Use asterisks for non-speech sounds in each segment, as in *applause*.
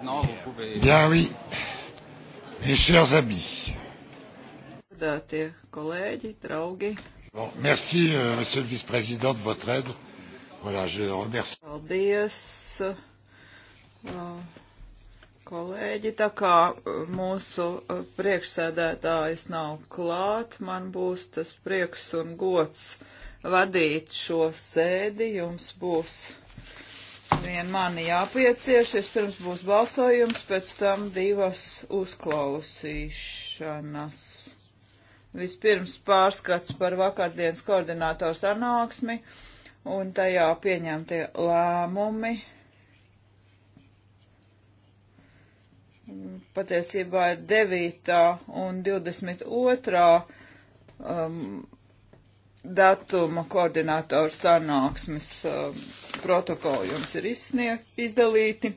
Maintenant, vous pouvez... Bien, oui. Mes chers amis. Godātie kolēģi, draugi. Bon, merci, euh, monsieur le vice-président, de votre aide. Voilà, je remercie. Paldies, uh, kolēģi. Tā kā uh, mūsu uh, priekšsēdētājs nav klāt, man būs tas prieks un gods vadīt šo sēdi. Jums būs vien mani jāpiecieš. Vispirms būs balsojums, pēc tam divas uzklausīšanas. Vispirms pārskats par vakardienas koordinātoru sanāksmi un tajā pieņemtie lēmumi. Patiesībā ir 9. un 22. Um, datuma koordinātoru sanāksmes um, protokoli jums ir izsniegt, izdalīti.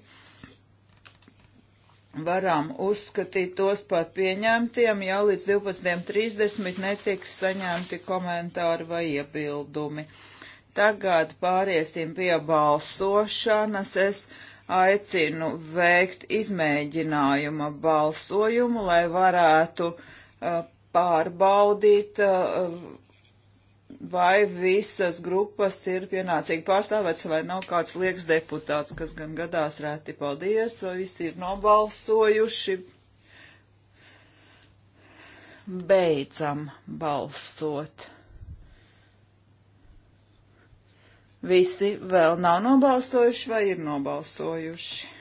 Varam uzskatīt tos par pieņemtiem, ja līdz 12.30 netiks saņemti komentāri vai iebildumi. Tagad pāriesim pie balsošanas. Es aicinu veikt izmēģinājuma balsojumu, lai varētu uh, pārbaudīt uh, vai visas grupas ir pienācīgi pārstāvētas, vai nav kāds liekas deputāts, kas gan gadās rēti paldies, vai visi ir nobalsojuši. Beidzam balsot. Visi vēl nav nobalsojuši vai ir nobalsojuši?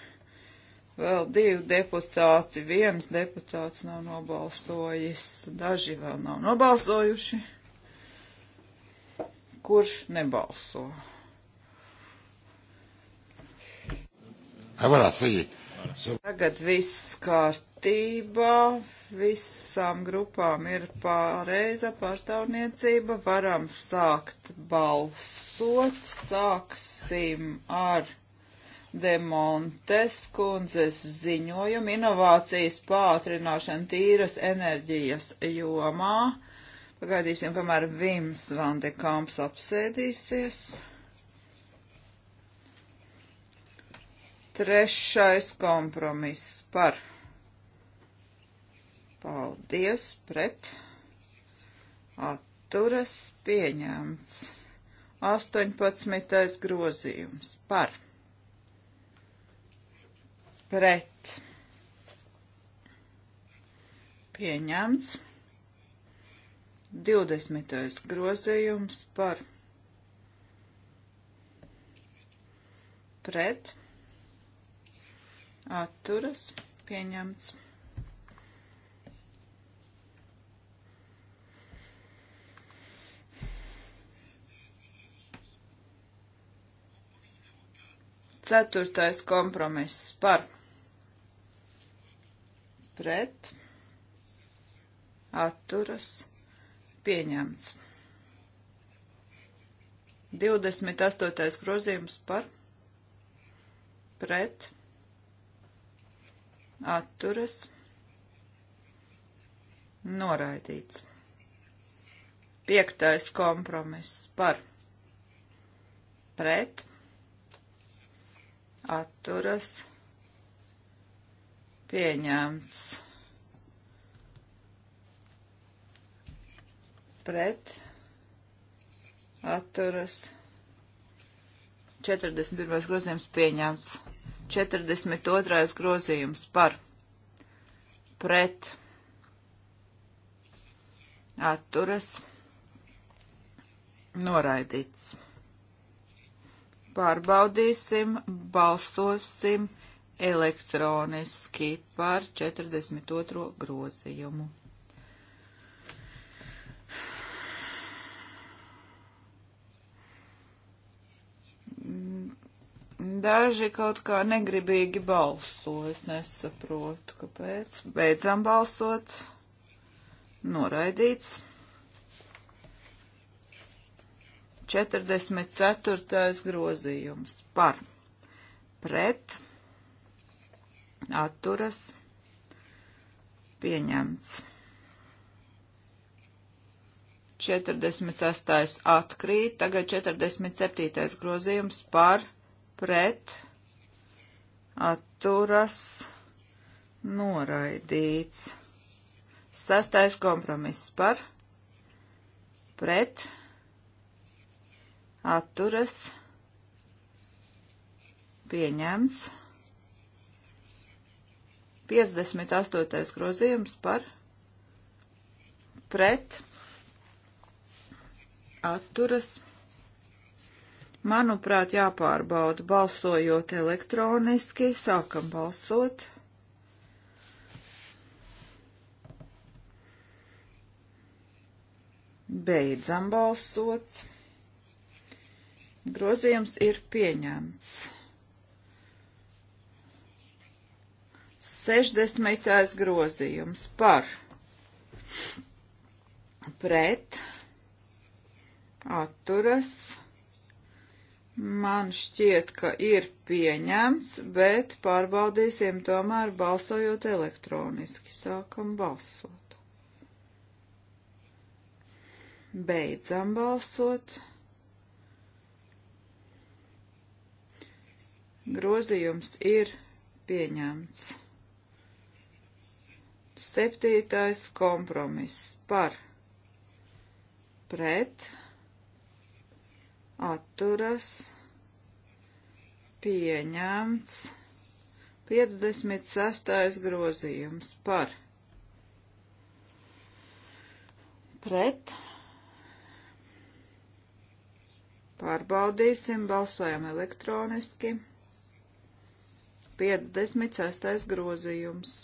Vēl divi deputāti, viens deputāts nav nobalsojis, daži vēl nav nobalsojuši kurš nebalso. Tagad viss kārtībā, visām grupām ir pārreiza pārstāvniecība, varam sākt balsot, sāksim ar Demontes kundzes ziņojumu inovācijas pātrināšana tīras enerģijas jomā. Pagaidīsim, kamēr Vims Vandekāms apsēdīsies. Trešais kompromiss par. Paldies pret. Atturas pieņemts. 18. grozījums par. Pret. Pieņemts. 20. grozījums par pret atturas pieņemts. Ceturtais kompromiss par pret atturas pieņemts Pieņemts. 28. grozījums par pret atturas noraidīts. 5. kompromiss par pret atturas pieņemts. pret atturas 41. grozījums pieņemts. 42. grozījums par pret atturas noraidīts. Pārbaudīsim, balsosim elektroniski par 42. grozījumu. Daži kaut kā negribīgi balso, es nesaprotu, kāpēc. Beidzam balsot. Noraidīts. 44. grozījums par pret atturas pieņemts. 46. atkrīt, tagad 47. grozījums par pret pret atturas noraidīts. Sastais kompromiss par pret atturas pieņemts. 58. grozījums par pret atturas pieņemts Manuprāt, jāpārbauda balsojot elektroniski. Sākam balsot. Beidzam balsot. Grozījums ir pieņemts. 60. grozījums par pret atturas Man šķiet, ka ir pieņemts, bet pārbaudīsim tomēr balsojot elektroniski. Sākam balsot. Beidzam balsot. Grozījums ir pieņemts. Septītais kompromiss par pret atturas pieņemts 56. grozījums par pret pārbaudīsim, balsojam elektroniski 56. grozījums.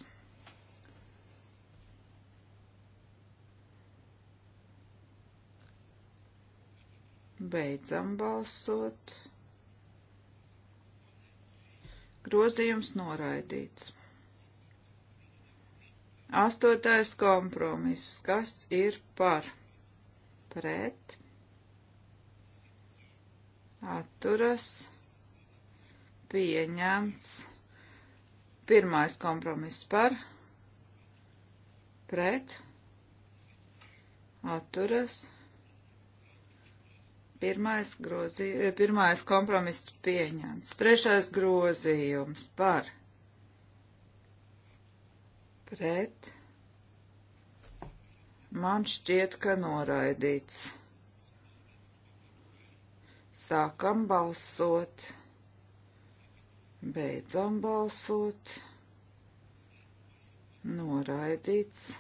Beidzam balsot. Grozījums noraidīts. Astotais kompromiss. Kas ir par? Pret. Atturas. Pieņemts. Pirmais kompromiss par. Pret. Atturas Pirmais, grozī, eh, pirmais kompromiss pieņemts. Trešais grozījums par pret. Man šķiet, ka noraidīts. Sākam balsot. Beidzam balsot. Noraidīts.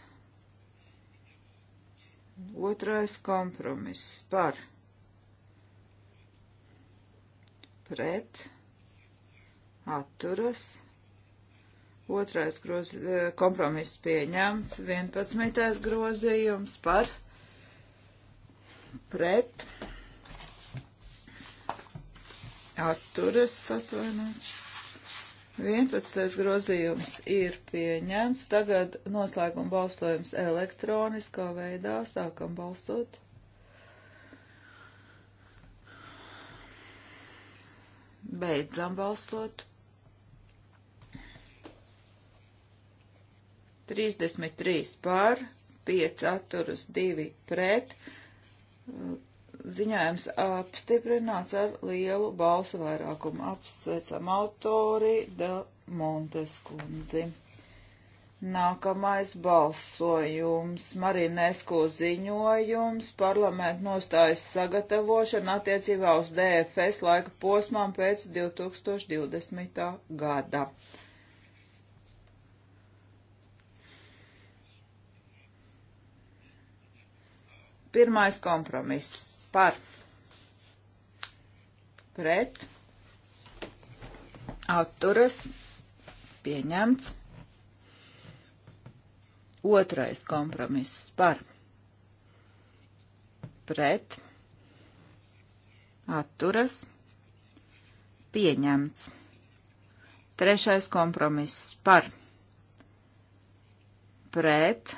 Otrais kompromiss par pret pret, atturas. Otrais groz, eh, kompromiss pieņemts, 11. grozījums par pret, atturas atvainots. 11. grozījums ir pieņemts. Tagad noslēguma balsojums elektroniskā veidā. Sākam balsot. Beidzam balsot. 33 par, 5 atturas, 2 pret. Ziņojums apstiprināts ar lielu balsu vairākumu. Apsveicam autori Da Monteskundzi. Nākamais balsojums - Marinesko ziņojums - parlamentu nostājas sagatavošana attiecībā uz DFS laika posmām pēc 2020. gada. Pirmais kompromiss par pret atturas pieņemts. Otrais kompromiss par pret atturas pieņemts. Trešais kompromiss par pret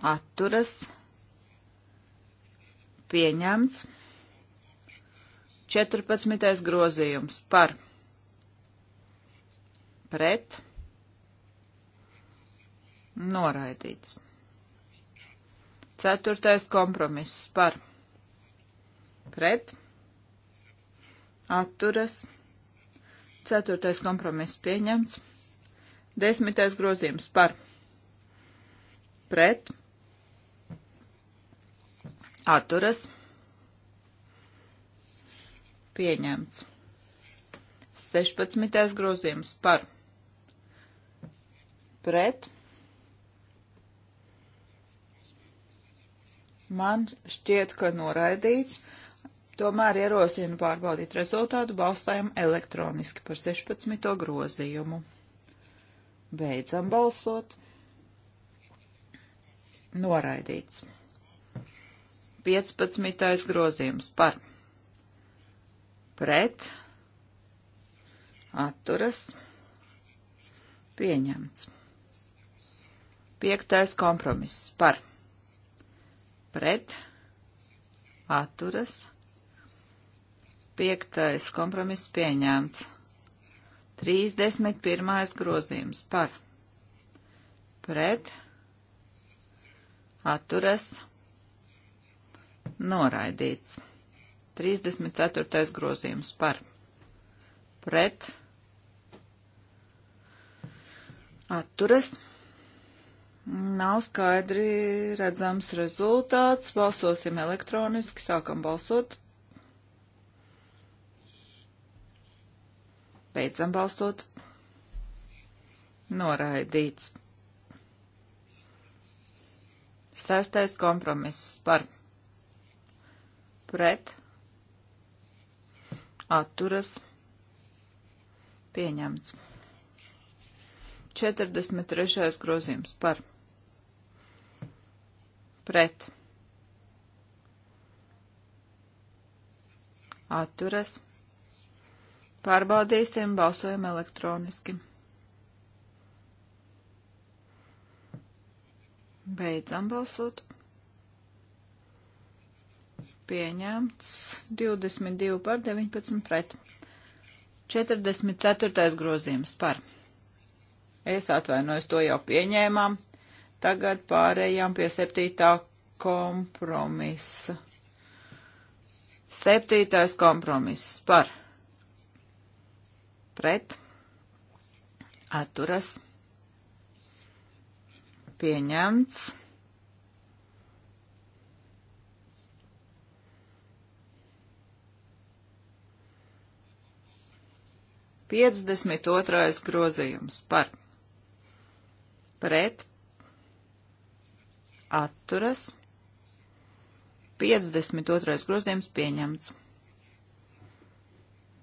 atturas pieņemts. 14. grozījums par pret Noraidīts. Ceturtais kompromiss par pret atturas. Ceturtais kompromiss pieņemts. Desmitais grozījums par pret atturas. Pieņemts. 16. grozījums par pret Man šķiet, ka noraidīts. Tomēr ierosinu pārbaudīt rezultātu balstājumu elektroniski par 16. grozījumu. Beidzam balsot. Noraidīts. 15. grozījums par pret atturas pieņemts. 5. kompromiss par pret, atturas, piektais kompromiss pieņemts, 31. grozījums par, pret, atturas, noraidīts, 34. grozījums par, pret, atturas, noraidīts, Nav skaidri redzams rezultāts. Balsosim elektroniski, sākam balsot. Beidzam balsot. Noraidīts. Sestais kompromiss par pret atturas pieņemts. 43. grozījums par pret pret atturas. Pārbaudīsim, balsojam elektroniski. Beidzam balsot. Pieņemts 22 par 19 pret. 44. grozījums par. Es atvainojos, to jau pieņēmām. Tagad pārējām pie septītā kompromisa. Septītais kompromiss par pret atturas pieņemts. Piecdesmit otrais grozījums par pret atturas. 52. grozījums pieņemts.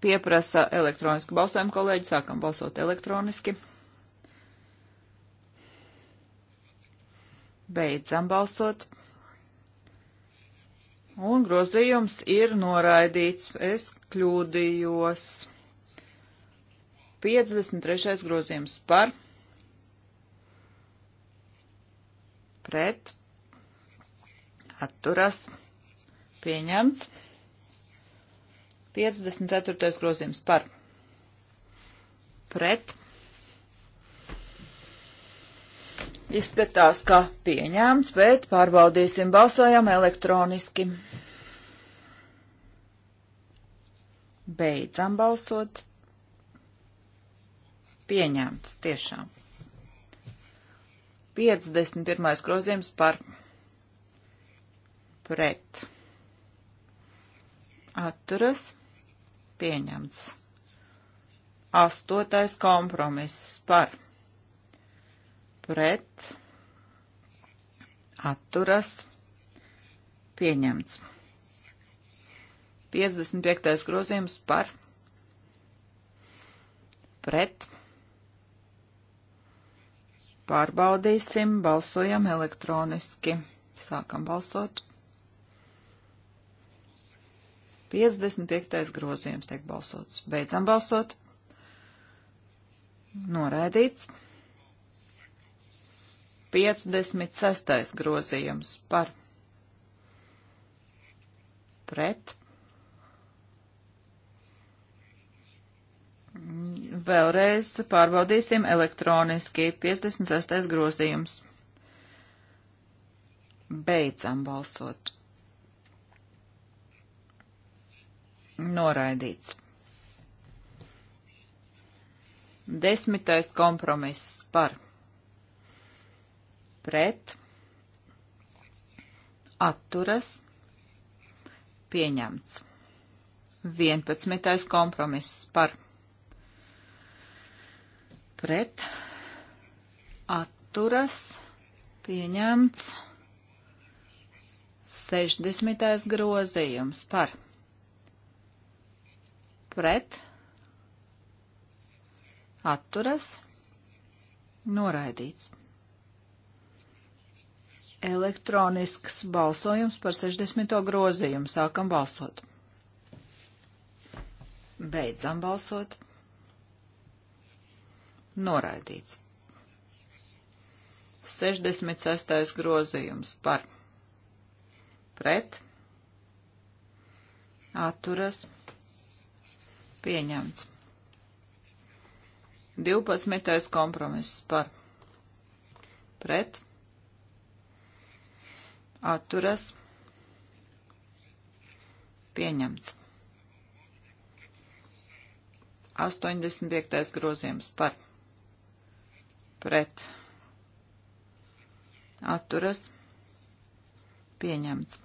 Pieprasa elektronisku balsojumu, kolēģi, sākam balsot elektroniski. Beidzam balsot. Un grozījums ir noraidīts. Es kļūdījos. 53. grozījums par pret, atturas, pieņemts. 54. grozījums par pret. Izskatās, ka pieņēmts, bet pārbaudīsim, balsojam elektroniski. Beidzam balsot. Pieņemts, tiešām. 51. grozījums par pret. Atturas pieņemts. 8. kompromiss par pret. Atturas pieņemts. 55. grozījums par pret Pārbaudīsim, balsojam elektroniski. Sākam balsot. 55. grozījums tiek balsots. Beidzam balsot. Noraidīts. 56. grozījums par pret Vēlreiz pārbaudīsim elektroniski 56. grozījums. Beidzam balsot. Noraidīts. Desmitais kompromiss par pret atturas pieņemts. Vienpadsmitais kompromiss par pret atturas pieņemts 60. grozījums par pret atturas noraidīts. Elektronisks balsojums par 60. grozījumu. Sākam balsot. Beidzam balsot. Noraidīts. 66. grozījums par pret atturas pieņemts. 12. kompromiss par pret atturas pieņemts. 85. grozījums par pret pret atturas pieņemts.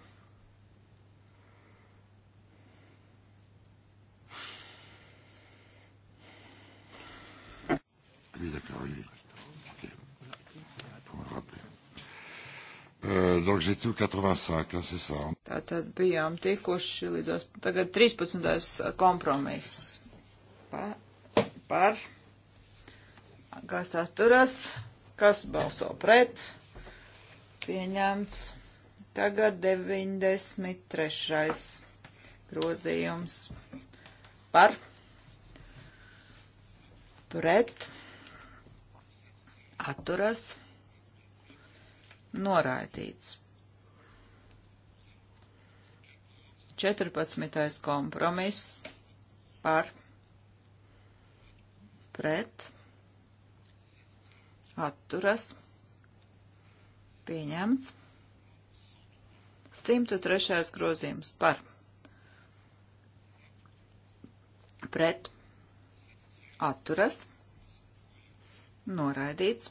Oui, d'accord, il est. Okay. Pour me rappeler. Euh, donc j'étais au 85, hein, c'est ça. Tātad bijām tikuši līdz tagad 13. kompromiss. Par, par kas atturas, kas balso pret, pieņemts. Tagad 93. grozījums par pret atturas noraidīts. 14. kompromiss par pret atturas pieņemts. 103. grozījums par pret atturas noraidīts.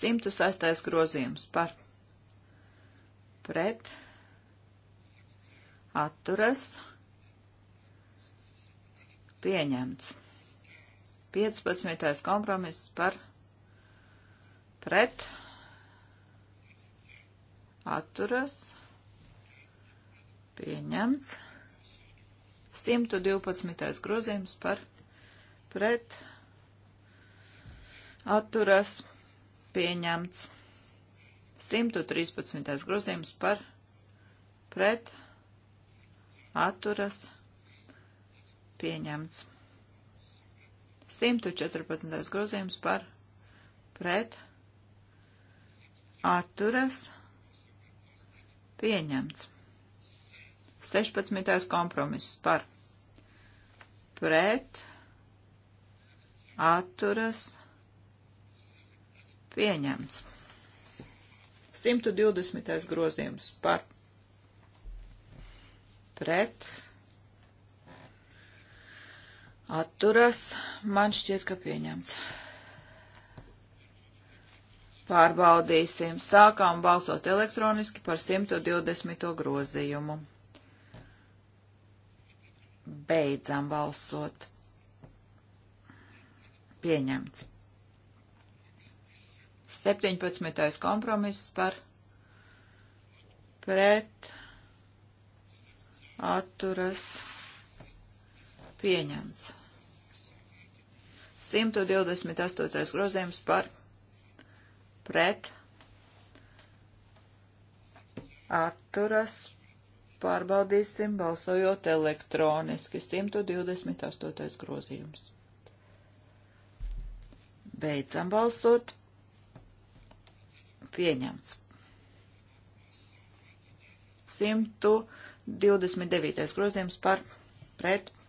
106. grozījums par pret atturas pieņemts. 15. kompromiss par pret atturas pieņemts. 112. grozījums par pret atturas pieņemts. 113. grozījums par pret atturas pieņemts. 114. grozījums par pret atturas pieņemts. 16. kompromiss par pret atturas pieņemts. 120. grozījums par pret atturas pieņemts Atturas. Man šķiet, ka pieņemts. Pārbaudīsim. Sākām balsot elektroniski par 120. grozījumu. Beidzām balsot. Pieņemts. 17. kompromiss par pret atturas pieņemts. 128. grozījums par pret atturas pārbaudīsim balsojot elektroniski. 128. grozījums. Beidzam balsot. Pieņemts. 129. grozījums par pret atturas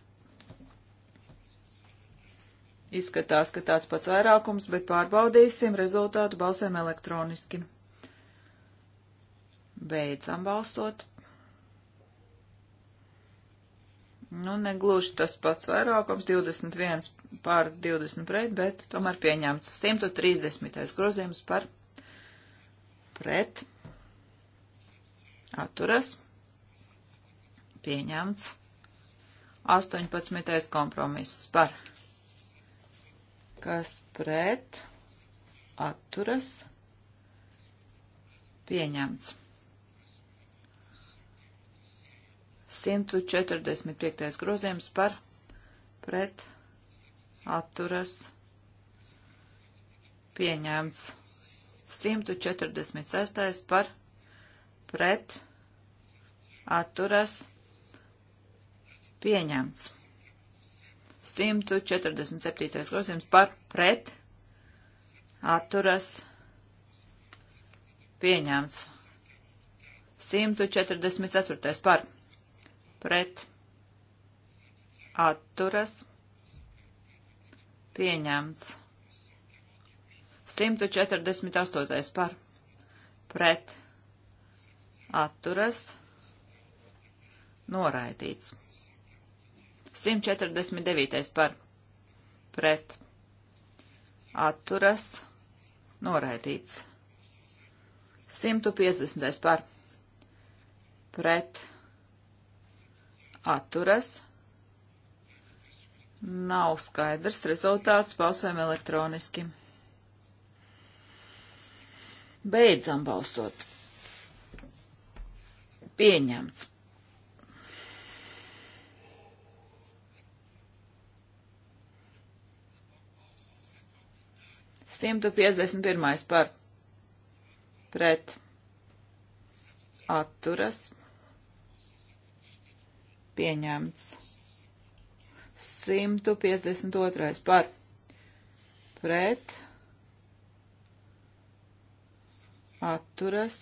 Izskatās, ka tāds pats vairākums, bet pārbaudīsim rezultātu balsēm elektroniski. Beidzam balstot. Nu, negluži tas pats vairākums, 21 pār 20 pret, bet tomēr pieņemts 130. grozījums par pret. Atturas. Pieņemts 18. kompromiss par pret kas pret atturas pieņemts. 145. grozījums par pret atturas pieņemts. 146. par pret atturas pieņemts. 147. grozījums par pret atturas pieņemts. 144. par pret atturas pieņemts. 148. par pret atturas noraidīts. 149. par pret atturas noraidīts. 150. par pret atturas nav skaidrs rezultāts balsojam elektroniski. Beidzam balsot. Pieņemts. 151. par pret atturas pieņemts. 152. par pret atturas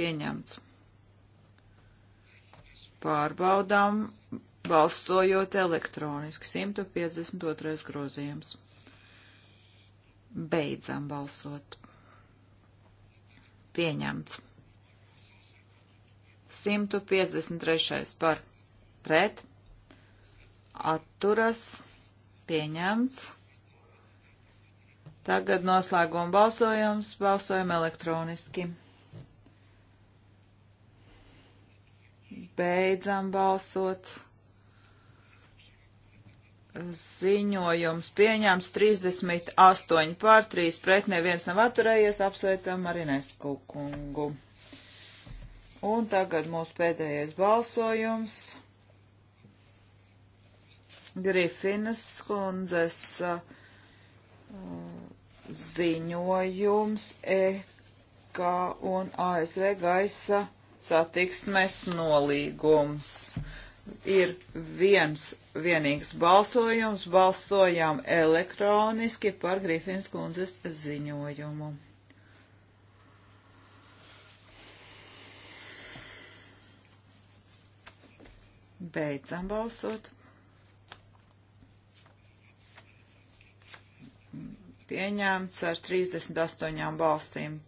pieņemts. Pārbaudām balsojot elektroniski 152. grozījums. Beidzam balsot. Pieņemts. 153. par pret. Atturas. Pieņemts. Tagad noslēguma balsojums. Balsojam elektroniski. Beidzam balsot. Ziņojums pieņemts 38 pār 3 pret neviens nav atturējies, apsveicam Marinesku kungu. Un tagad mūsu pēdējais balsojums. Grifinas kundzes uh, ziņojums EK un ASV gaisa satiksmes nolīgums ir viens vienīgs balsojums. Balsojām elektroniski par Grifins kundzes ziņojumu. Beidzam balsot. Pieņēmts ar 38 balsīm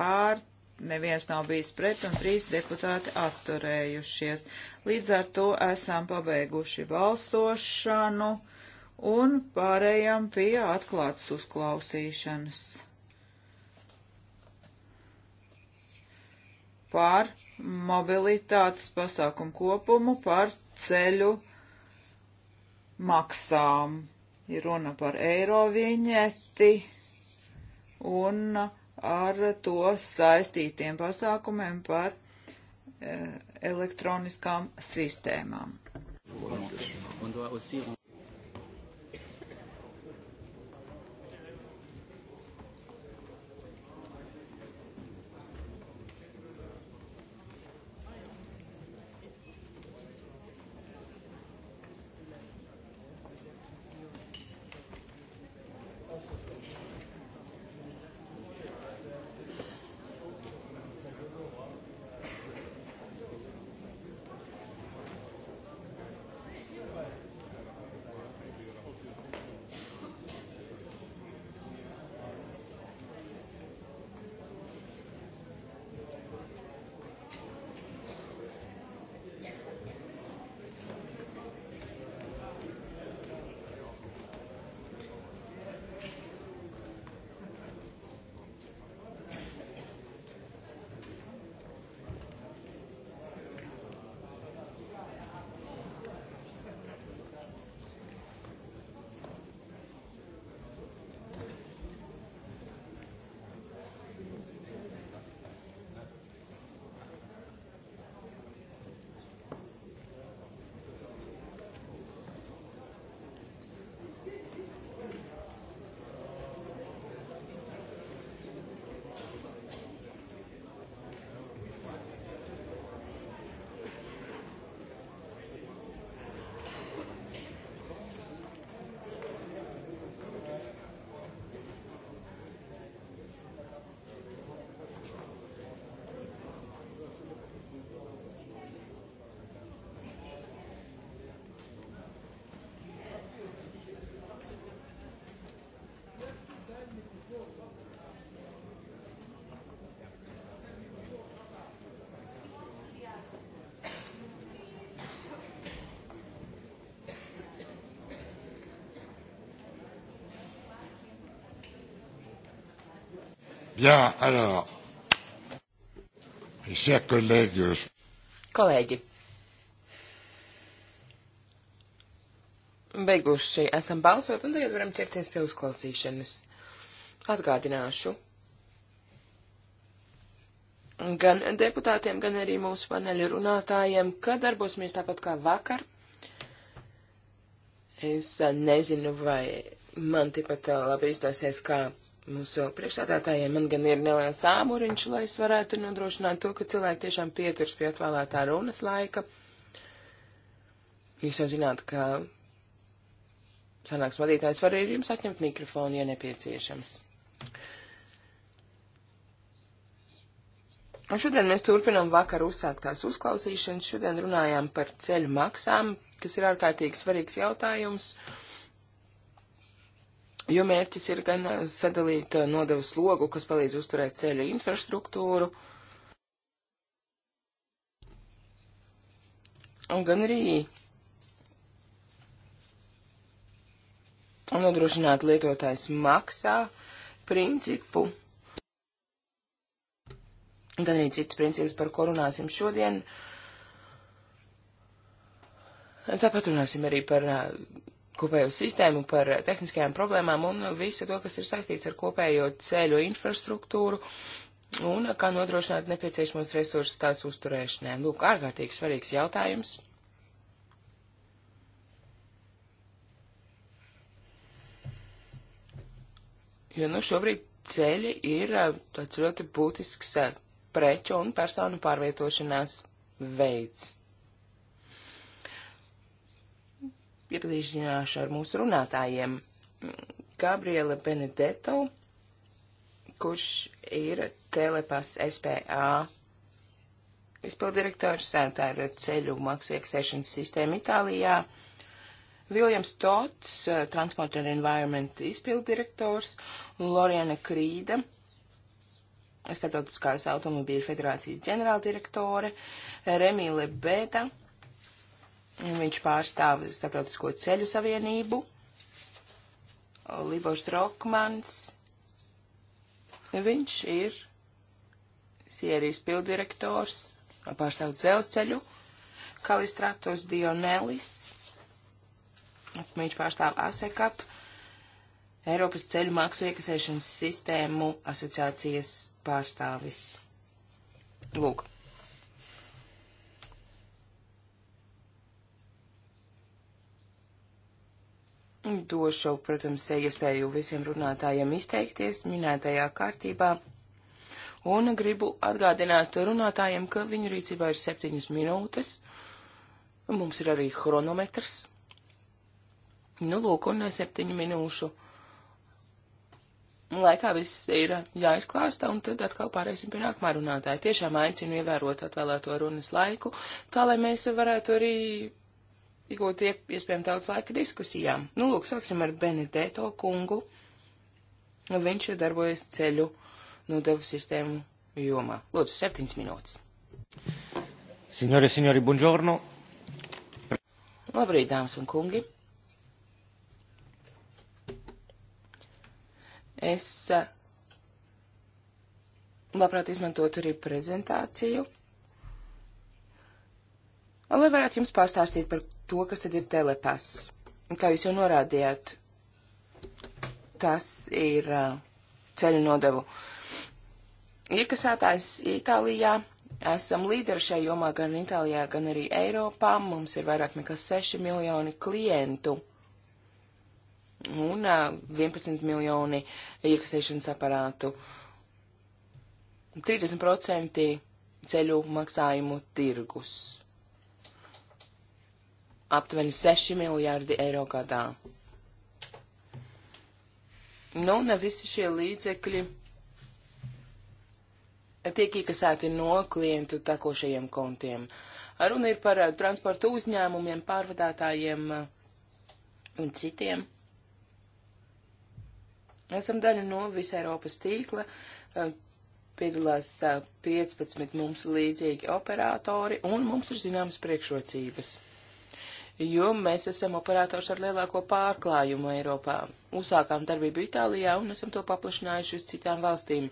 pār, neviens nav bijis pret un trīs deputāti atturējušies. Līdz ar to esam pabeiguši balsošanu un pārējām pie atklātas uzklausīšanas. Pār mobilitātes pasākumu kopumu, pār ceļu maksām. Ir runa par eiro viņeti un uh, ar to saistītiem pasākumiem par elektroniskām sistēmām. Bien, alors, mes chers collègues. Kolēģi, beiguši esam balsot un tagad varam ķerties pie uzklausīšanas. Atgādināšu gan deputātiem, gan arī mūsu paneļu runātājiem, ka darbosimies tāpat kā vakar. Es nezinu, vai man tikpat eh, labi izdosies, kā mūsu priekšstādātājiem. Man gan ir neliels āmuriņš, lai es varētu nodrošināt to, ka cilvēki tiešām pieturas pie atvēlētā runas laika. Jūs jau zināt, ka sanāks vadītājs var arī jums atņemt mikrofonu, ja nepieciešams. Un šodien mēs turpinām vakar uzsāktās uzklausīšanas. Šodien runājām par ceļu maksām, kas ir ārkārtīgi svarīgs jautājums. Uh, jo mērķis ir gan sadalīt nodevu slogu, kas palīdz uzturēt ceļu infrastruktūru, un gan arī nodrošināt lietotājs maksā principu, gan arī cits princips, par ko runāsim šodien. Tāpat runāsim arī par kopējo sistēmu, par tehniskajām problēmām un visu to, kas ir saistīts ar kopējo ceļu infrastruktūru un kā nodrošināt nepieciešamos resursus tās uzturēšanai. Lūk, ārkārtīgi svarīgs jautājums. Jo nu šobrīd ceļi ir eh, tāds ļoti būtisks eh, preču un personu pārvietošanās veids. iepazīstināšu ar mūsu runātājiem. Gabriela Benedetto, kurš ir Telepas SPA izpildirektors sētā ar ceļu maksu iekasēšanas sistēmu Itālijā. Viljams Tots, Transport and Environment izpildirektors, un Loriana Krīda, Starptautiskās automobīļu federācijas ģenerāldirektore, Remīle Bēta, Viņš pārstāv Starptautisko ceļu savienību. Libošs Rokmans. Viņš ir Sierijas pildirektors, pārstāv dzelzceļu. Kalistratos Dionelis. Viņš pārstāv ASEKAP, Eiropas ceļu maksu iekasēšanas sistēmu asociācijas pārstāvis. Lūk, Došu, protams, iespēju visiem runātājiem izteikties minētajā kārtībā. Un gribu atgādināt runātājiem, ka viņu rīcībā ir septiņas minūtes. Mums ir arī chronometrs. Nu, lūk, un septiņu minūšu laikā viss ir jāizklāsta, un tad atkal pārēsim pie nākamā runātāja. Tiešām aicinu ievērot atvēlēto runas laiku, tā lai mēs varētu arī iegūt iespējami daudz laika diskusijām. Nu, lūk, sāksim ar Benedēto kungu. Viņš ir darbojies ceļu nodevu sistēmu jomā. Lūdzu, septiņas minūtes. Signore, signori, buongiorno. Labrīt, dāmas un kungi. Es eh, labprāt izmantotu arī prezentāciju, lai varētu jums pastāstīt par to, kas tad ir telepass. Kā jūs jau norādījāt, tas ir uh, ceļu nodevu. Iekasētājs Itālijā esam līderi šajā jomā gan Itālijā, gan arī Eiropā. Mums ir vairāk nekā 6 miljoni klientu un uh, 11 miljoni iekasēšanas aparātu. 30% ceļu maksājumu tirgus aptuveni 6 miljārdi eiro gadā. Nu, ne visi šie līdzekļi tiek iekasēti no klientu tekošajiem kontiem. Runa ir par eh, transporta uzņēmumiem, pārvadātājiem eh, un citiem. Esam daļa no visa Eiropas tīkla, eh, piedalās 15 mums līdzīgi operatori, un mums ir zināmas priekšrocības jo mēs esam operators ar lielāko pārklājumu Eiropā. Uzsākām darbību Itālijā un esam to paplašinājuši uz citām valstīm.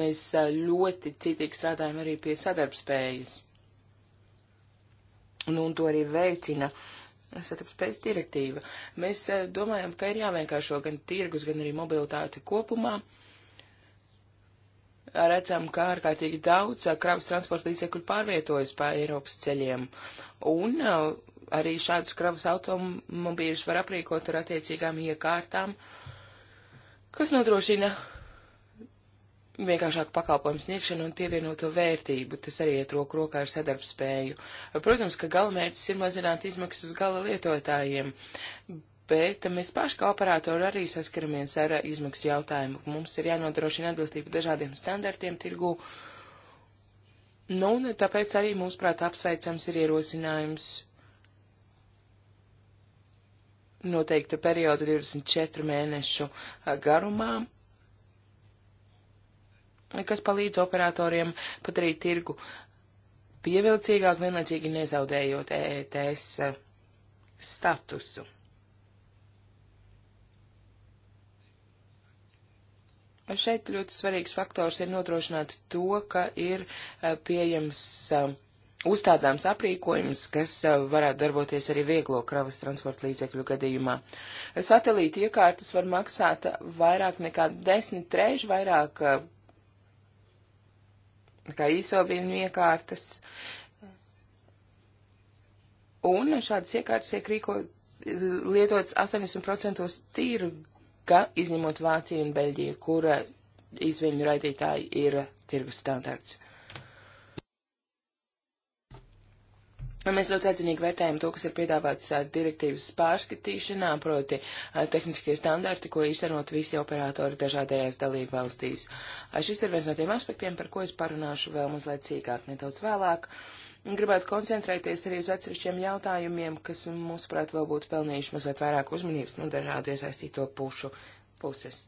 Mēs ļoti citīgi strādājam arī pie sadarbspējas. Nu, un to arī veicina sadarbspējas direktīva. Mēs domājam, ka ir jāvienkāršo gan tirgus, gan arī mobilitāti kopumā redzam, ka ārkārtīgi daudz kravas transporta līdzekļu pārvietojas pa Eiropas ceļiem. Un arī šādus kravas automobīļus var aprīkot ar attiecīgām iekārtām, kas nodrošina vienkāršāku pakalpojumu sniegšanu un pievienoto vērtību. Tas arī iet roku rokā ar sadarbspēju. Protams, ka galamērķis ir mazināt izmaksas gala lietotājiem, bet mēs paši kā operatori arī saskaramies ar izmaksu jautājumu. Mums ir jānodrošina atbilstība dažādiem standartiem tirgū. Nu, un tāpēc arī mūsuprāt apsveicams ir ierosinājums noteikta perioda 24 mēnešu garumā, kas palīdz operatoriem padarīt tirgu pievilcīgāk, vienlaicīgi nezaudējot EETS statusu. Šeit ļoti svarīgs faktors ir nodrošināt to, ka ir pieejams uh, uzstādāms aprīkojums, kas eh, varētu darboties arī vieglo kravas transporta līdzekļu gadījumā. Satelīta iekārtas var maksāt eh, vairāk nekā desmit trēž vairāk eh, nekā īso viļņu iekārtas. Un šādas iekārtas tiek rīko lietotas 80% tirga, izņemot Vāciju un Beļģiju, kura izviļņu raidītāji ir tirgus standarts. Mēs ļoti atzinīgi vērtējam to, kas ir piedāvāts direktīvas pārskatīšanā, proti tehniskie standarti, ko īstenot visi operatori dažādajās dalību valstīs. Šis ir viens no tiem aspektiem, par ko es parunāšu vēl mazliet cīkāk nedaudz vēlāk. Gribētu koncentrēties arī uz atsevišķiem jautājumiem, kas, mūsuprāt, vēl būtu pelnījuši mazliet vairāk uzmanības no nu, dažādu iesaistīto pušu puses.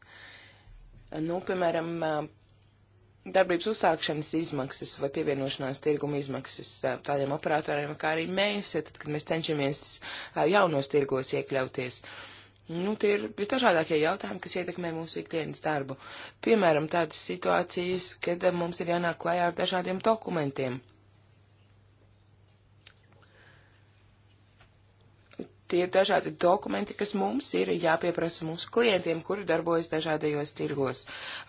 Nu, piemēram, darbības uzsākšanas izmaksas vai pievienošanās tirguma izmaksas tādiem operatoriem, kā arī mēs, ja tad, kad mēs cenšamies jaunos tirgos iekļauties. Nu, tie ir visdažādākie jautājumi, kas ietekmē mūsu ikdienas darbu. Piemēram, tādas situācijas, kad mums ir jānāk klajā ar dažādiem dokumentiem. tie dažādi dokumenti, kas mums ir jāpieprasa mūsu klientiem, kuri darbojas dažādajos tirgos.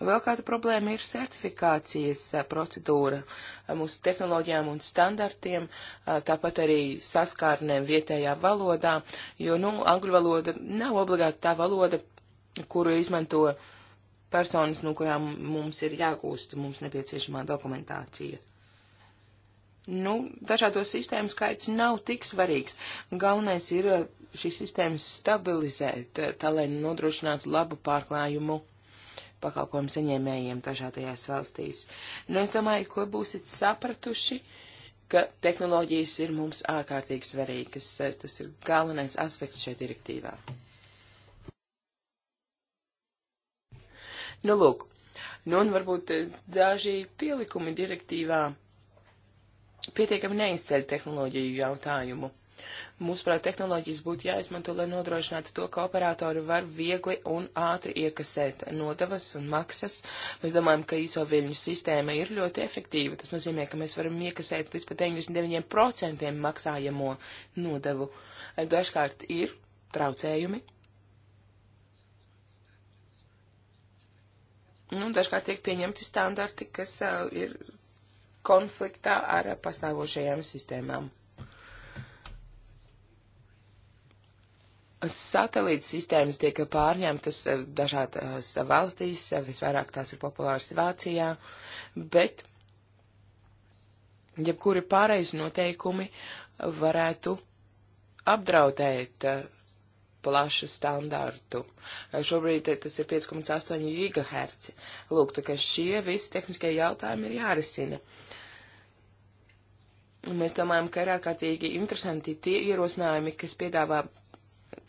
Vēl kāda problēma ir certifikācijas eh, procedūra eh, mūsu tehnoloģijām un standartiem, eh, tāpat arī saskārnēm vietējā valodā, jo, nu, angļu valoda nav obligāti tā valoda, kuru izmanto personas, no kurām mums ir jāgūst mums nepieciešamā dokumentācija nu, dažādo sistēmu skaits nav tik svarīgs. Galvenais ir uh, šīs sistēmas stabilizēt, uh, tā lai nodrošinātu labu pārklājumu pakalpojumu saņēmējiem dažādajās valstīs. Nu, es domāju, ko būsiet sapratuši, ka tehnoloģijas ir mums ārkārtīgi svarīgas. Uh, tas ir galvenais aspekts šajā direktīvā. Nu, lūk, nu, un varbūt daži pielikumi direktīvā pietiekami neizceļ tehnoloģiju jautājumu. Mūsuprāt, tehnoloģijas būtu jāizmanto, lai nodrošinātu to, ka operatori var viegli un ātri iekasēt nodavas un maksas. Mēs domājam, ka īso viļņu sistēma ir ļoti efektīva. Tas nozīmē, ka mēs varam iekasēt līdz pat 99% maksājamo nodevu. Dažkārt ir traucējumi. Nu, dažkārt tiek pieņemti standarti, kas uh, ir konfliktā ar pastāvošajām sistēmām. Satelīta sistēmas tiek pārņemtas eh, dažādās valstīs, eh, visvairāk tās ir populāras Vācijā, bet jebkuri pārējais noteikumi varētu apdraudēt eh, plašu standārtu. Šobrīd tas ir 5,8 GHz. Lūk, tā kā šie visi tehniskie jautājumi ir jārisina. Un mēs domājam, ka ir ārkārtīgi interesanti tie ierosinājumi, kas piedāvā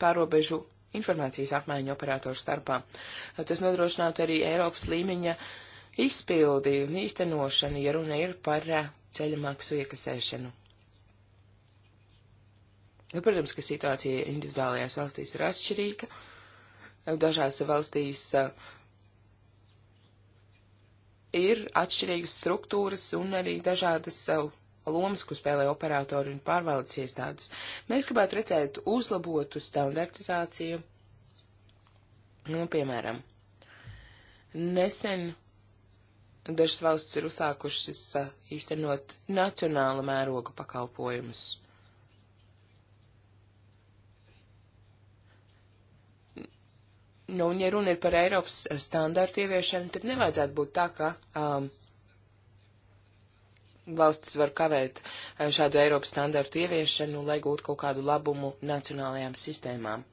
pārobežu informācijas apmaiņu operatoru starpā. Tas nodrošinātu arī Eiropas līmeņa izpildi un īstenošanu, ja runa ir par eh, ceļa maksu iekasēšanu. Nu, protams, ka situācija individuālajās valstīs ir atšķirīga. Dažās valstīs eh, ir atšķirīgas struktūras un arī dažādas eh, lomas, ko spēlē operatori un pārvaldes iestādes. Mēs gribētu redzēt uzlabotu standartizāciju. Nu, piemēram, nesen dažas valsts ir uzsākušas īstenot nacionāla mēroga pakalpojumus. Nu, un ja runa ir par Eiropas standārtu ieviešanu, tad nevajadzētu būt tā, ka um, valstis var kavēt eh, šādu Eiropas standartu ieviešanu, lai gūtu kaut kādu labumu nacionālajām sistēmām.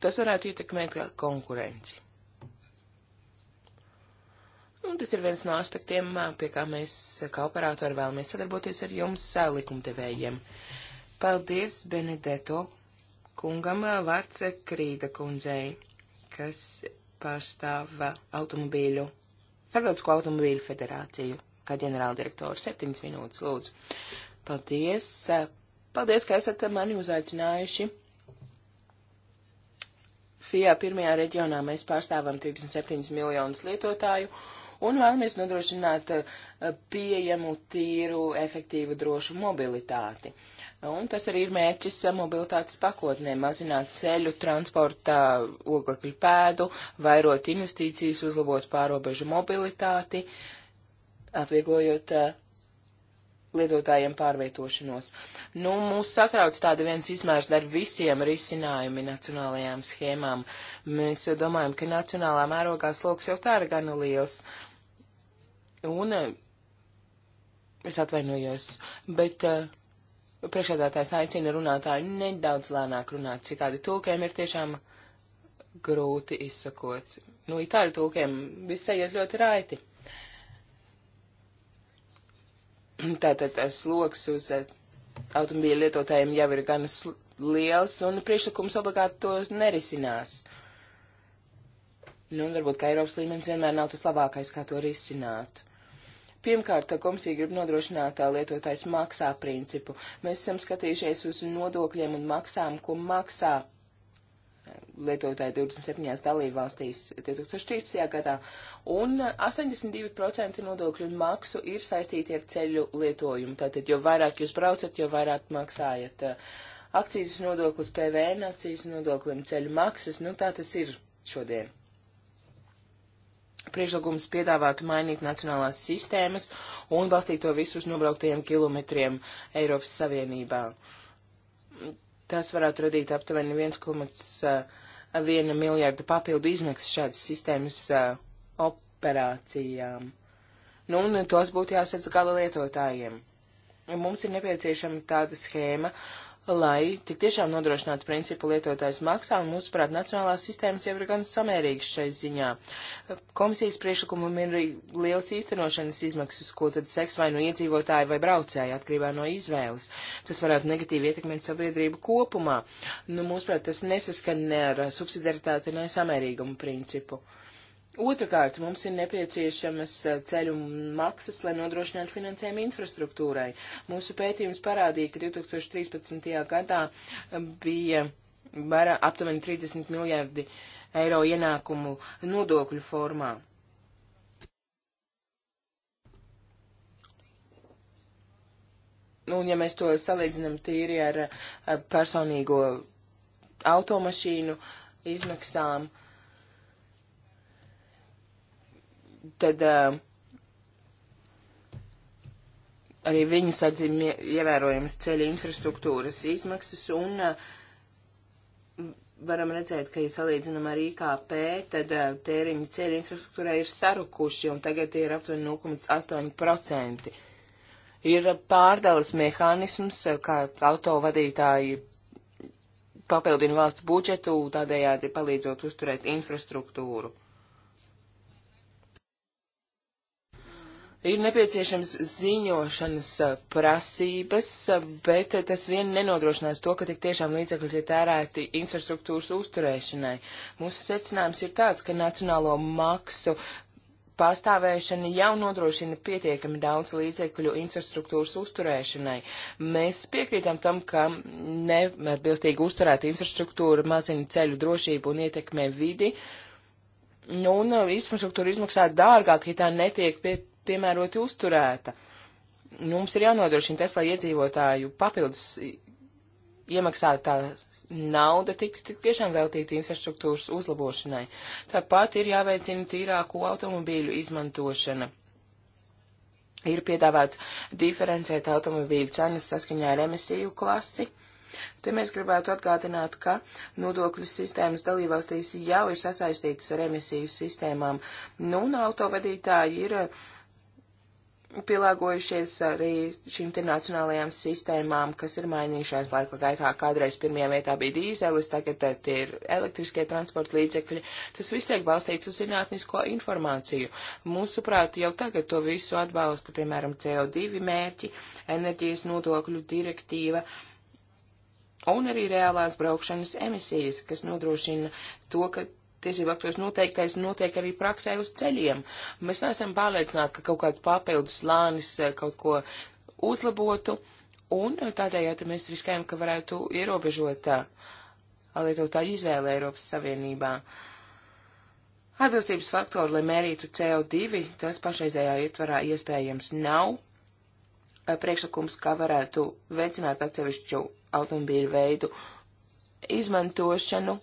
Tas varētu ietekmēt konkurenci. Un nu, tas ir viens no aspektiem, eh, pie kā mēs, kā operatori, vēlamies sadarboties ar jums eh, likumdevējiem. Paldies Benedeto kungam vārds Krīda kundzei, kas pārstāv automobīļu Starptautisko automobīļu federāciju saka ģenerāldirektora. Septiņas minūtes, lūdzu. Paldies. Paldies, ka esat mani uzaicinājuši. FIA pirmajā reģionā mēs pārstāvam 37 miljonus lietotāju un vēlamies nodrošināt eh, pieejamu, tīru, efektīvu, drošu mobilitāti. Un tas arī ir mērķis eh, mobilitātes pakotnē - mazināt ceļu, transporta eh, oglekļu pēdu, vairot investīcijas, uzlabot pārobežu mobilitāti, uh, atvieglojot eh, lietotājiem pārvietošanos. Nu, mūs satrauc tāda viens izmērs dar visiem risinājumi nacionālajām schēmām. Mēs domājam, ka nacionālā mērogā sloks jau tā ir gana liels. Un eh, es atvainojos, bet uh, priekšādātājs aicina runātāju nedaudz lēnāk runāt, citādi tulkiem ir tiešām grūti izsakot. Nu, itāļu tulkiem visai iet ļoti raiti. *clears throat* Tātad tas eh, loks uz eh, automobīļu lietotājiem jau ir gan liels, un priekšlikums obligāti to nerisinās. Nu, un varbūt, ka Eiropas līmenis vienmēr nav tas labākais, kā to risināt. Pirmkārt, komisija grib nodrošināt eh, lietotājs maksā principu. Mēs esam skatījušies uz nodokļiem un maksām, ko maksā lietotāji 27 dalībvalstīs 2013. gadā, un 82% nodokļu un maksu ir saistīti ar ceļu lietojumu. Tātad, jo vairāk jūs braucat, jo vairāk maksājat. Uh, akcijas nodoklis PVN, akcijas nodoklim ceļu maksas, nu tā tas ir šodien. Priekšlikums piedāvātu mainīt nacionālās sistēmas un balstīt to visu uz nobrauktajiem kilometriem Eiropas Savienībā Tas varētu radīt aptuveni 1,1 uh, miljārdu papildu izmaksas šādas sistēmas uh, operācijām. Nu, un tos būtu jāsadz gala lietotājiem. Mums ir nepieciešama tāda schēma, uh, lai tik tiešām nodrošinātu principu lietotājs maksā, un mūsuprāt, nacionālās sistēmas jau ir gan samērīgas šai ziņā. Komisijas priekšlikumam ir arī liels īstenošanas izmaksas, ko tad seks vai no nu iedzīvotāja vai braucēja atkarībā no izvēles. Tas varētu negatīvi ietekmēt sabiedrību kopumā. Nu, mūsuprāt, tas nesaskan ne ar subsidiaritāti, ne samērīgumu principu. Uh, Otrakārt, mums ir nepieciešamas eh, ceļu maksas, lai nodrošinātu finansējumu infrastruktūrai. Mūsu pētījums parādīja, ka 2013. gadā eh, bija bara, aptuveni 30 miljardi eiro ienākumu nodokļu formā. Un ja mēs to salīdzinām tīri ar eh, personīgo automašīnu izmaksām, tad uh, arī viņas atzīmē ievērojams ceļa infrastruktūras izmaksas un uh, varam redzēt, ka, ja salīdzinām ar IKP, tad uh, eh, tēriņi ceļa infrastruktūrai ir sarukuši un tagad ir aptuveni 0,8%. Ir pārdales mehānisms, kā autovadītāji papildina valsts budžetu, tādējādi palīdzot uzturēt infrastruktūru. ir nepieciešams ziņošanas eh, prasības, eh, bet tas vien nenodrošinās to, ka tik tiešām līdzekļi ir tērēti infrastruktūras uzturēšanai. Mūsu secinājums ir tāds, ka nacionālo maksu pastāvēšana jau nodrošina pietiekami daudz līdzekļu infrastruktūras uzturēšanai. Mēs piekrītam tam, ka neatbilstīgi uzturēta infrastruktūra mazina ceļu drošību un ietekmē vidi. Nu, un eh, infrastruktūra izmaksā dārgāk, ja tā netiek pie piemēroti uzturēta. Mums ir jānodrošina tas, lai iedzīvotāju papildus iemaksātā nauda tiktu tik tiešām veltīta infrastruktūras uzlabošanai. Tāpat ir jāveicina tīrāku automobīļu izmantošana. Ir piedāvāts diferencēt automobīļu cenas saskaņā ar emisiju klasi. Te mēs gribētu atgādināt, ka nodokļu sistēmas dalībvalstīs jau ir sasaistītas ar emisiju sistēmām, nu, un autovadītāji ir pielāgojušies arī šīm te nacionālajām sistēmām, kas ir mainījušās laika gaitā. Kādreiz pirmajā vietā bija dīzelis, tagad eh, tie ir elektriskie transporta līdzekļi. Tas viss tiek balstīts uz zinātnisko informāciju. Mūsuprāt, jau tagad to visu atbalsta, piemēram, CO2 mērķi, enerģijas nodokļu direktīva. Un arī reālās braukšanas emisijas, kas nodrošina to, ka tiesību aktos noteiktais notiek arī praksē uz ceļiem. Mēs neesam pārliecināti, ka kaut kāds papildus slānis eh, kaut ko uzlabotu, un eh, tādējādi mēs riskējam, ka varētu ierobežot eh, lietotāju izvēle Eiropas Savienībā. Atbilstības faktori, lai mērītu CO2, tas pašreizējā ietvarā iespējams nav. Priekšlikums, kā varētu veicināt atsevišķu automobīļu veidu izmantošanu,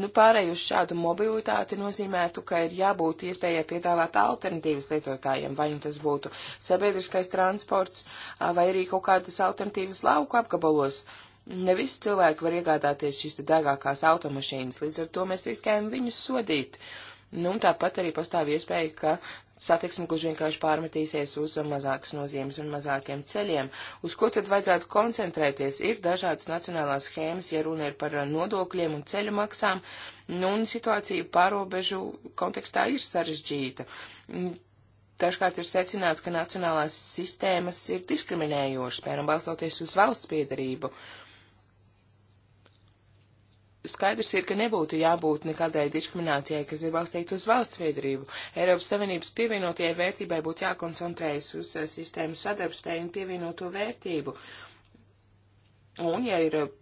Nu, pārēj uz šādu mobilitāti nozīmētu, ka ir jābūt iespējai piedāvāt alternatīvas lietotājiem, vai nu tas būtu sabiedriskais transports, vai arī kaut kādas alternatīvas lauku apgabalos. Ne visi cilvēki var iegādāties šīs te dārgākās automašīnas, līdz ar to mēs riskējam viņus sodīt. Nu, tāpat arī pastāv iespēja, ka satiksmi, kurš vienkārši pārmetīsies uz mazākas nozīmes un mazākiem ceļiem. Uz ko tad vajadzētu koncentrēties? Ir dažādas nacionālās schēmas, ja runa ir par nodokļiem un ceļu maksām, nu, un situācija pārobežu kontekstā ir sarežģīta. Dažkārt ir secināts, ka nacionālās sistēmas ir diskriminējošas, piemēram, balstoties uz valsts piedarību. Uh, skaidrs ir, ka nebūtu jābūt nekādai diskriminācijai, kas ir balstīta uz valsts viedrību. Eiropas Savienības pievienotajai vērtībai būtu jākoncentrējas uz eh, sistēmas sadarbspēju un pievienoto vērtību. Un, ja ir eh,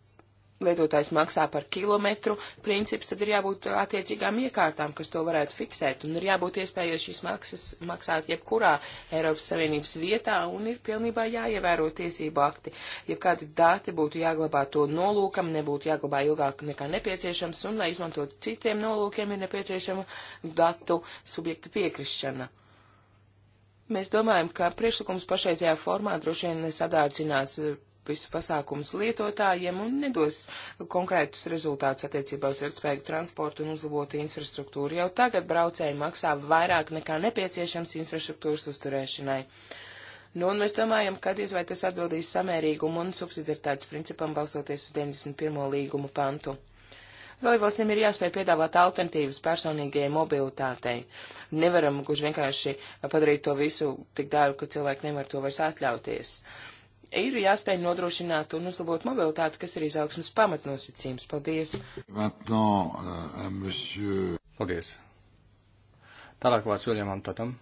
lietotājs maksā par kilometru princips, tad ir jābūt uh, attiecīgām iekārtām, kas to varētu fiksēt, un ir jābūt iespējai šīs maksas maksāt jebkurā Eiropas Savienības vietā, un ir pilnībā jāievēro tiesību akti. Ja kādi dati būtu jāglabā to nolūkam, nebūtu jāglabā ilgāk nekā nepieciešams, un lai izmantotu citiem nolūkiem, ir nepieciešama datu subjekta piekrišana. Mēs domājam, ka priekšlikums pašreizajā formā droši vien sadārdzinās uh, visu pasākumus lietotājiem un nedos konkrētus rezultātus attiecībā uz ilgspējīgu transportu un uzlabotu infrastruktūru. Jau tagad braucēji maksā vairāk nekā nepieciešams infrastruktūras uzturēšanai. Nu, un mēs domājam, ka diez vai tas atbildīs samērīgumu un subsidiaritātes principam balstoties uz 91. līguma pantu. Dalībvalstīm ir jāspēj piedāvāt alternatīvas personīgajai mobilitātei. Nevaram gluži vienkārši padarīt to visu tik dārgu, ka cilvēki nevar to vairs atļauties. Uh, ir jāspēj nodrošināt un uzlabot mobilitāti, kas ir izaugsmas pamatnosacījums. Paldies! Paldies! Tālāk vārds Viljamam Tatam,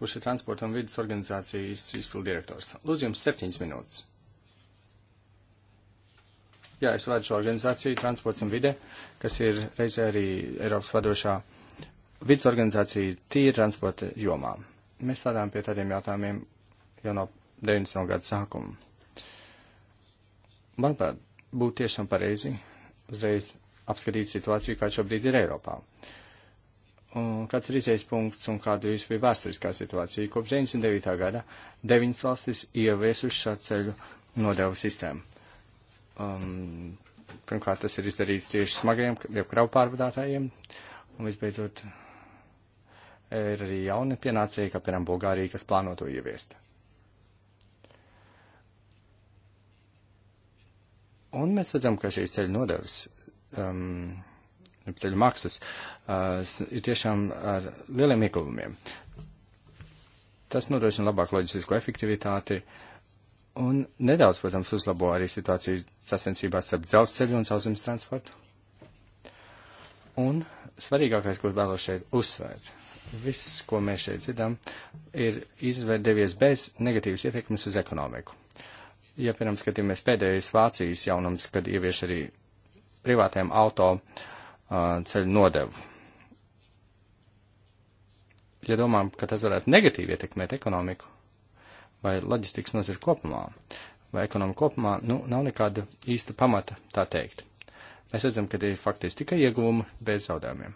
kurš ir transporta un vidas organizācijas izpildirektors. Lūdzu, jums septiņas minūtes. Jā, es vadu šo organizāciju, Transports un Vide, kas ir reizē arī Eiropas vadošā vidas organizācija tīri transporta jomām. Mēs strādājam pie tādiem jautājumiem jau no 90. gada sākuma. Manuprāt, būtu tiešām pareizi uzreiz apskatīt situāciju, kāda šobrīd ir Eiropā. Un kāds ir izējais punkts un kāda viss bija vēsturiskā situācija? Kopš 99. gada deviņas valstis ieviesuši šādu ceļu nodevu sistēmu. Um, pirmkārt, tas ir izdarīts tieši smagajiem, jau kravu pārvadātājiem, un visbeidzot ir arī jauni pienācēji, kā piemēram Bulgārija, kas plāno to ieviest. Un mēs redzam, ka šīs ceļu nodevas, um, ceļu maksas uh, ir tiešām ar lieliem ieguvumiem. Tas nodrošina labāku loģistisko efektivitāti un nedaudz, protams, uzlabo arī situāciju sacensībās starp dzelzceļu un sauszemes transportu. Un svarīgākais, ko vēlos šeit uzsvērt, viss, ko mēs šeit dzirdam, ir izdevies bez negatīvas ietekmes uz ekonomiku. Ja, piemēram, skatāmies pēdējais Vācijas jaunums, kad ievieš arī privātiem auto uh, ceļu nodevu. Ja domājam, ka tas varētu negatīvi ietekmēt ekonomiku vai loģistikas nozari kopumā, vai ekonomiku kopumā, nu, nav nekāda īsta pamata tā teikt. Mēs redzam, ka ir faktiski tikai ieguvumi bez zaudējumiem.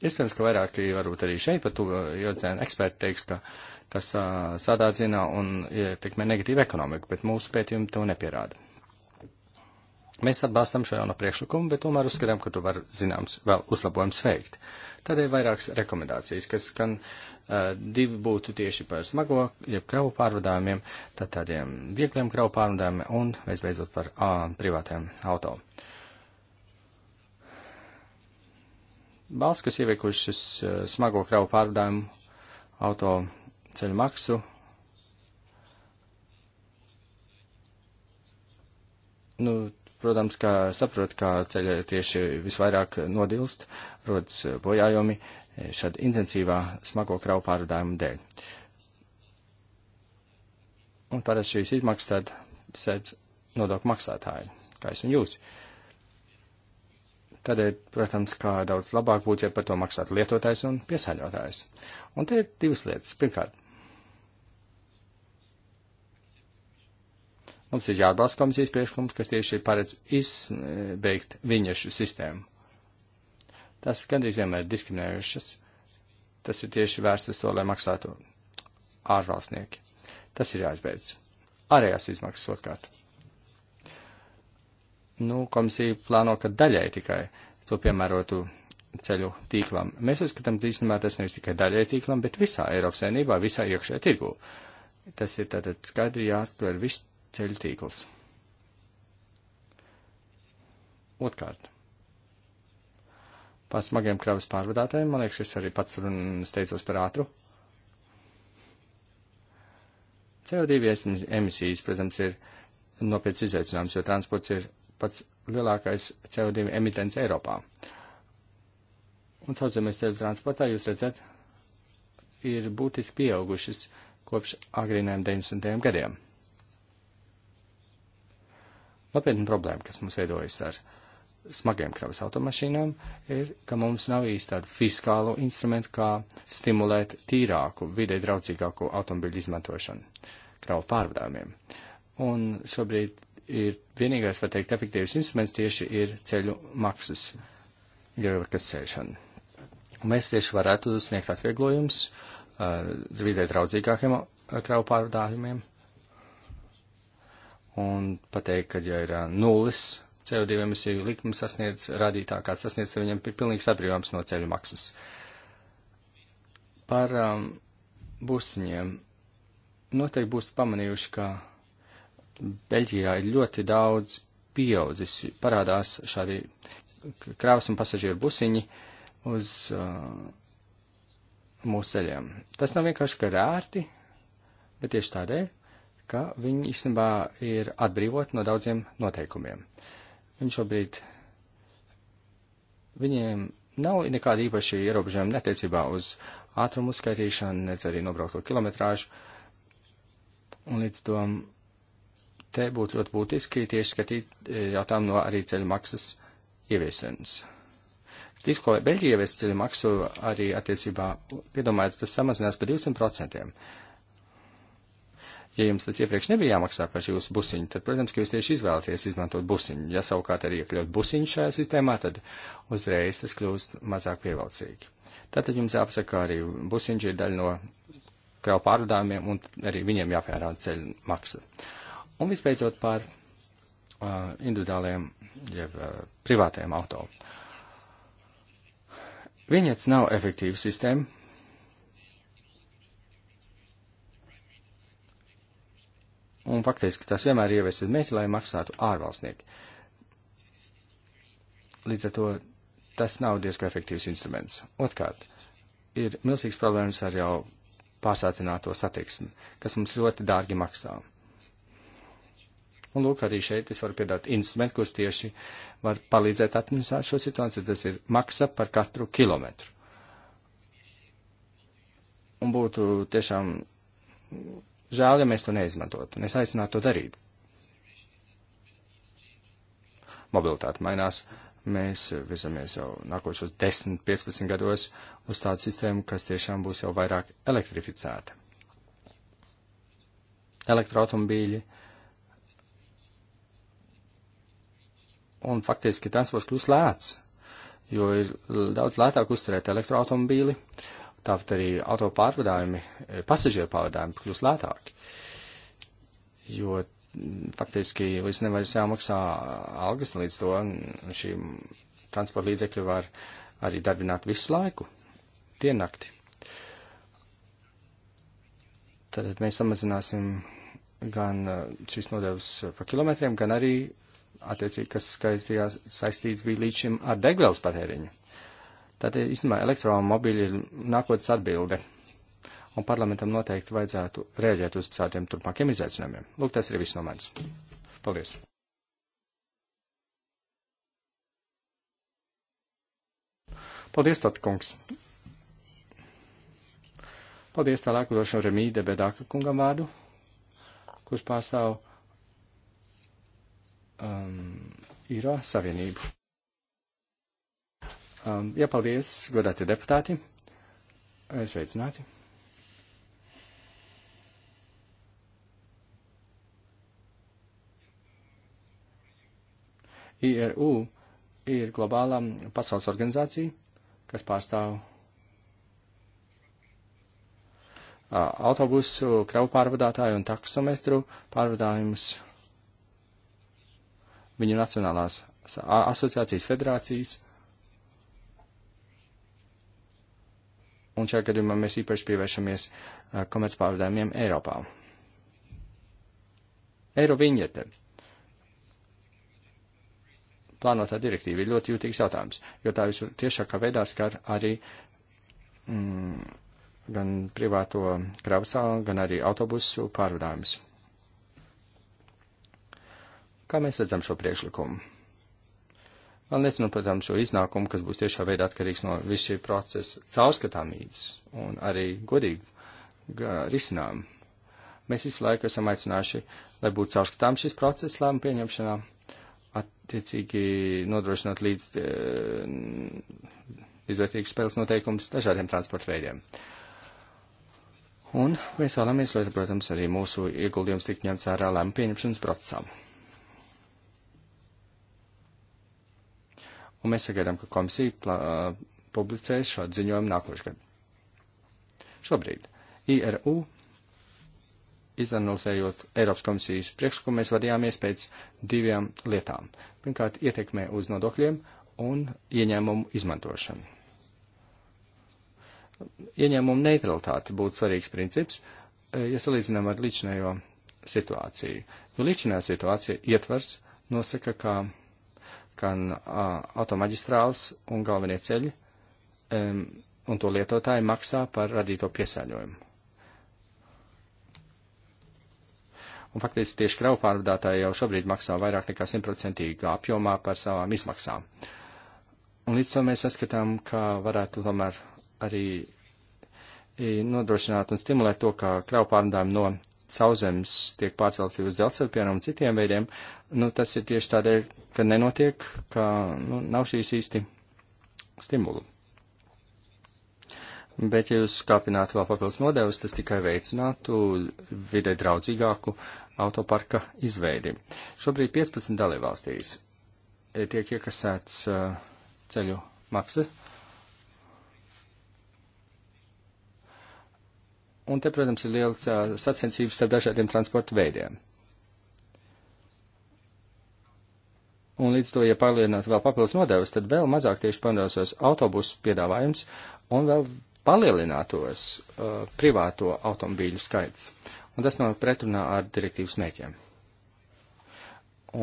Iespējams, ka vairāki varbūt arī šeit pat jodzēna eksperti teiks, ka tas uh, sādādzina un ietekmē ja, negatīvu ekonomiku, bet mūsu pētījumi to nepierāda. Mēs atbalstam šo jauno priekšlikumu, bet tomēr uzskatām, ka tu var zināms vēl uzlabojums veikt. Tādēļ vairākas rekomendācijas, kas gan uh, divi būtu tieši par smago, jeb kravu pārvadājumiem, tad tādiem viegliem kravu pārvadājumiem un, visbeidzot, par uh, privātiem automašīnām. Valsts, kas ieviekušas eh, smago kravu pārvadājumu auto ceļu maksu, nu, protams, ka saprot, ka ceļa tieši visvairāk nodilst, rodas bojājumi eh, šāda intensīvā smago kravu pārvadājuma dēļ. Un parasti šīs izmaksas tad sēdz nodokļu maksātāji, kā es un jūs. Uh, Tādēļ, protams, kā daudz labāk būtu, ja par to maksātu lietotājs un piesaļotājs. Un te ir divas lietas. Pirmkārt, mums ir jāatbalsta komisijas priekšlikums, kas tieši paredz izbeigt viņašu sistēmu. Tas gandrīz vienmēr ir diskriminējušas. Tas ir tieši vērsts uz to, lai maksātu ārvalstnieki. Tas ir jāizbeidz. Ārējās izmaksas otrkārt nu, komisija plāno, ka daļai tikai to piemērotu ceļu tīklam. Mēs uzskatām, ka īstenībā tas nevis tikai daļai tīklam, bet visā Eiropas saimnībā, visā iekšē tirgū. Tas ir tātad skaidri jāatver viss ceļu tīkls. Otkārt. Par smagiem kravas pārvadātājiem, man liekas, es arī pats un steidzos par ātru. CO2 emisijas, protams, ir nopietns izaicinājums, jo transports ir pats lielākais CO2 emitents Eiropā. Un saucamies ceļu transportā, jūs redzat, ir būtiski pieaugušas kopš agrīniem 90. gadiem. Nopietna problēma, kas mums veidojas ar smagiem kravas automašīnām, ir, ka mums nav īsti tādu fiskālu instrumentu, kā stimulēt tīrāku, vidē draudzīgāku automobiļu izmantošanu kravu pārvadājumiem. Un šobrīd ir vienīgais, var teikt, efektīvs instruments tieši ir ceļu maksas, kas ceļšana. Mēs tieši varētu sniegt atvieglojums uh, eh, vidē draudzīgākiem eh, kravu pārvadājumiem un pateikt, ka ja ir uh, nulles CO2 emisiju likums sasniedz radītā, kāds sasniedz, viņam ir pilnīgs atbrīvojums no ceļu maksas. Par um, ehm, busiņiem noteikti būs pamanījuši, ka Beļģijā ir ļoti daudz pieaudzis, parādās šādi krāvas un pasažieru busiņi uz uh, mūsu ceļiem. Tas nav vienkārši, ka ir ērti, bet tieši tādēļ, ka viņi īstenībā ir atbrīvoti no daudziem noteikumiem. Viņi šobrīd, viņiem nav nekāda īpaši ierobežojuma netiecībā uz ātrumu skaitīšanu, nec arī nobraukto kilometrāžu. Un līdz tam te būtu ļoti būtiski tieši skatīt e, jautājumu no arī ceļu maksas ieviešanas. Līdz ko Beļģija ievies ceļu maksu arī attiecībā, piedomājiet, tas samazinās par 200%. Ja jums tas iepriekš nebija jāmaksā par jūsu busiņu, tad, protams, ka jūs tieši izvēlaties izmantot busiņu. Ja savukārt arī iekļaut busiņu šajā sistēmā, tad uzreiz tas kļūst mazāk pievilcīgi. Tātad jums jāpasaka, arī busiņš ir daļa no kravu pārvadājumiem, un arī viņiem jāpierāda ceļu maksa. Uh, Un visbeidzot par uh, individuāliem, jeb uh, privātajiem auto. Viņets nav efektīva sistēma. Un faktiski tas vienmēr ir ieviesis mērķi, lai maksātu ārvalstnieki. Līdz ar to tas nav diezgan efektīvs instruments. Otkārt, ir milzīgs problēmas ar jau pārsātināto satiksmi, kas mums ļoti dārgi maksā. Uh, Un lūk, arī šeit es varu piedāt instrumentu, kurš tieši var palīdzēt atmazināt šo situāciju. Tas ir maksa par katru kilometru. Un būtu tiešām žēl, ja mēs to neizmantotu. Un es aicinātu to darīt. Mobilitāte mainās. Mēs virzamies jau nākošos 10, 15 gados uz tādu sistēmu, kas tiešām būs jau vairāk elektrificēta elektroautobīļi un faktiski transports kļūst lēts, jo ir daudz lētāk uzturēt elektroautomobīli, tāpat arī auto pārvadājumi, eh, pasažieru pārvadājumi kļūst lētāki, jo mm, faktiski vairs nevairs jāmaksā algas līdz to, šī transporta līdzekļi var arī darbināt visu laiku, diennakti. Tad mēs samazināsim gan eh, šīs nodevas pa kilometriem, gan arī attiecīgi, kas skaistījās, saistīts bija līdz šim ar degvielas patēriņu. Tātad, īstenībā, elektromobīļi ir nākotnes atbilde, un parlamentam noteikti vajadzētu rēģēt uz šādiem turpmākiem izaicinājumiem. Lūk, tas ir viss no manis. Paldies! Paldies, Tata kungs! Paldies tālāk došu Remīde Bedāka kungam vārdu, kurš pārstāv um, īrā uh, savienību. Um, jā, paldies, godātie deputāti. Sveicināti. IRU ir globālā pasaules organizācija, kas pārstāv uh, autobusu, kravu pārvadātāju un taksometru pārvadājumus viņu nacionālās asociācijas federācijas. Un šajā gadījumā mēs īpaši pievēršamies komercpārvadājumiem Eiropā. Eiro viņete. Plānotā direktīva ir ļoti jūtīgs jautājums, jo tā visu tiešākā veidā skar arī mm, gan privāto kravasālu, gan arī autobusu pārvadājumus. Kā mēs redzam šo priekšlikumu? Man liecina, protams, šo iznākumu, kas būs tiešā veidā atkarīgs no visu šī procesa caurskatāmības un arī godīgi risinām. Mēs visu laiku esam aicinājuši, lai būtu caurskatām šis process lēmu pieņemšanā, attiecīgi nodrošinot līdz e, izvērtīgas spēles noteikums dažādiem transporta veidiem. Un mēs vēlamies, lai, protams, arī mūsu ieguldījums tik ņemts ārā lēmu pieņemšanas procesā. un mēs sagaidām, ka komisija plā, publicēs šādu ziņojumu nākošgad. Šobrīd IRU izanalizējot Eiropas komisijas priekšlikumu, mēs vadījāmies pēc divām lietām. Pirmkārt, ietekmē uz nodokļiem un ieņēmumu izmantošanu. Ieņēmumu neutralitāte būtu svarīgs princips, ja salīdzinām ar līdzinējo situāciju. Jo līdzinējā situācija ietvers nosaka, ka gan automaģistrāls un galvenie ceļi, um, un to lietotāji maksā par radīto piesāņojumu. Un faktiski tieši kraupārvadātāji jau šobrīd maksā vairāk nekā 100% apjomā par savām izmaksām. Un līdz to mēs saskatām, ka varētu tomēr arī nodrošināt un stimulēt to, ka kraupārvadājumi no cauzemes tiek pārceltas uz dzelzceļpienu un citiem veidiem, nu, tas ir tieši tādēļ, ka nenotiek, ka nu, nav šīs īsti stimulu. Bet, ja jūs skāpinātu vēl papildus nodevas, tas tikai veicinātu vidē draudzīgāku autoparka izveidi. Šobrīd 15 dalībvalstīs tiek iekasēts uh, ceļu maksa Un te, protams, ir liels uh, sacensības starp dažādiem transporta veidiem. Un līdz to, ja palielinās vēl papildus nodevas, tad vēl mazāk tieši panāsies autobusu piedāvājums un vēl palielinātos uh, privāto automobīļu skaits. Un tas nav pretrunā ar direktīvas mēķiem.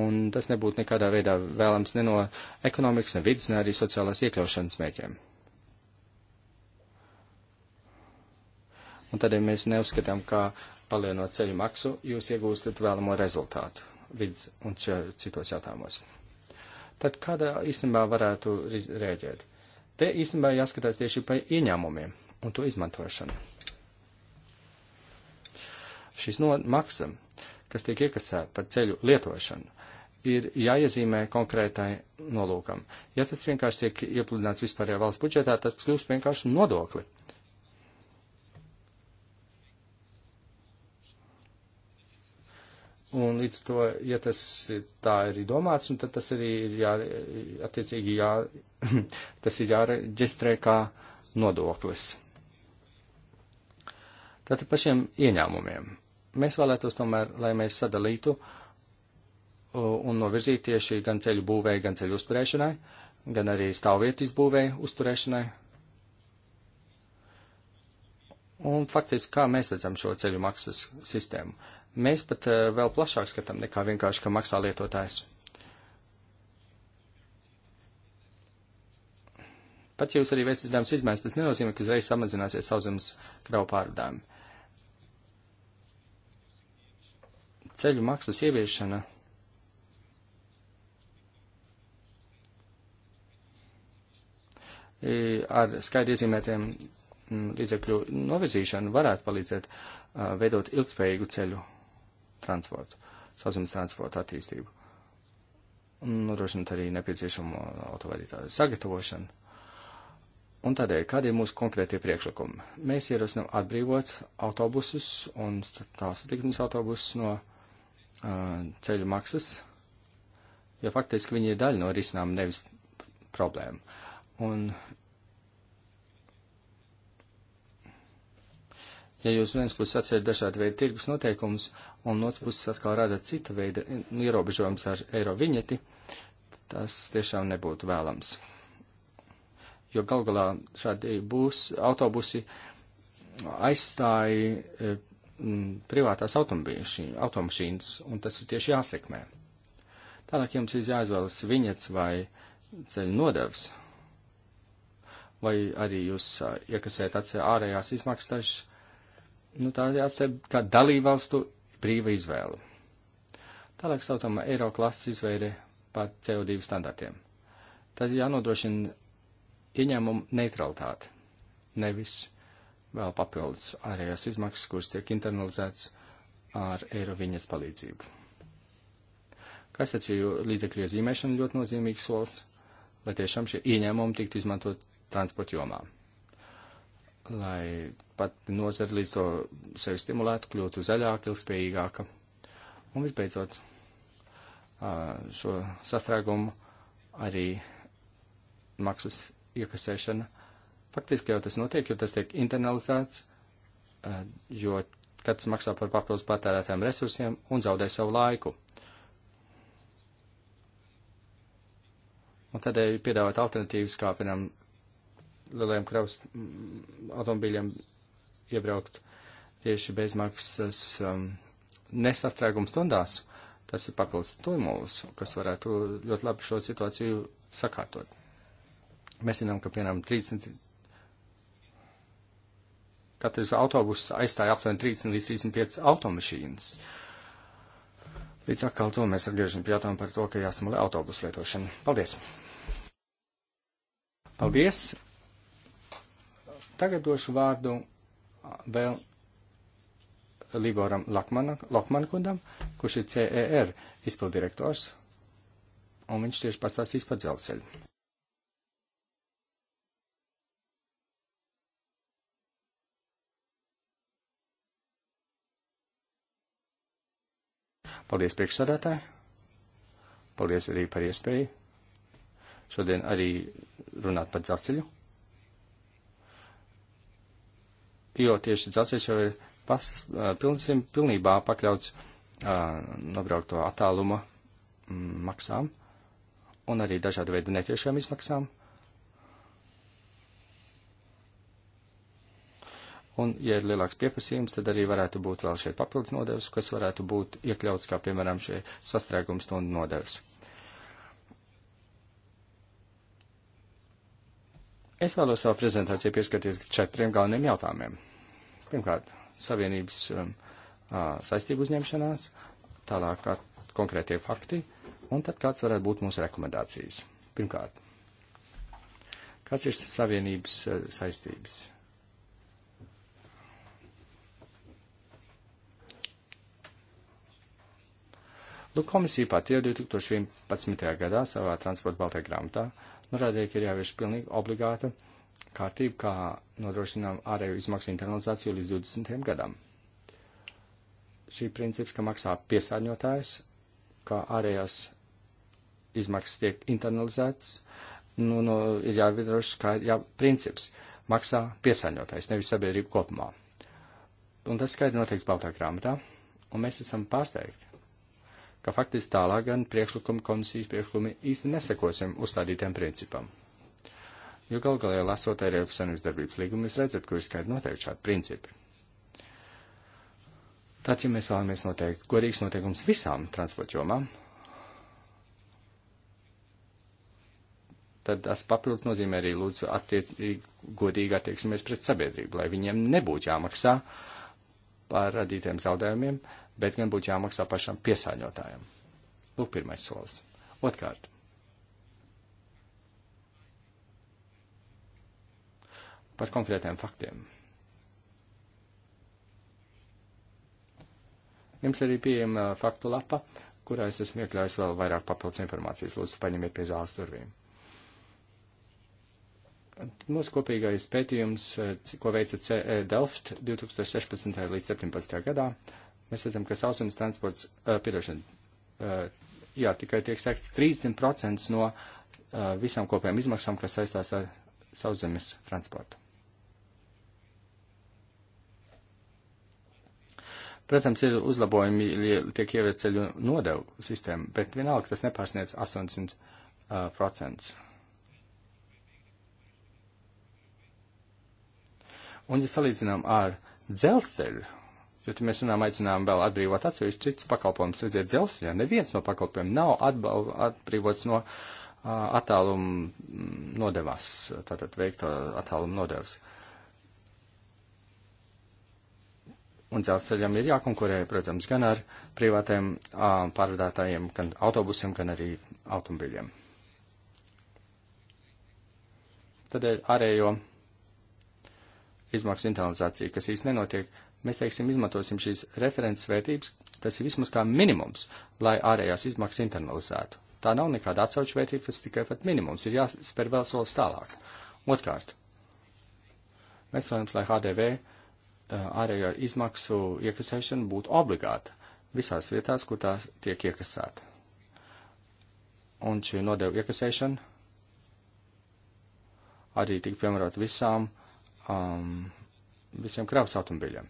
Un tas nebūtu nekādā veidā vēlams ne no ekonomikas, ne vidas, ne arī sociālās iekļaušanas mēķiem. un tādēļ ja mēs neuzskatām, ka palielinot ceļu maksu, jūs iegūstat vēlamo rezultātu vidz un citos jautājumos. Tad kādā īstenībā varētu rēģēt? Te īstenībā jāskatās tieši par ieņēmumiem un to izmantošanu. Šis no maksa, kas tiek iekasēta par ceļu lietošanu, ir jāiezīmē konkrētai nolūkam. Ja tas vienkārši tiek iepludināts vispārējā valsts budžetā, tas kļūst vienkārši nodokli. Un līdz to, ja tas ir, tā ir domāts, un tad tas arī ir jā, attiecīgi jā, *clears throat* tas ir jāreģistrē kā nodoklis. Tātad par šiem ieņēmumiem. Mēs vēlētos tomēr, lai mēs sadalītu un novirzītu tieši gan ceļu būvēju, gan ceļu uzturēšanai, gan arī stāvvietu izbūvēju uzturēšanai. Un faktiski, kā mēs redzam šo ceļu maksas sistēmu? Uh, mēs pat eh, vēl plašāk skatām nekā vienkārši, ka maksā lietotājs. Pat jūs arī veicat zināmas izmaiņas, tas nenozīmē, ka uzreiz samazināsies sauszemes kravu pārvadājumi. Ceļu maksas ieviešana ar skaidri iezīmētiem mm, līdzekļu novirzīšanu varētu palīdzēt eh, veidot ilgspējīgu ceļu transportu, sauszemes transportu attīstību. Nodrošināt arī nepieciešamo autovadītāju sagatavošanu. Un tādēļ, kādi ir mūsu konkrētie priekšlikumi? Mēs ierosinām atbrīvot autobusus un tās tiknes autobusus no uh, ceļu maksas, jo faktiski viņi ir daļa no risinām nevis problēma. Un ja jūs viens puses atceļ dažādu veidu tirgus noteikumus un no otras puses atkal rada cita veida ierobežojums ar eiro viņeti, tas tiešām nebūtu vēlams. Jo gal galā šādi būs autobusi aizstāja eh, privātās automašīnas, un tas ir tieši jāsekmē. Tālāk jums ir jāizvēlas viņets vai ceļu nodevs, vai arī jūs eh, iekasēt ārējās izmaksas nu, tā jāatcer kā dalībvalstu brīva izvēle. Tālāk saucama Eiro klases izveide par CO2 standartiem. Tad jānodrošina ieņēmumu neutralitāti, nevis vēl papildus ārējās izmaksas, kuras tiek internalizētas ar eiro viņas palīdzību. Kas taču līdzekļu iezīmēšana ļoti nozīmīgs solis, lai tiešām šie ieņēmumi tiktu izmantot transporta jomām lai pat nozara līdz to sevi stimulētu, kļūtu zaļāka, ilgspējīgāka. Un visbeidzot, šo sastrēgumu arī maksas iekasēšana. Faktiski jau tas notiek, jo tas tiek internalizēts, jo katrs maksā par papildus patērētājiem resursiem un zaudē savu laiku. Un tādēļ piedāvāt alternatīvas, kā, piemēram, lielajiem kravas mm, automobīļiem iebraukt tieši bezmaksas um, nesastrēguma stundās, tas ir papildus stimuls, kas varētu ļoti labi šo situāciju sakārtot. Mēs zinām, ka piemēram 30. Katrs autobuss aizstāja aptuveni 30 līdz 35 automašīnas. Līdz atkal to mēs atgriežam pie jautājuma par to, ka jāsamulē autobusu lietošana. Paldies! Paldies! Tagad došu vārdu vēl Liboram Lokmankundam, kurš ir CER izpildirektors, un viņš tieši pastāstīs par dzelzceļu. Paldies priekšsādātāji! Paldies arī par iespēju šodien arī runāt par dzelzceļu. jo tieši dzelzceļš jau ir pas, pilnsim, pilnībā pakļauts uh, nobraukto attāluma maksām un arī dažādu veidu netiešām izmaksām. Un, ja ir lielāks pieprasījums, tad arī varētu būt vēl šeit papildus nodevs, kas varētu būt iekļauts, kā piemēram, šie sastrēgums stundu nodevs. Es vēlos savu prezentāciju pieskarties četriem galveniem jautājumiem. Pirmkārt, savienības um, saistību uzņemšanās, tālāk kā konkrētie fakti, un tad kāds varētu būt mūsu rekomendācijas. Pirmkārt, kāds ir savienības uh, saistības? Lūk, komisija pati jau 2011. gadā savā transporta baltajā grāmatā uh, norādīja, ka ir jāvieš pilnīgi obligāta kārtība, kā nodrošinām ārēju izmaksu internalizāciju līdz 20. gadam. Šī princips, ka maksā piesārņotājs, kā ārējās izmaksas tiek internalizētas, nu, nu ir jāvidroši, kā jā, princips maksā piesārņotājs, nevis sabiedrība kopumā. Un tas skaidri noteikts Baltā grāmatā, un mēs esam pārsteigti ka faktiski tālāk gan priekšlikumi komisijas priekšlikumi īsti nesekosim uzstādītiem principam. Jo gal galā, lasot Eiropas Savienības darbības līgumu, jūs redzat, kur ir skaidri noteikti šādi principi. Tad, ja mēs vēlamies noteikt godīgs noteikums visām transporta jomām, tad tas papildus nozīmē arī lūdzu attiecīgi godīgi attieksimies pret sabiedrību, lai viņiem nebūtu jāmaksā par radītiem zaudējumiem, uh, bet gan būtu jāmaksā pašam piesāņotājam. Lūk, pirmais solis. Otkārt. Par konkrētiem faktiem. Jums arī pieejama faktu lapa, kurā es esmu iekļājis vēl vairāk papildus informācijas. Lūdzu, paņemiet pie zāles durvīm. Mūsu kopīgais pētījums, ko veica C e Delft 2016. līdz 2017. gadā, uh, Mēs redzam, ka sausums transports, uh, piedošana, uh, jā, tikai tiek sekts 30% no uh, visām kopējām izmaksām, kas saistās ar sauszemes transportu. Protams, ir uzlabojumi, ja tiek ieviet ceļu nodevu sistēma, bet vienalga tas nepārsniec 80%. Uh, procents. Un, ja salīdzinām ar dzelzceļu Jo, ja mēs runājam, aicinām vēl atbrīvot atsevišķi citus pakalpojumus, redziet, dzels, ja neviens no pakalpojumiem nav atbrīvots no attāluma mm, nodevās, tātad veikto attāluma nodevas. Un dzelzceļam ir jākonkurē, protams, gan ar privātiem pārvadātājiem, gan autobusiem, gan arī automobiļiem. Tādēļ ārējo izmaksu internalizācija, kas īsti nenotiek, mēs, teiksim, izmantosim šīs referents vērtības, tas ir vismaz kā minimums, lai ārējās izmaksas internalizētu. Tā nav nekāda atsauču vērtība, tas tikai pat minimums, ir jāspēr vēl solis tālāk. Otkārt, mēs vēlamies, lai HDV ārējo izmaksu iekasēšana būtu obligāta visās vietās, kur tās tiek iekasēta. Un šī nodeva iekasēšana arī tika piemērot visām, um, visiem kravas automobiļiem.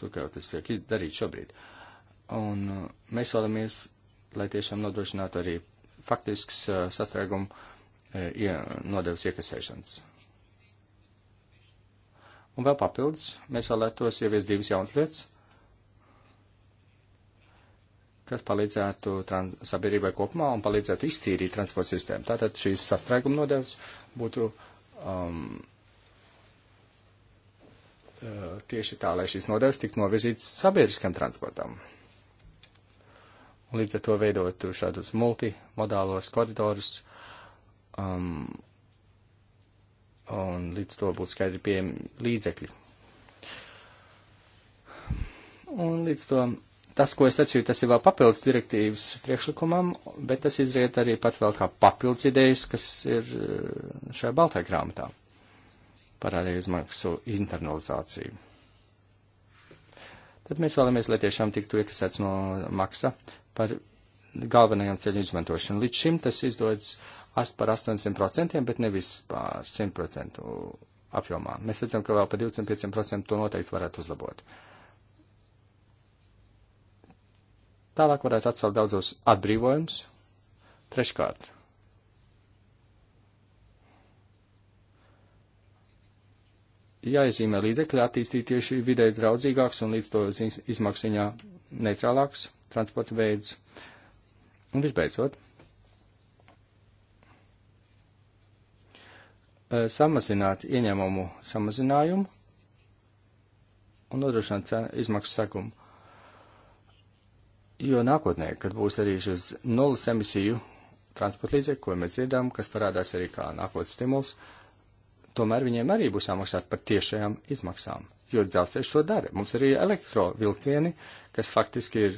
tur, kā tas tiek darīts šobrīd. Un uh, mēs vēlamies, lai tiešām nodrošinātu arī faktisks uh, sastrēgumu uh, nodevas iekasēšanas. Un vēl papildus, mēs vēlētos ievies divas jaunas lietas, kas palīdzētu sabiedrībai kopumā un palīdzētu iztīrīt transporta sistēmu. Tātad šīs sastrēguma nodevas būtu um, Eh, tieši tā, lai šīs nodevas tiktu novirzītas sabiedriskam transportam. Un līdz ar to veidot šādus multimodālos koridorus, um, un līdz to būtu skaidri pieejami līdzekļi. Un līdz to, tas, ko es sacīju, tas ir vēl papildus direktīvas priekšlikumam, bet tas izriet arī pat vēl kā papildus idejas, kas ir eh, šajā baltajā grāmatā par ārēju izmaksu internalizāciju. Tad mēs vēlamies, lai tiešām tiktu iekasēts no maksa par galvenajām ceļu izmantošanu. Līdz šim tas izdodas par 800%, bet nevis par 100% apjomā. Mēs redzam, ka vēl par 25% to noteikti varētu uzlabot. Tālāk varētu atcelt daudzos atbrīvojumus. Treškārt, jāiezīmē līdzekļi attīstīt tieši vidē draudzīgāks un līdz to izmaksiņā neitrālāks transporta veids. Un visbeidzot, eh, samazināt ieņēmumu samazinājumu un nodrošināt izmaksu sakumu. Jo nākotnē, kad būs arī šis nulles emisiju transporta līdzekļi, ko mēs dzirdām, kas parādās arī kā nākotnes stimuls, uh, tomēr viņiem arī būs jāmaksā par tiešajām izmaksām, jo dzelzceļš to dara. Mums arī elektrovilcieni, kas faktiski ir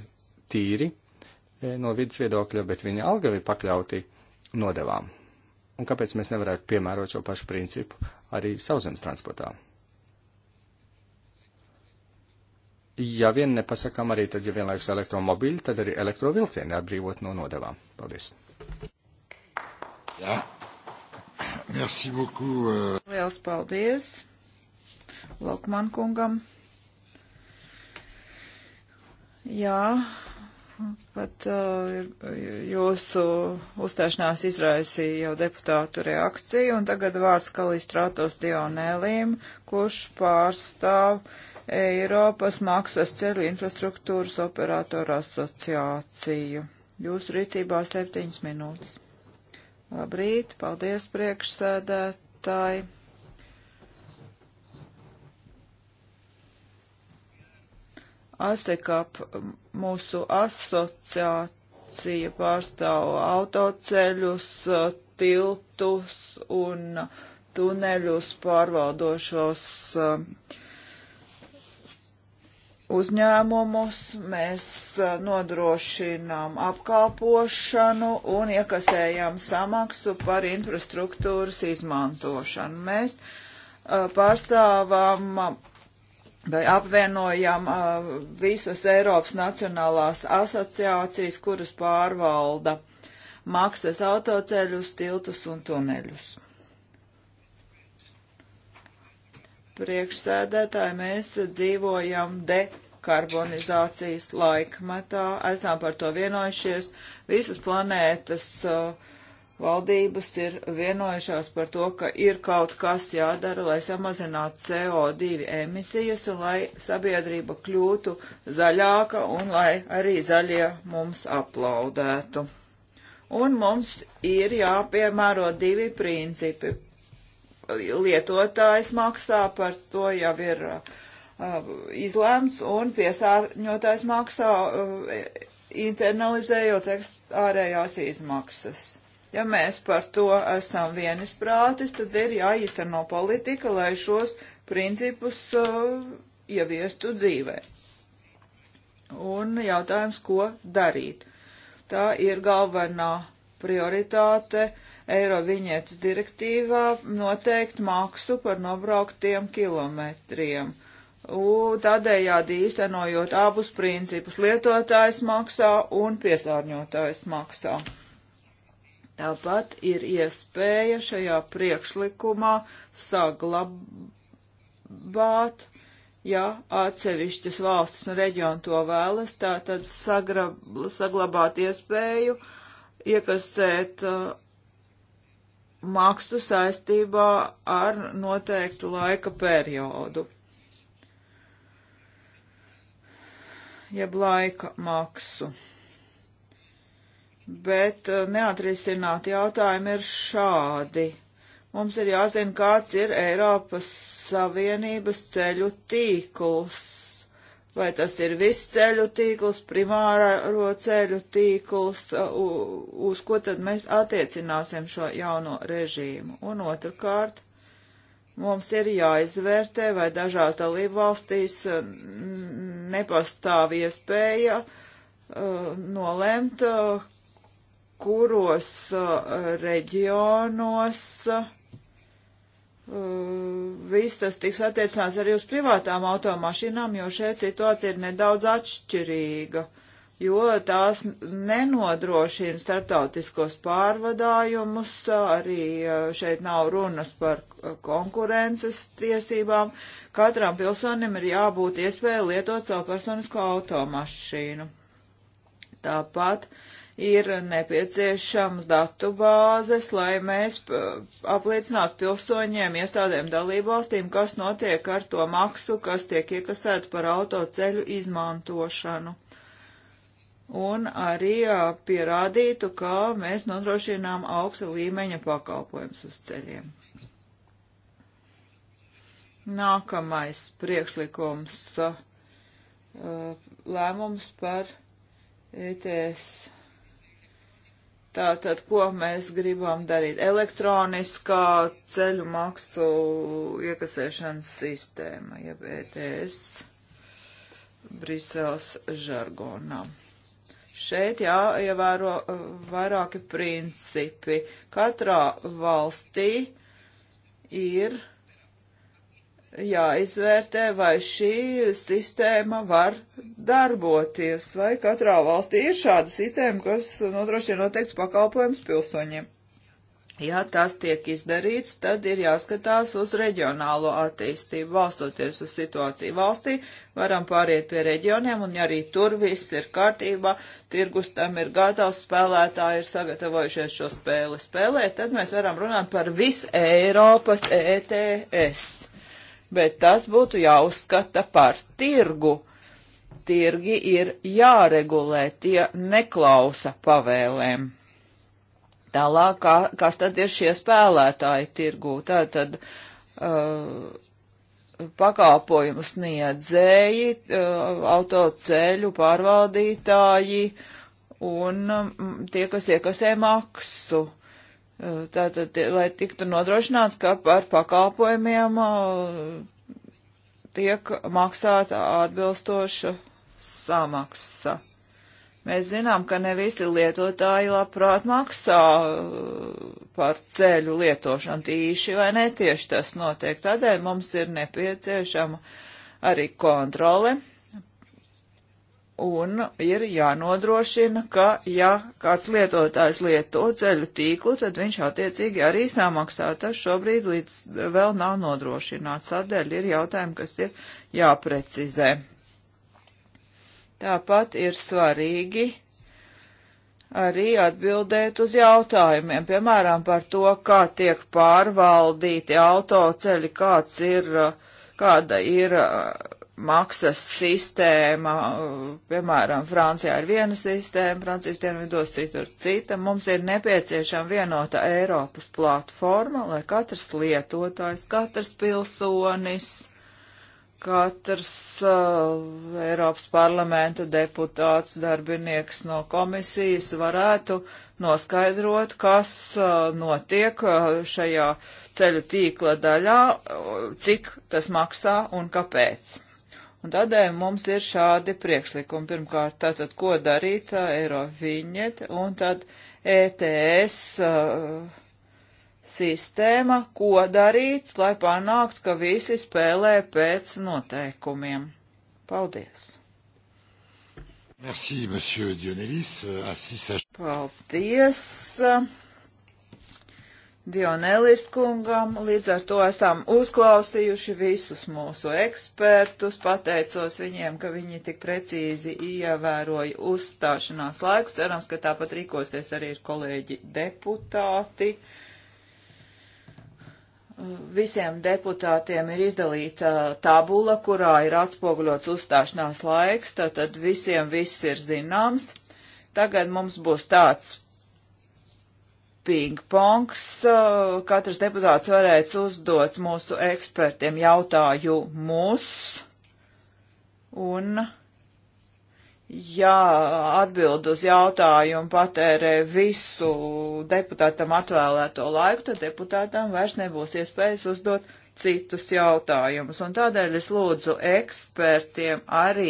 tīri e, no vidas viedokļa, bet viņa alga ir pakļauti nodevām. Un kāpēc mēs nevarētu piemērot šo pašu principu arī sauszemes transportā? Ja vien nepasakām arī, tad, ja vienlaikus elektromobīļi, tad arī elektrovilcieni atbrīvot no nodevām. Paldies! Jā. Ja. Merci beaucoup. Euh. Liels paldies Lokman kungam. Jā, pat uh, jūsu uzstāšanās izraisīja jau deputātu reakciju, un tagad vārds Kalistrātos Dionēlīm, kurš pārstāv Eiropas maksas ceļu infrastruktūras operātoru asociāciju. Jūsu rīcībā septiņas minūtes. Labrīt, paldies priekšsēdētāji. ASEKAP mūsu asociācija pārstāv autoceļus, tiltus un tuneļus pārvaldošos uh, uzņēmumus, mēs nodrošinām apkalpošanu un iekasējam samaksu par infrastruktūras izmantošanu. Mēs pārstāvam vai apvienojam visas Eiropas nacionālās asociācijas, kuras pārvalda maksas autoceļus, tiltus un tuneļus. priekšsēdētāji, mēs dzīvojam de dekarbonizācijas laikmetā. Esam par to vienojušies. Visas planētas uh, valdības ir vienojušās par to, ka ir kaut kas jādara, lai samazinātu CO2 emisijas un lai sabiedrība kļūtu zaļāka un lai arī zaļie mums aplaudētu. Un mums ir jāpiemēro divi principi. Lietotājs maksā par to jau ir uh, Uh, izlēmts un piesārņotājs maksā uh, internalizējot ārējās izmaksas. Ja mēs par to esam vienisprātis, tad ir jāīsteno politika, lai šos principus uh, ieviestu dzīvē. Un jautājums, ko darīt? Tā ir galvenā prioritāte Eiroviņietas direktīvā noteikt maksu par nobrauktiem kilometriem U, tādējādi īstenojot abus principus - lietotājs maksā un piesārņotājs maksā. Tāpat ir iespēja šajā priekšlikumā saglabāt, ja atsevišķas valstis un reģionu to vēlas, tātad sagrab, saglabāt iespēju iekasēt uh, maksu saistībā ar noteiktu laika periodu jeb laika maksu. Bet eh, neatrisināti jautājumi ir šādi. Mums ir jāzina, kāds ir Eiropas Savienības ceļu tīkls. Vai tas ir viss ceļu tīkls, primāro ceļu tīkls, eh, uz ko tad mēs attiecināsim šo jauno režīmu? Un otrkārt, Mums ir jāizvērtē, vai dažās dalību valstīs eh, nepastāv iespēja uh, eh, nolēmt, uh, eh, kuros uh, reģionos viss tas tiks attiecināts arī uz privātām automašīnām, jo šeit situācija ir nedaudz atšķirīga. Uh, jo tās nenodrošina starptautiskos pārvadājumus, arī šeit nav runas par konkurences tiesībām. Katram pilsonim ir jābūt iespēja lietot savu personisko automašīnu. Tāpat ir nepieciešams datu bāzes, lai mēs apliecinātu pilsoņiem, iestādēm dalībvalstīm, kas notiek ar to maksu, kas tiek iekasēta par autoceļu izmantošanu un arī pierādītu, ka mēs nodrošinām augsta līmeņa pakalpojums uz ceļiem. Nākamais priekšlikums lēmums par ETS. Tātad, ko mēs gribam darīt? Elektroniskā ceļu maksu iekasēšanas sistēma, jeb ETS, Briseles žargonam. Šeit jāievēro uh, vairāki principi. Katrā valstī ir jāizvērtē, vai šī sistēma var darboties, vai katrā valstī ir šāda sistēma, kas nodrošina noteikts pakalpojums pilsoņiem. Ja tas tiek izdarīts, tad ir jāskatās uz reģionālo attīstību, balstoties uz situāciju valstī, varam pāriet pie reģioniem, un ja arī tur viss ir kārtībā, tirgus tam ir gatavs, spēlētāji ir sagatavojušies šo spēli spēlēt, tad mēs varam runāt par visu Eiropas ETS. Bet tas būtu jāuzskata par tirgu. Tirgi ir jāregulē, tie neklausa pavēlēm Tālāk, kā, kas tad ir šie spēlētāji tirgū? Tātad uh, pakalpojumu sniedzēji, uh, autoceļu pārvaldītāji un um, tie, kas iekasē maksu. Uh, tātad, lai tiktu nodrošināts, ka par pakalpojumiem uh, tiek maksāta atbilstoša samaksa. Mēs zinām, ka ne visi lietotāji labprāt maksā uh, par ceļu lietošanu tīši vai netieši tas notiek. Tādēļ mums ir nepieciešama arī kontrole un ir jānodrošina, ka ja kāds lietotājs lieto ceļu tīklu, tad viņš attiecīgi arī samaksā. Tas šobrīd līdz vēl nav nodrošināts. Tādēļ ir jautājumi, kas ir jāprecizē. Tāpat ir svarīgi arī atbildēt uz jautājumiem, piemēram, par to, kā tiek pārvaldīti autoceļi, kāds ir, kāda ir uh, maksas sistēma, piemēram, Francijā ir viena sistēma, Francijas dienvidos citur cita. Mums ir nepieciešama vienota Eiropas platforma, lai katrs lietotājs, katrs pilsonis katrs uh, Eiropas parlamenta deputāts, darbinieks no komisijas varētu noskaidrot, kas uh, notiek uh, šajā ceļu tīkla daļā, uh, cik tas maksā un kāpēc. Un tādēļ mums ir šādi priekšlikumi. Pirmkārt, tātad, ko darīt, uh, eiro viņet, un tad ETS. Uh, sistēma, ko darīt, lai panāktu, ka visi spēlē pēc noteikumiem. Paldies! Merci, monsieur Dionelis. Euh, Assis... Paldies! Euh, Dionelis kungam, līdz ar to esam uzklausījuši visus mūsu ekspertus, pateicos viņiem, ka viņi tik precīzi ievēroja uzstāšanās laiku, cerams, ka tāpat rīkosies arī kolēģi deputāti visiem deputātiem ir izdalīta tabula, kurā ir atspoguļots uzstāšanās laiks, tātad visiem viss ir zināms. Tagad mums būs tāds pingpongs. Katrs deputāts varēs uzdot mūsu ekspertiem jautājumus. Un ja atbild uz jautājumu patērē visu deputātam atvēlēto laiku, tad deputātam vairs nebūs iespējas uzdot citus jautājumus. Un tādēļ es lūdzu ekspertiem arī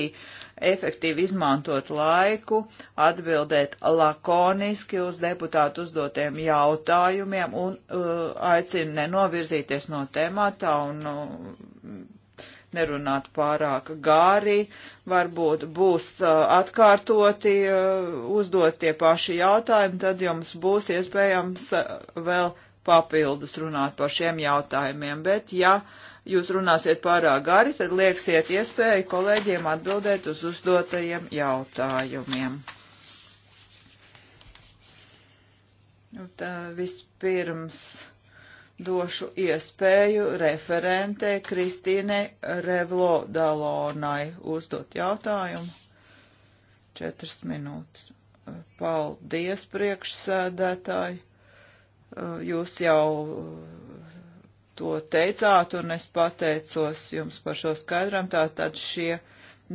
efektīvi izmantot laiku, atbildēt lakoniski uz deputātu uzdotiem jautājumiem un uh, aicinu nenovirzīties no temata un uh, nerunāt pārāk gāri, varbūt būs uh, atkārtoti uh, uzdot tie paši jautājumi, tad jums būs iespējams uh, vēl papildus runāt par šiem jautājumiem, bet ja jūs runāsiet pārāk gari, tad lieksiet iespēju kolēģiem atbildēt uz uzdotajiem jautājumiem. Nu, tā vispirms došu iespēju referentē Kristīnei Revlo Dalonai uzdot jautājumu. Četras minūtes. Paldies, priekšsēdētāji. Jūs jau uh, to teicāt, un es pateicos jums par šo skaidram. Tātad šie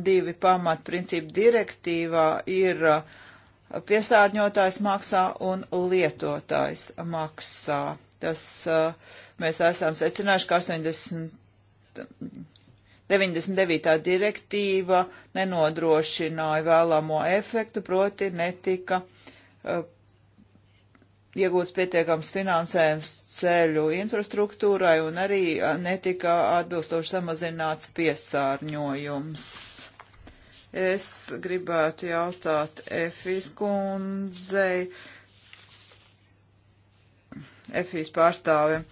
divi pamatprincipi direktīvā ir uh, piesārņotājs maksā un lietotājs maksā Tas mēs esam secinājuši, ka 80. 99. direktīva nenodrošināja vēlamo efektu, proti netika uh, iegūts pietiekams finansējums ceļu infrastruktūrai un arī netika atbilstoši samazināts piesārņojums. Es gribētu jautāt Efis kundzei EFIS pārstāvim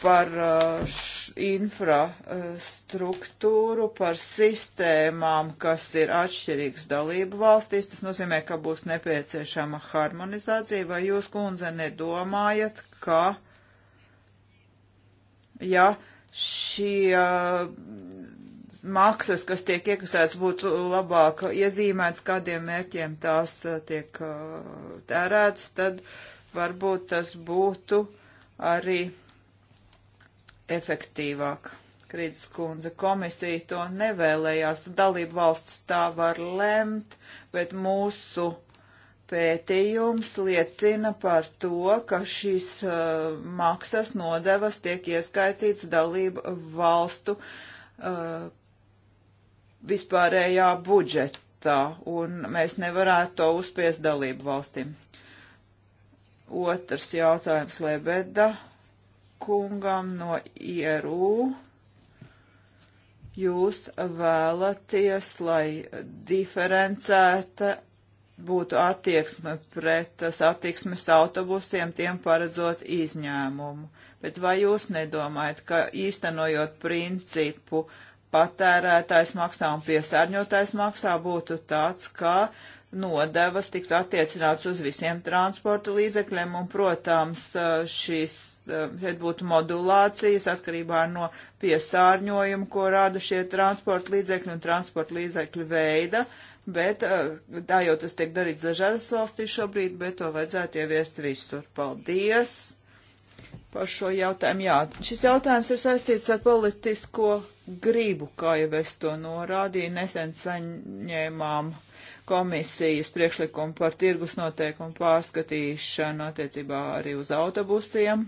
par uh, infrastruktūru, par sistēmām, kas ir atšķirīgas dalību valstīs. Tas nozīmē, ka būs nepieciešama harmonizācija, vai jūs, kundze, nedomājat, ka, ja šie uh, maksas, kas tiek iekasētas, būtu labāk iezīmētas, kādiem mērķiem tās uh, tiek uh, tērētas, tad varbūt tas būtu arī efektīvāk. Krītas kundze komisija to nevēlējās. Dalību valsts tā var lemt, bet mūsu pētījums liecina par to, ka šīs uh, maksas nodevas tiek ieskaitīts dalību valstu uh, vispārējā budžetā, un mēs nevarētu to uzspies dalību valstīm. Otrs jautājums Lebeda kungam no Ierū. Jūs vēlaties, lai diferencēta būtu attieksme pret satiksmes autobusiem, tiem paredzot izņēmumu. Bet vai jūs nedomājat, ka īstenojot principu patērētājs maksā un piesārņotājs maksā būtu tāds, ka uh, nodevas tiktu attiecināts uz visiem transporta līdzekļiem, un, protams, šīs, šeit būtu modulācijas atkarībā no piesārņojuma, ko rada šie transporta līdzekļi un transporta līdzekļu veida, bet tā jau tas tiek darīts dažādas valstīs šobrīd, bet to vajadzētu ieviest visur. Paldies! Par šo jautājumu, jā, šis jautājums ir saistīts ar politisko gribu, kā jau es to norādīju, nesen saņēmām uh, komisijas priekšlikumu par tirgus noteikumu pārskatīšanu attiecībā arī uz autobusiem.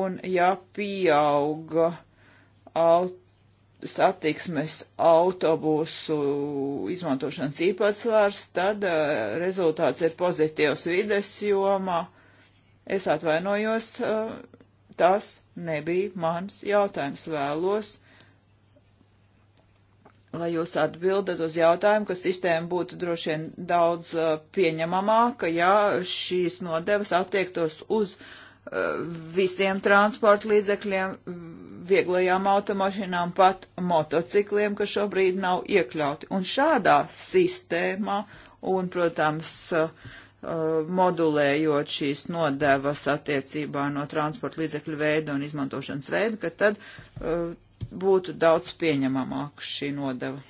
Un ja pieauga aut satiksmes autobusu izmantošanas īpatsvars, tad uh, rezultāts ir pozitīvs vides jomā. Es atvainojos, uh, tas nebija mans jautājums vēlos lai jūs atbildat uz jautājumu, ka sistēma būtu droši vien daudz uh, pieņemamāka, ja šīs nodevas attiektos uz uh, visiem transporta līdzekļiem, vieglajām automašīnām, pat motocikliem, kas šobrīd nav iekļauti. Un šādā sistēmā, un, protams, uh, uh modulējot šīs nodevas attiecībā no transporta līdzekļu veida un izmantošanas veida, ka tad uh, būtu daudz pieņemamāk šī nodeva.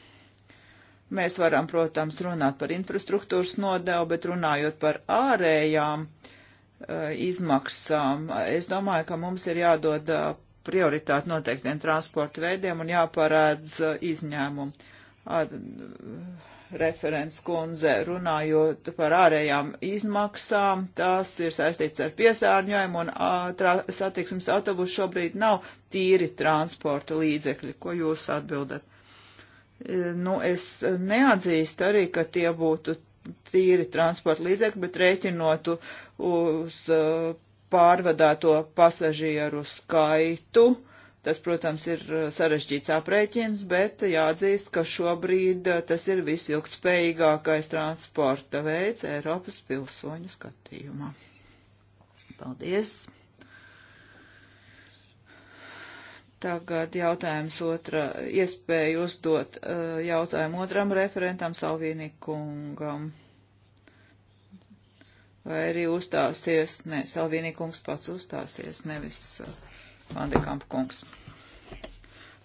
Mēs varam, protams, runāt par infrastruktūras nodevu, bet runājot par ārējām uh, izmaksām, es domāju, ka mums ir jādod uh, e, prioritāti noteiktiem transporta veidiem un jāparādz uh, izņēmumu. At, referents kundze, runājot par ārējām izmaksām, tas ir saistīts ar piesārņojumu un satiksmes autobusu šobrīd nav tīri transporta līdzekļi. Ko jūs atbildat? E, nu, es neatzīstu arī, ka tie būtu tīri transporta līdzekļi, bet rēķinotu uz pārvadāto pasažieru skaitu. Uh, Tas, protams, ir eh, sarežģīts aprēķins, bet jāatzīst, ka šobrīd eh, tas ir visilgtspējīgākais transporta veids Eiropas pilsoņu skatījumā. Paldies! Tagad jautājums otra, iespēju uzdot eh, jautājumu otram referentam Salvīni kungam. Vai arī uzstāsies, ne, Salvīni kungs pats uzstāsies, nevis. Uh, Vandekamp kungs.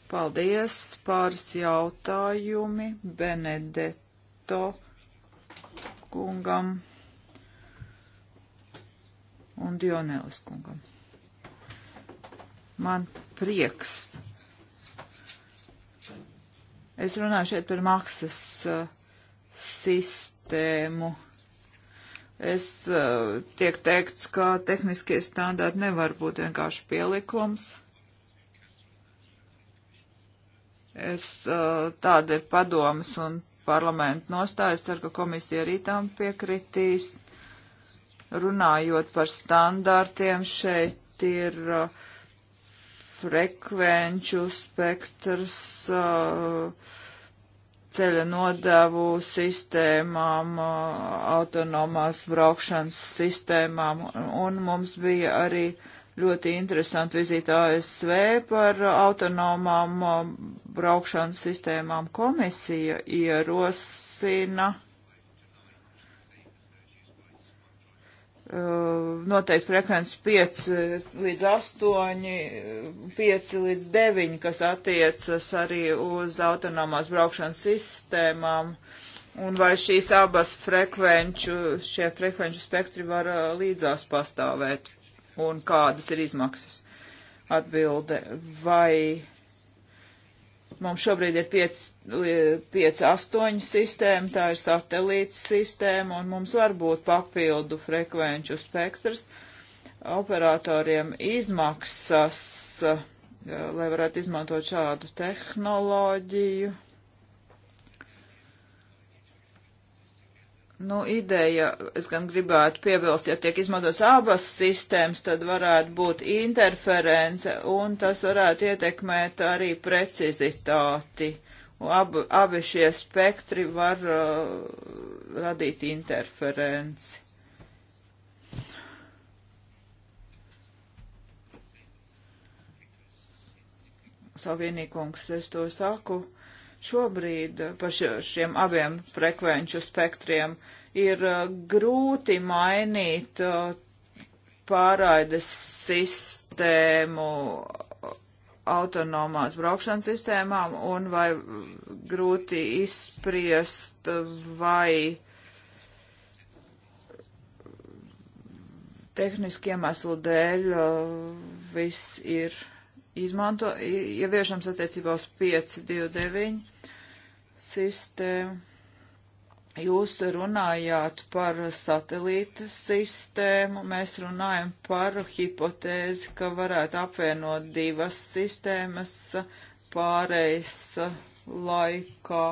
Paldies, pāris jautājumi Benedetto kungam un Dionēlis kungam. Man prieks. Es runāju šeit par maksas uh, sistēmu Es eh, tiek teikts, ka tehniskie standarti nevar būt vienkārši pielikums. Es, eh, tāda ir padomas un parlamenta nostājas, ceru, ka komisija arī tam piekritīs. Runājot par standārtiem, šeit ir uh, frekvenču spektrs. Uh, ceļa nodevu sistēmām, autonomās braukšanas sistēmām, un mums bija arī ļoti interesanti vizīt ASV par autonomām braukšanas sistēmām. Komisija ierosina Eh, noteikti frekvences 5 līdz 8, 5 līdz 9, kas attiecas arī uz autonomās braukšanas sistēmām. Un vai šīs abas frekvenču, šie frekvenču spektri var eh, līdzās pastāvēt? Un kādas ir izmaksas? Atbilde. Vai Mums šobrīd ir 5-8 sistēma, tā ir satelīts sistēma, un mums var būt papildu frekvenču spektrs. Operatoriem izmaksas, eh, lai varētu izmantot šādu tehnoloģiju. Nu, ideja, es gan gribētu piebilst, ja tiek izmantotas abas sistēmas, tad varētu būt interference, un tas varētu ietekmēt arī precizitāti. Ab, abi šie spektri var uh, radīt interferenci. Savienīkungs, es to saku Šobrīd eh, pa šiem abiem frekvenču spektriem ir eh, grūti mainīt eh, pārraides sistēmu autonomās braukšanas sistēmām un vai grūti izspriest, vai tehniski iemeslu dēļ viss ir izmanto, ieviešams attiecībā uz 529 sistēmu. Jūs runājāt par satelīta sistēmu, mēs runājam par hipotēzi, ka varētu apvienot divas sistēmas pārejas laikā.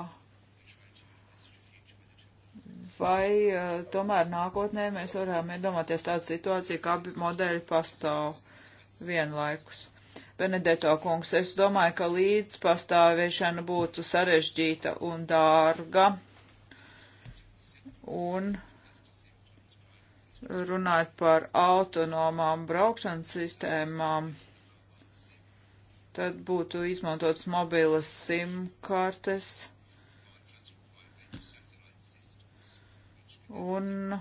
Vai eh, tomēr nākotnē mēs varam iedomāties tādu situāciju, ka abi modeļi pastāv vienlaikus? Benedeto kungs, es domāju, ka līdz pastāviešana būtu sarežģīta un dārga. Un runāt par autonomām braukšanas sistēmām, tad būtu izmantotas mobilas simkartes. Un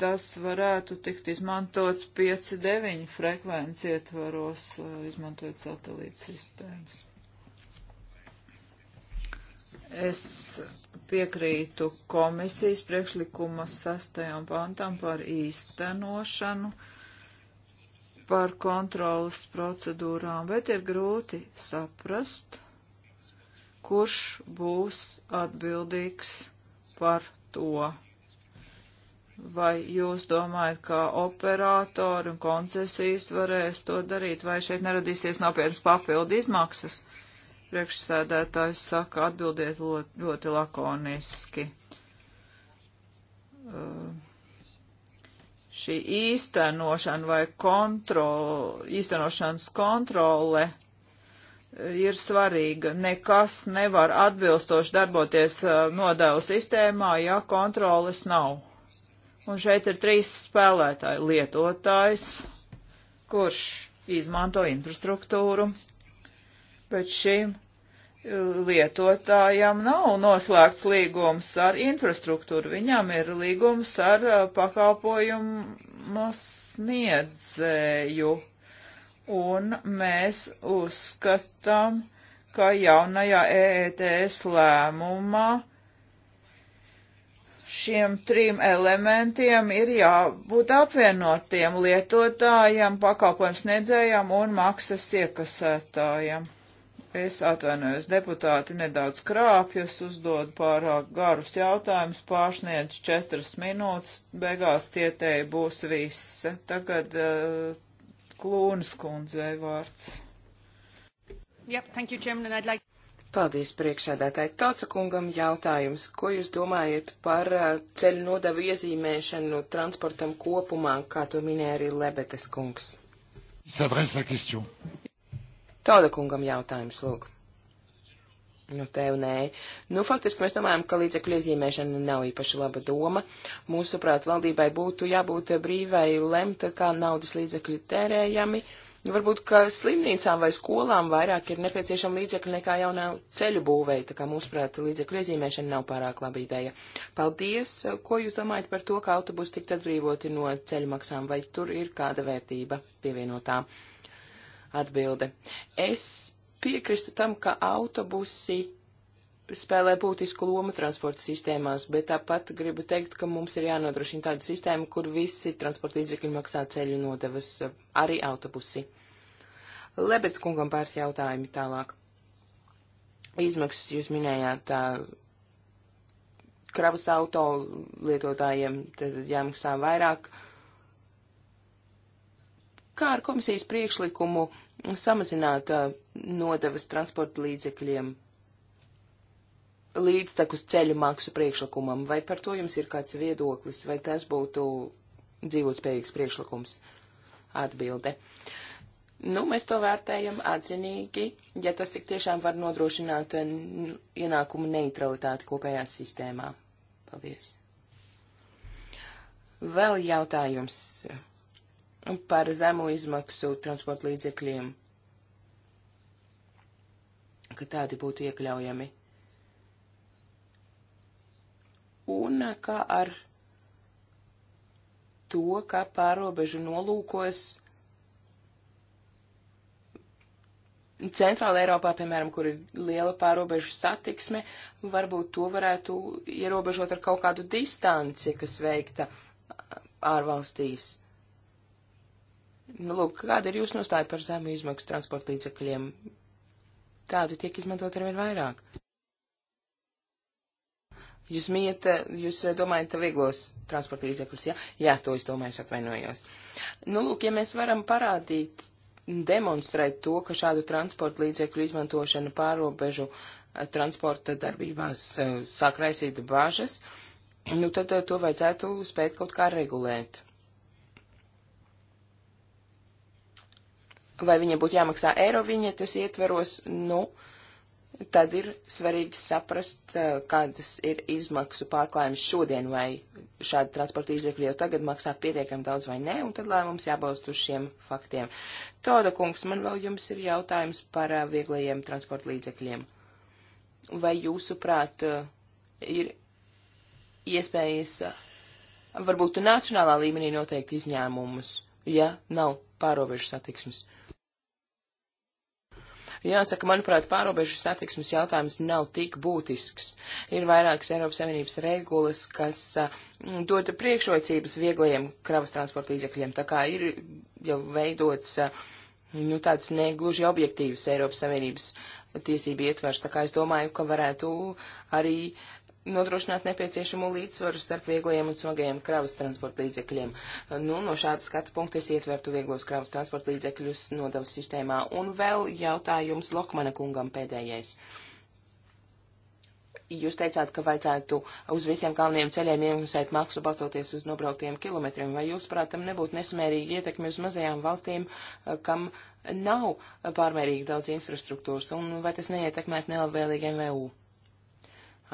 tas varētu tikt izmantots 5-9 frekvenci ietvaros, eh, izmantojot satelītu sistēmas. Es piekrītu komisijas priekšlikuma sastajam pantam par īstenošanu, par kontrolas procedūrām, bet ir grūti saprast, kurš būs atbildīgs par to Vai jūs domājat, ka operatori un koncesijas varēs to darīt, vai šeit neradīsies nopietnas papildu izmaksas? Priekšsēdētājs saka, atbildiet ļoti, ļoti lakoniski. Uh, šī īstenošana vai kontrol, īstenošanas kontrole uh, ir svarīga. Nekas nevar atbilstoši darboties uh, nodevu sistēmā, ja kontroles nav Un šeit ir trīs spēlētāji. Lietotājs, kurš izmanto infrastruktūru, bet šim e, lietotājam nav noslēgts līgums ar infrastruktūru. Viņam ir līgums ar e, pakalpojumu sniedzēju. Un mēs uzskatām, ka jaunajā EETS lēmumā uh, šiem trim elementiem ir jābūt apvienotiem lietotājiem, pakalpojums nedzējām un maksas iekasētājiem. Es atvainojos, deputāti nedaudz krāpjas, uzdod pārāk garus jautājumus, pārsniedz četras minūtes, beigās cietēji būs viss. Tagad uh, Klūnas kundzei vārds. Yep, thank you, Chairman, and I'd like... Paldies priekšsēdētāji Tauca kungam jautājums. Ko jūs domājat par uh, ceļu nodevu iezīmēšanu transportam kopumā, kā to minēja arī Lebetes kungs? Tauta kungam jautājums, lūk. Nu, tev nē. Nu, faktiski mēs domājam, ka līdzekļu iezīmēšana nav īpaši laba doma. Mūsuprāt, valdībai būtu jābūt brīvai lemt, kā naudas līdzekļi tērējami. Uh, Varbūt, ka slimnīcām vai skolām vairāk ir nepieciešama līdzekļa nekā jaunā ceļu būvēja, tā kā mūsuprāt līdzekļu iezīmēšana nav pārāk laba ideja. Paldies! Ko jūs domājat par to, ka autobusi tikt atbrīvoti no ceļu maksām, vai tur ir kāda vērtība pievienotā? Atbilde. Es piekristu tam, ka autobusi spēlē būtisku lomu transporta sistēmās, bet tāpat gribu teikt, ka mums ir jānodrošina tāda sistēma, kur visi transporta līdzekļi maksā ceļu nodevas, arī autobusi. Lebedz kungam pāris jautājumi tālāk. Izmaksas jūs minējāt tā, kravas auto lietotājiem, tad jāmaksā vairāk. Kā ar komisijas priekšlikumu samazināt nodevas transporta līdzekļiem? līdztekus ceļu maksu priekšlikumam, vai par to jums ir kāds viedoklis, vai tas būtu dzīvotspējīgs priekšlikums? Atbilde. Nu, mēs to vērtējam atzinīgi, ja tas tik tiešām var nodrošināt ienākumu neutralitāti kopējā sistēmā. Paldies. Vēl jautājums par zemu izmaksu transporta līdzekļiem, ka tādi būtu iekļaujami un kā ar to, ka pārobežu nolūkos Centrāla Eiropā, piemēram, kur ir liela pārobežu satiksme, varbūt to varētu ierobežot ar kaut kādu distanci, kas veikta ārvalstīs. Nu, lūk, kāda ir jūsu nostāja par zemu izmaksu transporta līdzekļiem? Tādu tiek izmantot arvien vairāk. Jūs mījat, jūs eh, domājat vieglos transporta līdzekļus, jā? Ja? Jā, to es domāju, es atvainojos. Nu, lūk, ja mēs varam parādīt, demonstrēt to, ka šādu transporta līdzekļu izmantošana pārobežu eh, transporta darbībās eh, sāk raisīt bažas, nu, tad to vajadzētu spēt kaut kā regulēt. Vai viņiem būtu jāmaksā eiro viņetes ietveros, nu, uh, tad ir svarīgi saprast, eh, kādas ir izmaksu pārklājums šodien, vai šādi transporta līdzekļi jau tagad maksā pietiekami daudz vai nē, un tad lēmums jābalst uz šiem faktiem. Toda kungs, man vēl jums ir jautājums par eh, vieglajiem transporta līdzekļiem. Vai jūsuprāt eh, ir iespējas, varbūt nacionālā līmenī noteikt izņēmumus, ja nav pārobežu satiksmes? Jāsaka, manuprāt, pārobežu satiksmes jautājums nav tik būtisks. Ir vairākas Eiropas Savienības regulas, kas uh, dod priekšrocības vieglajiem kravas transporta līdzekļiem. Tā kā ir jau veidots uh, nu, tāds negluži objektīvs Eiropas Savienības tiesību ietvers. Tā kā es domāju, ka varētu arī nodrošināt nepieciešamo līdzsvaru starp viegliem un smagajiem kravas transporta līdzekļiem. Nu, no šāda skatu punkta es ietvertu vieglos kravas transporta līdzekļus nodevas sistēmā. Un vēl jautājums Lokmana kungam pēdējais. Jūs teicāt, ka vajadzētu uz visiem kalniem ceļiem iemaksāt maksu balstoties uz nobrauktiem kilometriem. Vai jūs, prātam, nebūtu nesamērīgi ietekmi uz mazajām valstīm, kam nav pārmērīgi daudz infrastruktūras, un vai tas neietekmētu nelabvēlīgiem VU?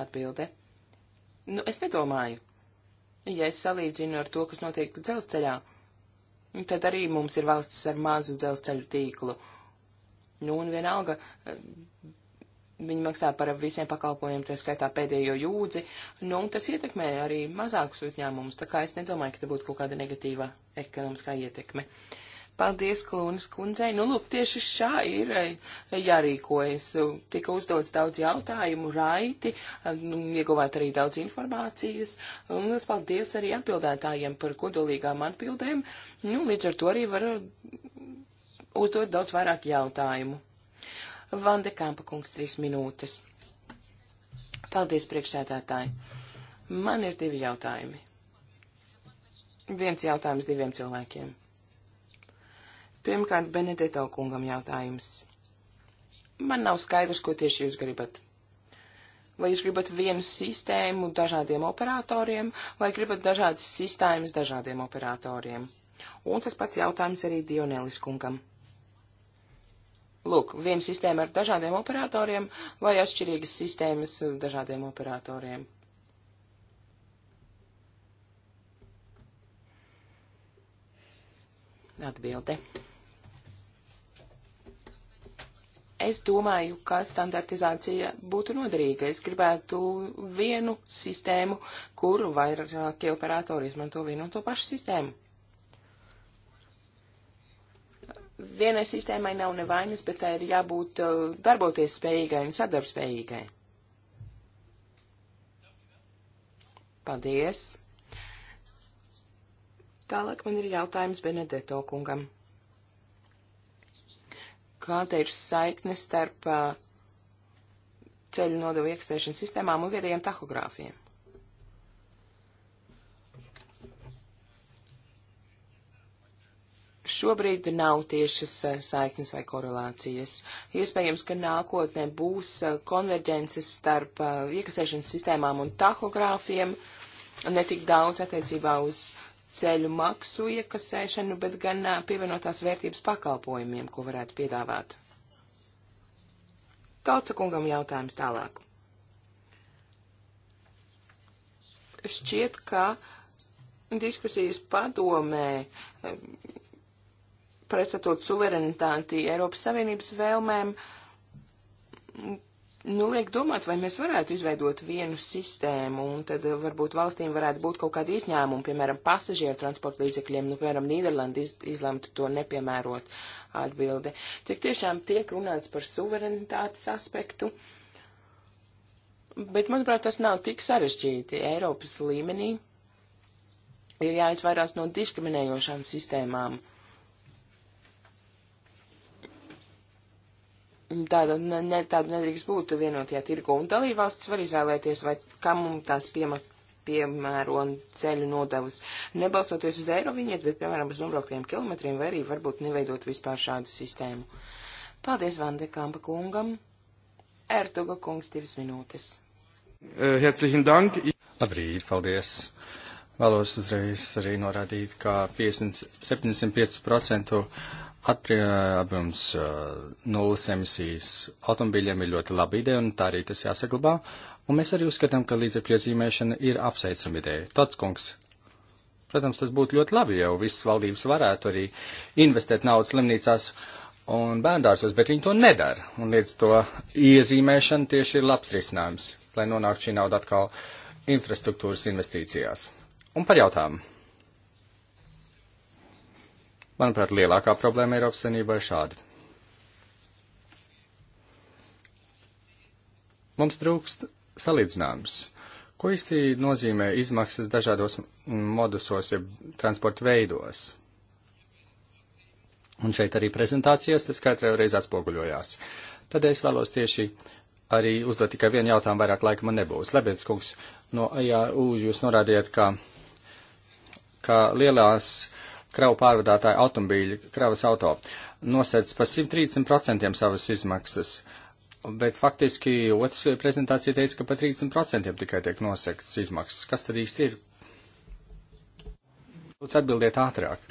Atbilde Nu, es nedomāju. Ja es salīdzinu ar to, kas notiek dzelzceļā, nu, tad arī mums ir valstis ar mazu dzelzceļu tīklu. Nu, un vienalga, eh, viņi maksā par visiem pakalpojumiem, tā skaitā pēdējo jūdzi, nu, un tas ietekmē arī mazākus uzņēmumus, tā kā es nedomāju, ka te būtu kaut kāda negatīva ekonomiskā ietekme. Uh, Paldies Klūnas kundzei. Nu, lūk, tieši šā ir eh, jārīkojas. Tika uzdots daudz jautājumu, raiti, eh, nu, ieguvāt arī daudz informācijas. Un liels paldies arī atbildētājiem par kodolīgām atbildēm. Nu, līdz ar to arī var eh, uzdot daudz vairāk jautājumu. Vande Kampa kungs, trīs minūtes. Paldies, priekšsētātāji. Man ir divi jautājumi. Viens jautājums diviem cilvēkiem. Pirmkārt, Benedeto kungam jautājums. Man nav skaidrs, ko tieši jūs gribat. Vai jūs gribat vienu sistēmu dažādiem operatoriem, vai gribat dažādas sistēmas dažādiem operatoriem? Un tas pats jautājums arī Dionelis kungam. Lūk, viena sistēma ar dažādiem operatoriem vai atšķirīgas sistēmas dažādiem operatoriem. Atbilde. Es domāju, ka standartizācija būtu noderīga. Es gribētu vienu sistēmu, kuru vairākie operatori izmanto vienu un to pašu sistēmu. Vienai sistēmai nav nevainas, bet tai ir jābūt uh, darboties spējīgai un sadarbspējīgai. Paldies! Tālāk man ir jautājums Benedeto kungam kāda ir saikne starp uh, ceļu nodevu iekastēšanas sistēmām un vietējiem tahogrāfiem. Šobrīd nav tiešas uh, saiknes vai korelācijas. Iespējams, ka nākotnē būs uh, konverģences starp uh, iekasēšanas sistēmām un tahogrāfiem, netik daudz attiecībā uz uh, ceļu maksu iekasēšanu, bet gan pievienotās vērtības pakalpojumiem, ko varētu piedāvāt. Kalca kungam jautājums tālāk. Šķiet, ka diskusijas padomē pretstatot suverenitāti Eiropas Savienības vēlmēm Nu, liek domāt, vai mēs varētu izveidot vienu sistēmu, un tad eh, varbūt valstīm varētu būt kaut kādi izņēmumi, piemēram, pasažieru transporta līdzekļiem, nu, piemēram, Nīderlanda iz, izlemtu to nepiemērot atbildi. Tik tiešām tiek runāts par suverenitātes aspektu, bet, manuprāt, tas nav tik sarežģīti Eiropas līmenī. Ir jāizvairās no diskriminējošām sistēmām. Tāda, ne, tāda nedrīkst būt vienotajā tirgu, un dalībvalsts var izvēlēties, vai kam tās piema, piemēro ceļu nodevas, nebalstoties uz eiro viņiet, bet, piemēram, uz nobrauktiem kilometriem, vai arī varbūt neveidot vispār šādu sistēmu. Paldies Vandekampa kungam. Ertuga kungs divas minūtes. Eh, herzlichen Dank. Labrīt, paldies. Vēlos uzreiz arī norādīt, ka 50, 75% Atriebums nulles emisijas automobīļiem ir ļoti laba ideja, un tā arī tas jāsaglabā. Un mēs arī uzskatām, ka līdzekļu iezīmēšana ir apsveicama ideja. Tāds kungs. Protams, tas būtu ļoti labi, ja visas valdības varētu arī investēt naudu slimnīcās un bērndārsos, bet viņi to nedara. Un līdz to iezīmēšana tieši ir labs risinājums, lai nonāktu šī nauda atkal infrastruktūras investīcijās. Un par jautājumu. Manuprāt, lielākā problēma Eiropas Savienībā ir šāda. Mums trūkst salīdzinājums. Ko īsti nozīmē izmaksas dažādos modusos, ja transporta veidos? Un šeit arī prezentācijas tas katrai reiz atspoguļojās. Tad es vēlos tieši arī uzdot tikai vienu jautājumu, vairāk laika man nebūs. Lebedz kungs, no AJU jūs norādījāt, ka, ka lielās kravu pārvadātāju automobīļu, kravas auto, nosēdz par 130% savas izmaksas, bet faktiski otrs prezentācija teica, ka par 30% tikai tiek nosegts izmaksas. Kas tad īsti ir? Lūdzu atbildiet ātrāk.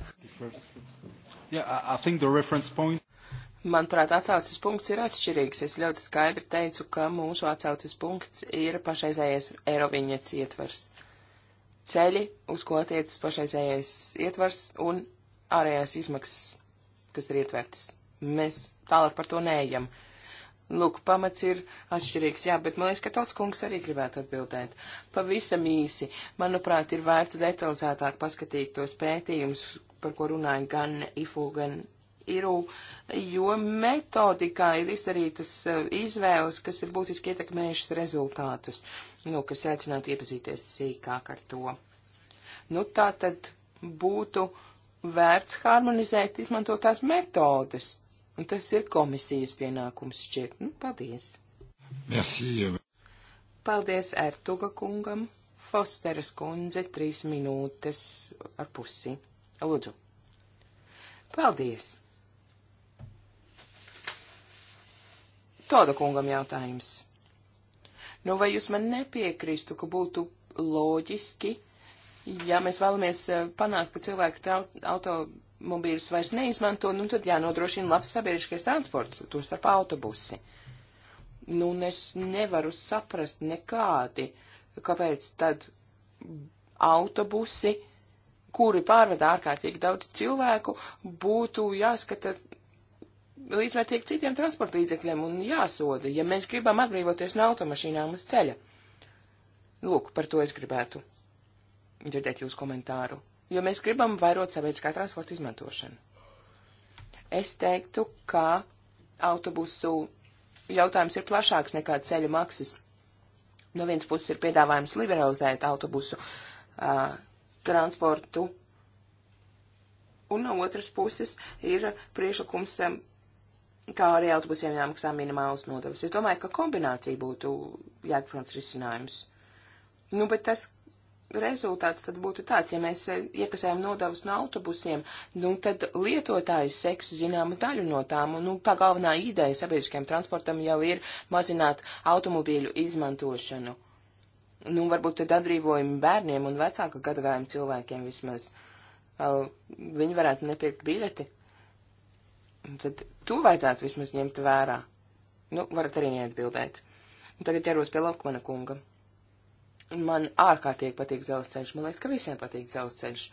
Manuprāt, atsauces punkts ir atšķirīgs. Es ļoti skaidri teicu, ka mūsu atsauces punkts ir pašreizējais Eiroviņets ietvers ceļi, uz ko attiecas pašreizējais ietvars un ārējās izmaksas, kas ir ietvertas. Mēs tālāk par to neejam. Lūk, pamats ir atšķirīgs, jā, bet man liekas, ka tāds kungs arī gribētu atbildēt. Pavisam īsi, manuprāt, ir vērts detalizētāk paskatīt tos pētījumus, par ko runāja gan IFU, gan IRU, jo metodikā ir izdarītas eh, izvēles, kas ir būtiski ietekmējušas rezultātus. Uh, nu, kas aicinātu iepazīties sīkāk ar to. Nu, tā tad būtu vērts harmonizēt izmantotās metodes, un tas ir komisijas pienākums šķiet. Nu, paldies! Merci. Paldies Ertuga kungam, Fosteras kundze, trīs minūtes ar pusi. Lūdzu! Paldies! Toda kungam jautājums. Nu, vai jūs man nepiekristu, ka būtu loģiski, ja mēs vēlamies eh, panākt, ka cilvēki automobīļus vairs neizmanto, nu, tad jānodrošina labs sabiedriskais transports, to starp autobusi. Nu, un es nevaru saprast nekādi, kāpēc tad autobusi kuri pārved ārkārtīgi daudz cilvēku, būtu jāskata līdzvērtīgi citiem transporta līdzekļiem un jāsoda, ja mēs gribam atbrīvoties no automašīnām uz ceļa. Lūk, par to es gribētu dzirdēt jūsu komentāru, jo mēs gribam vairot sabiedriskā transporta izmantošanu. Es teiktu, ka autobusu jautājums ir plašāks nekā ceļa maksas. No vienas puses ir piedāvājums liberalizēt autobusu uh, transportu, un no otras puses ir priešakums um, kā arī autobusiem jāmaksā minimālas nodevas. Es domāju, ka kombinācija būtu jēgprāts risinājums. Nu, bet tas rezultāts tad būtu tāds, ja mēs eh, iekasējam nodevas no autobusiem, nu, tad lietotājs seks zināmu daļu no tām, un, nu, tā galvenā ideja sabiedriskajam transportam jau ir mazināt automobīļu izmantošanu. Nu, varbūt tad atbrīvojumi bērniem un vecāka gadagājuma cilvēkiem vismaz. Viņi varētu nepirkt biļeti. Tad tu vajadzētu vismaz ņemt vērā. Nu, varat arī neatbildēt. Un tagad ķeros pie Lokmana kunga. Man ārkārtīgi patīk dzelzceļš. Man liekas, ka visiem patīk dzelzceļš.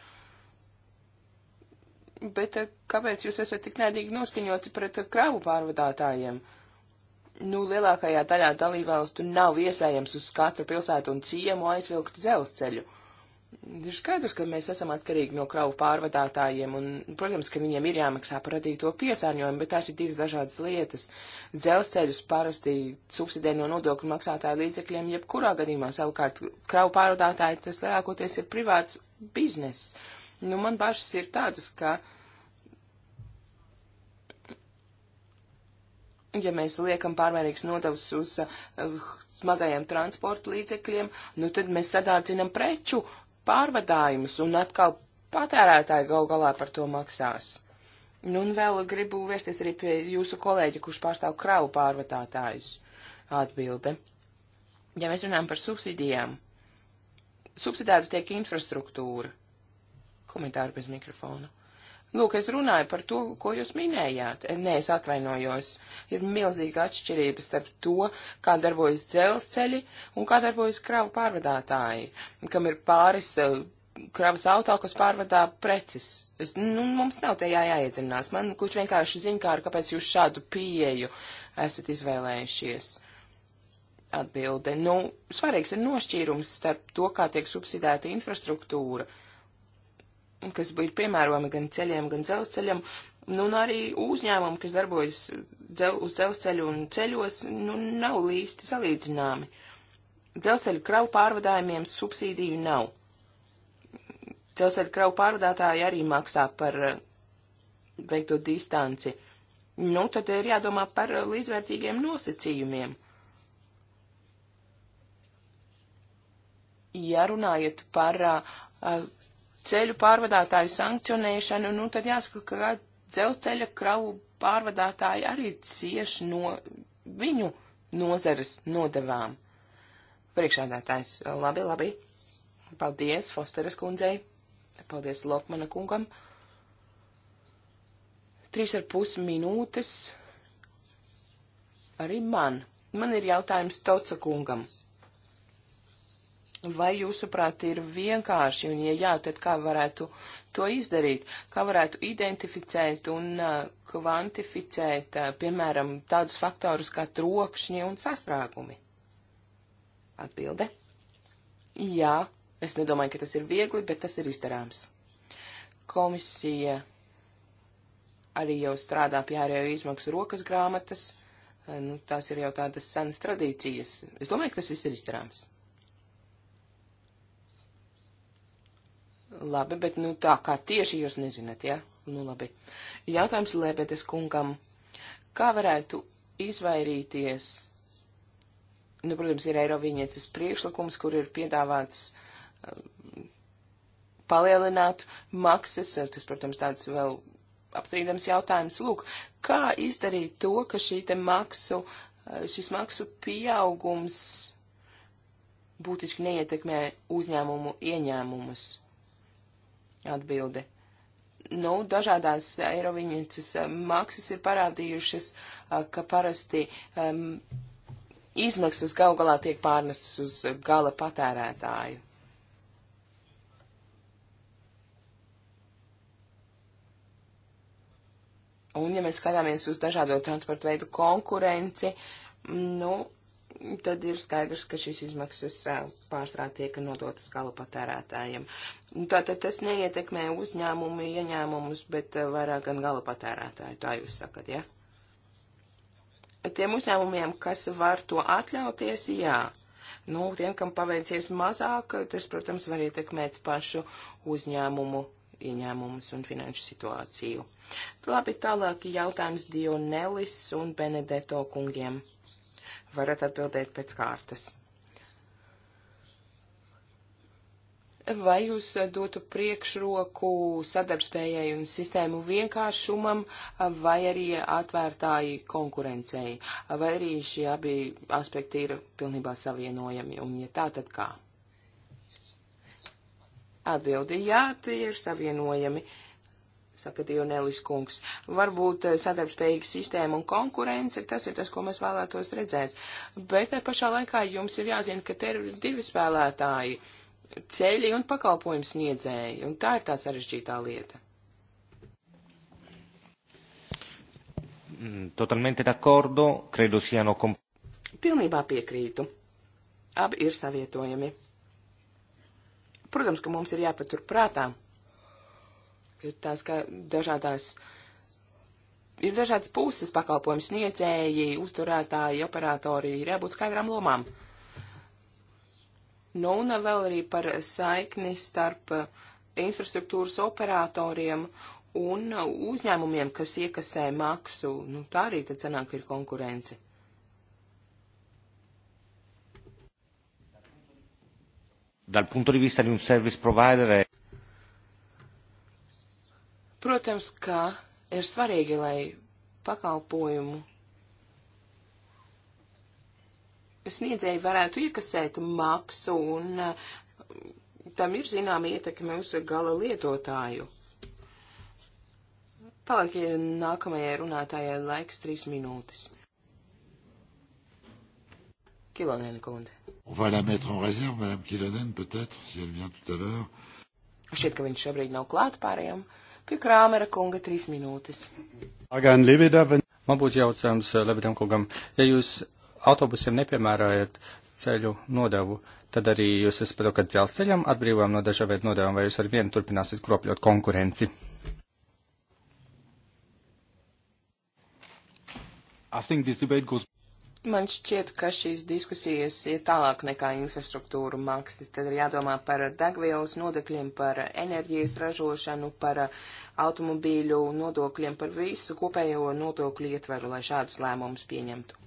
Bet eh, kāpēc jūs esat tik nēdīgi noskaņoti pret eh, kravu pārvadātājiem? Nu, lielākajā daļā dalībvalstu nav iespējams uz katru pilsētu un ciemu aizvilkt dzelzceļu. Ir skaidrs, ka mēs esam atkarīgi no kravu pārvadātājiem, un, protams, ka viņiem ir jāmaksā par radīto piesārņojumu, bet tās ir divas dažādas lietas. Dzelzceļus parasti subsidē no nodokļu maksātāju līdzekļiem, jebkurā gadījumā savukārt kravu pārvadātāji tas lielākoties ir privāts bizness. Nu, man bažas ir tādas, ka, ja mēs liekam pārmērīgs nodevs uz uh, smagajiem transporta līdzekļiem, nu, tad mēs sadārcinam preču pārvadājumus, un atkal patērētāji gal galā par to maksās. Nu, un vēl gribu vērsties arī pie jūsu kolēģa, kurš pārstāv kravu pārvadātājus. Atbilde. Ja mēs runājam par subsidijām, subsidēta tiek infrastruktūra. Komentāri bez mikrofona. Lūk, es runāju par to, ko jūs minējāt. Nē, es atvainojos. Ir milzīga atšķirība starp to, kā darbojas dzelzceļi un kā darbojas kravu pārvadātāji, kam ir pāris uh, kravas auto, kas pārvadā preces. Es, nu, mums nav te jā, jāiedzinās. Man kurš vienkārši ziņkāri, kāpēc jūs šādu pieeju esat izvēlējušies. Atbilde. Nu, svarīgs ir nošķīrums starp to, kā tiek subsidēta infrastruktūra kas ir piemērojami gan ceļiem, gan dzelzceļam, nu, un arī uzņēmumi, kas darbojas dzel, uz dzelzceļu un ceļos, nu, nav īsti salīdzināmi. Dzelzceļu kravu pārvadājumiem subsīdiju nav. Dzelzceļu kravu pārvadātāji arī maksā par eh, veikto distanci. Nu, tad ir jādomā par eh, līdzvērtīgiem nosacījumiem. Ja runājat par uh, ceļu pārvadātāju sankcionēšanu, nu tad jāsaka, ka dzelzceļa kravu pārvadātāji arī cieši no viņu nozares nodevām. Priekšādātājs, labi, labi. Paldies Fosteras kundzei. Paldies Lokmana kungam. Trīs ar pus minūtes arī man. Man ir jautājums Toca kungam. Vai jūsuprāt ir vienkārši, un ja jā, tad kā varētu to izdarīt? Kā varētu identificēt un uh, kvantificēt, uh, piemēram, tādus faktorus kā trokšņi un sastrēgumi? Atbilde. Jā, es nedomāju, ka tas ir viegli, bet tas ir izdarāms. Komisija arī jau strādā pie ārējo izmaksu rokas grāmatas. Uh, nu, tās ir jau tādas senas tradīcijas. Es domāju, ka tas viss ir izdarāms. Labi, bet nu tā kā tieši jūs nezināt, jā? Ja? Nu labi. Jautājums Lebedes kungam. Kā varētu izvairīties? Nu, protams, ir Eiroviņieces priekšlikums, kur ir piedāvāts uh, palielināt maksas, tas, protams, tāds vēl apstrīdams jautājums. Lūk, kā izdarīt to, ka šī te maksu, uh, šis maksu pieaugums būtiski neietekmē uzņēmumu ieņēmumus? Atbilde. Nu, dažādās eiroviņas eh, maksas ir parādījušas, eh, ka parasti um, izmaksas gal galā tiek pārnestas uz eh, gala patērētāju. Un, ja mēs skatāmies uz dažādo transporta veidu konkurenci, nu, tad ir skaidrs, ka šīs izmaksas pārstrā tiek nodotas galu patērētājiem. Tātad tas neietekmē uzņēmumu ieņēmumus, bet vairāk gan galu patērētāju, tā jūs sakat, ja? Tiem uzņēmumiem, kas var to atļauties, jā. Nu, tiem, kam paveicies mazāk, tas, protams, var ietekmēt pašu uzņēmumu ieņēmumus un finanšu situāciju. Labi, tālāk jautājums Dionelis un Benedeto kungiem varat atbildēt pēc kārtas. Vai jūs eh, dotu priekšroku sadarbspējai un sistēmu vienkāršumam, eh, vai arī atvērtāji konkurencei, eh, vai arī šie abi aspekti ir pilnībā savienojami, un ja tā, tad kā? Atbildi, jā, tie ir savienojami. Uh, saka Dionelis kungs. Varbūt eh, sadarbspējīga sistēma un konkurence, tas ir tas, ko mēs vēlētos redzēt. Bet tā eh, pašā laikā jums ir jāzina, ka te ir divi spēlētāji - ceļi un pakalpojums sniedzēji, un tā ir tā sarežģītā lieta. Mm, totalmente d'accordo, credo siano comp. Pilnībā piekrītu. Abi ir savietojami. Protams, ka mums ir jāpatur prātā, ir tās, ka dažādās, ir dažādas puses pakalpojums sniedzēji, uzturētāji, operatori, ir jābūt skaidrām lomām. Nu, un vēl arī par saikni starp eh, infrastruktūras operatoriem un uzņēmumiem, kas iekasē maksu. Nu, tā arī tad sanāk ir konkurence. Dal punto di vista di un service provider è Protams, ka ir svarīgi, lai pakalpojumu sniedzēji varētu iekasēt maksu un uh, tam ir zināma ietekme uz gala lietotāju. Tālāk nākamajai runātājai laiks trīs minūtes. Kilonen kundze. On va la mettre en réserve, madame Kilonen, peut-être, si elle vient tout à l'heure. Šķiet, ka viņš šobrīd nav klāt pārējiem. Uh, Pie Krāmera kunga trīs minūtes. Man būtu jautājums eh, Levidam kungam, ja jūs autobusiem nepiemērojat ceļu nodevu, tad arī jūs esat par to, ka dzelzceļam atbrīvojam no dažā veida nodevām, vai jūs ar vienu turpināsiet kropļot konkurenci? I think this debate goes Man šķiet, ka šīs diskusijas ir tālāk nekā infrastruktūra maksas. Tad ir jādomā par degvielas nodokļiem, par enerģijas ražošanu, par automobīļu nodokļiem, par visu kopējo nodokļu ietveru, lai šādus lēmumus pieņemtu.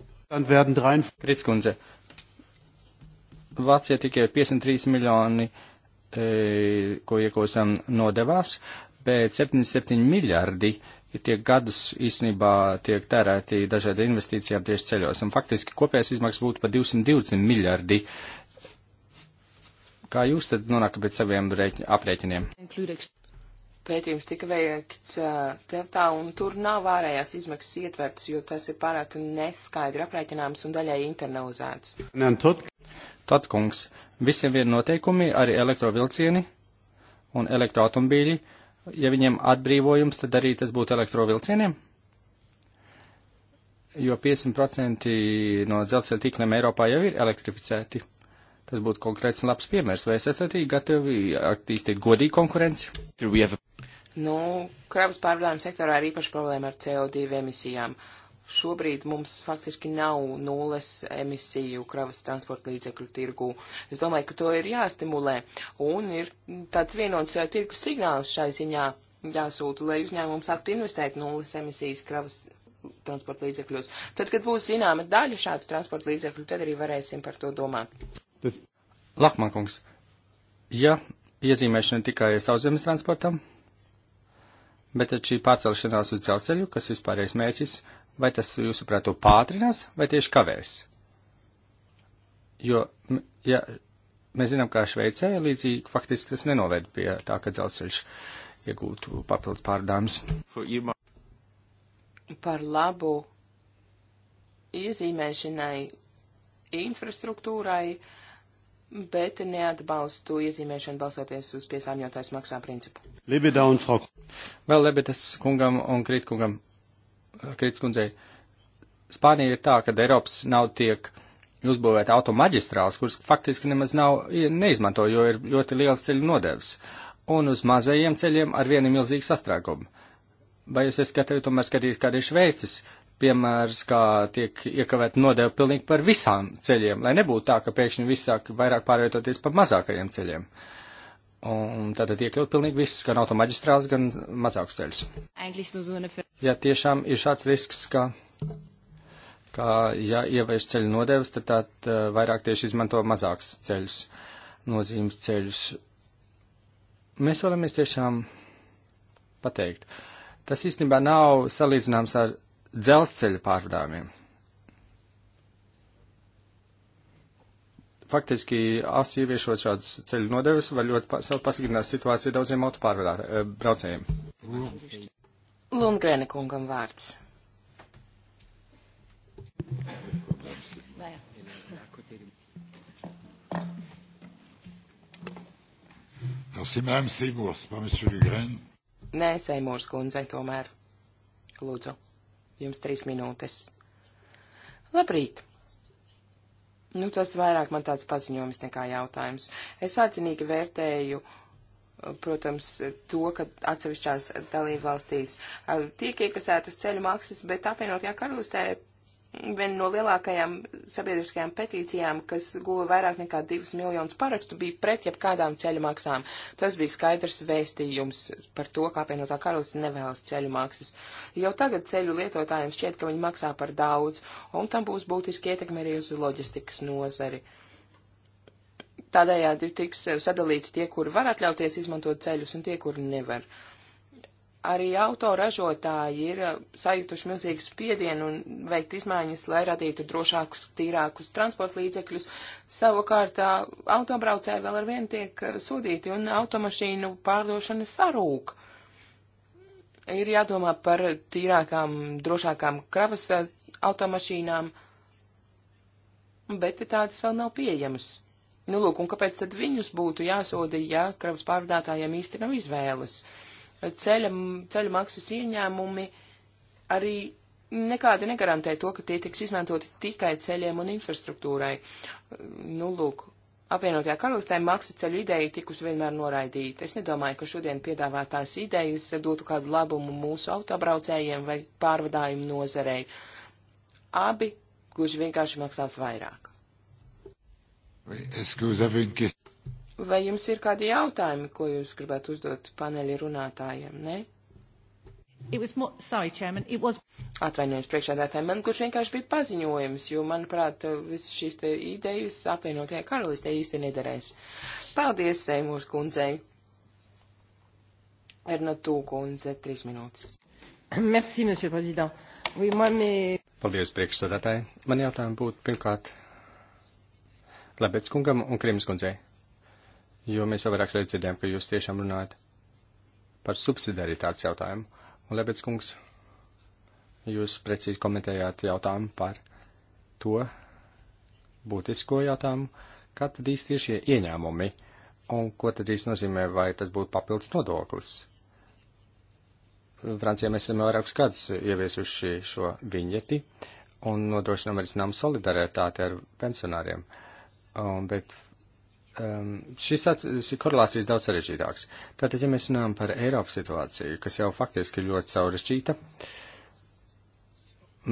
Kritskundze, Vācija tikai 53 miljoni, e, ko iekosam nodevās, bet 77 miljardi. E, ja tiek gadus īstenībā tiek tērēti dažādi investīcijām tieši ceļos. Un faktiski kopējais izmaksas būtu par 220 miljardi. Kā jūs tad nonākat pēc saviem aprēķiniem? Pētījums tika veikts tevtā, un tur nav ārējās izmaksas ietvertas, jo tas ir pārāk neskaidri aprēķināms un daļai internalizēts. Tad, kungs, visiem ir noteikumi, arī elektrovilcieni un elektroautomobīļi ja viņiem atbrīvojums, tad arī tas būtu elektrovilcieniem? Jo 50% no dzelzceļa tīkliem Eiropā jau ir elektrificēti. Tas būtu konkrēts un labs piemērs. Vai esat arī gatavi attīstīt godīgu konkurenci? Nu, kravas pārvadājuma sektorā ir īpaša problēma ar CO2 emisijām. Uh, Šobrīd mums faktiski nav nulles emisiju kravas transporta līdzekļu tirgū. Es domāju, ka to ir jāstimulē un ir tāds vienots eh, tirgus signāls šai ziņā jāsūta, lai uzņēmums sāktu investēt nulles emisijas kravas transporta līdzekļos. Tad, kad būs zināma daļa šādu transporta līdzekļu, tad arī varēsim par to domāt. Lakmankungs, ja iezīmēšana tikai sauszemes transportam, bet šī pārcelšanās uz dzelceļu, kas vispārējais mērķis, Vai tas, jūsuprāt, to pātrinās vai tieši kavēs? Jo, ja mēs zinām, kā Šveicē līdzīgi, faktiski tas nenoved pie tā, ka dzelzceļš iegūtu papildus pārdāmas. Par labu iezīmēšanai infrastruktūrai, bet neatbalstu iezīmēšanu balsoties uz piesārņotājs maksā principu. Libida un Frok. Vēl Lebedes kungam un Krīt kungam Krits kundzei. Spānija ir tā, ka Eiropas nauda tiek uzbūvēta automaģistrāls, kuras faktiski nemaz nav neizmanto, jo ir ļoti liels ceļu nodevs. Un uz mazajiem ceļiem ar vienu milzīgu sastrēgumu. Vai jūs esat gatavi tomēr skatīt, kāda ir Šveicis? Piemērs, kā tiek iekavēt nodevu pilnīgi par visām ceļiem, lai nebūtu tā, ka pēkšņi viss sāk vairāk pārvietoties par mazākajiem ceļiem. Uh, Un tātad iekļaut pilnīgi viss, gan automaģistrāls, gan mazāks ceļus. Ja tiešām ir šāds risks, ka, ka ja ievieš ceļu nodevas, tad tāt vairāk tieši izmanto mazāks ceļus, nozīmes ceļus. Mēs vēlamies tiešām pateikt. Tas īstenībā nav salīdzināms ar dzelzceļa pārvadājumiem. faktiski asi ieviešot šādas ceļu nodevis, var ļoti pasliktināt situāciju daudziem autopārbraucējiem. Eh, Lundgrēna kungam vārds. C'est Madame Seymour, c'est pas Monsieur Lugren. Nē, Seymours kundze, tomēr. Lūdzu, jums trīs minūtes. Labrīt! Nu, tas vairāk man tāds paziņojums nekā jautājums. Es atzinīgi vērtēju, protams, to, ka atsevišķās dalībvalstīs eh, tiek iekasētas ceļu maksas, bet apvienotajā karalistē Viena no lielākajām sabiedriskajām petīcijām, kas guva vairāk nekā 2 miljonus parakstu, bija pret jebkādām ceļu maksām. Tas bija skaidrs vēstījums par to, kā apvienotā karaliste nevēlas ceļu maksas. Jau tagad ceļu lietotājiem šķiet, ka viņi maksā par daudz, un tam būs būtiski ietekme arī uz loģistikas nozari. Tādējādi tiks sadalīti tie, kuri var atļauties izmantot ceļus, un tie, kuri nevar. Uh, arī autoražotāji ir uh, sajutuši milzīgu spiedienu un veikt izmaiņas, lai radītu drošākus, tīrākus transporta līdzekļus. Savukārt uh, autobraucēji vēl ar vienu tiek uh, sodīti un automašīnu pārdošana sarūk. Ir jādomā par tīrākām, drošākām kravas automašīnām, bet tādas vēl nav pieejamas. Nu, lūk, un kāpēc tad viņus būtu jāsoda, ja kravas pārvadātājiem īsti nav izvēles? Uh, ceļa, ceļa maksas ieņēmumi arī nekādi negarantē to, ka tie tiks izmantoti tikai ceļiem un infrastruktūrai. Nu, lūk, apvienotajā karalistē maksas ceļu ideja tikus vienmēr noraidīta. Es nedomāju, ka šodien piedāvātās idejas dotu kādu labumu mūsu autobraucējiem vai pārvadājumu nozarei. Abi gluži vienkārši maksās vairāk. Vai jums ir kādi jautājumi, ko jūs gribētu uzdot paneļa runātājiem, ne? More, sorry, chairman, was... Atvainojos priekšādātājiem, man kurš vienkārši bija paziņojums, jo, manuprāt, visas šīs te idejas apvienotajā karalistē īsti nederēs. Paldies, Seimūrs kundzei. Erna Tūkundze, trīs minūtes. Merci, monsieur président. Oui, moi, mais... Paldies, priekšsādātāji. Man jautājumi būtu pirmkārt Lebedskungam un Krimas kundzei jo mēs jau vairākas reizes dzirdējām, ka jūs tiešām runājat par subsidiaritātes jautājumu. Un, Lebedz kungs, jūs precīzi komentējāt jautājumu par to būtisko jautājumu, kā tad īsti ir šie ieņēmumi un ko tad īsti nozīmē, vai tas būtu papildus nodoklis. Francijā mēs esam vairākus gadus ieviesuši šo viņeti un nodrošinām arī zinām solidaritāti ar pensionāriem. Um, bet um, šis, šis korelācijas daudz sarežģītāks. Tātad, ja mēs runājam par Eiropas situāciju, kas jau faktiski ir ļoti saurešķīta,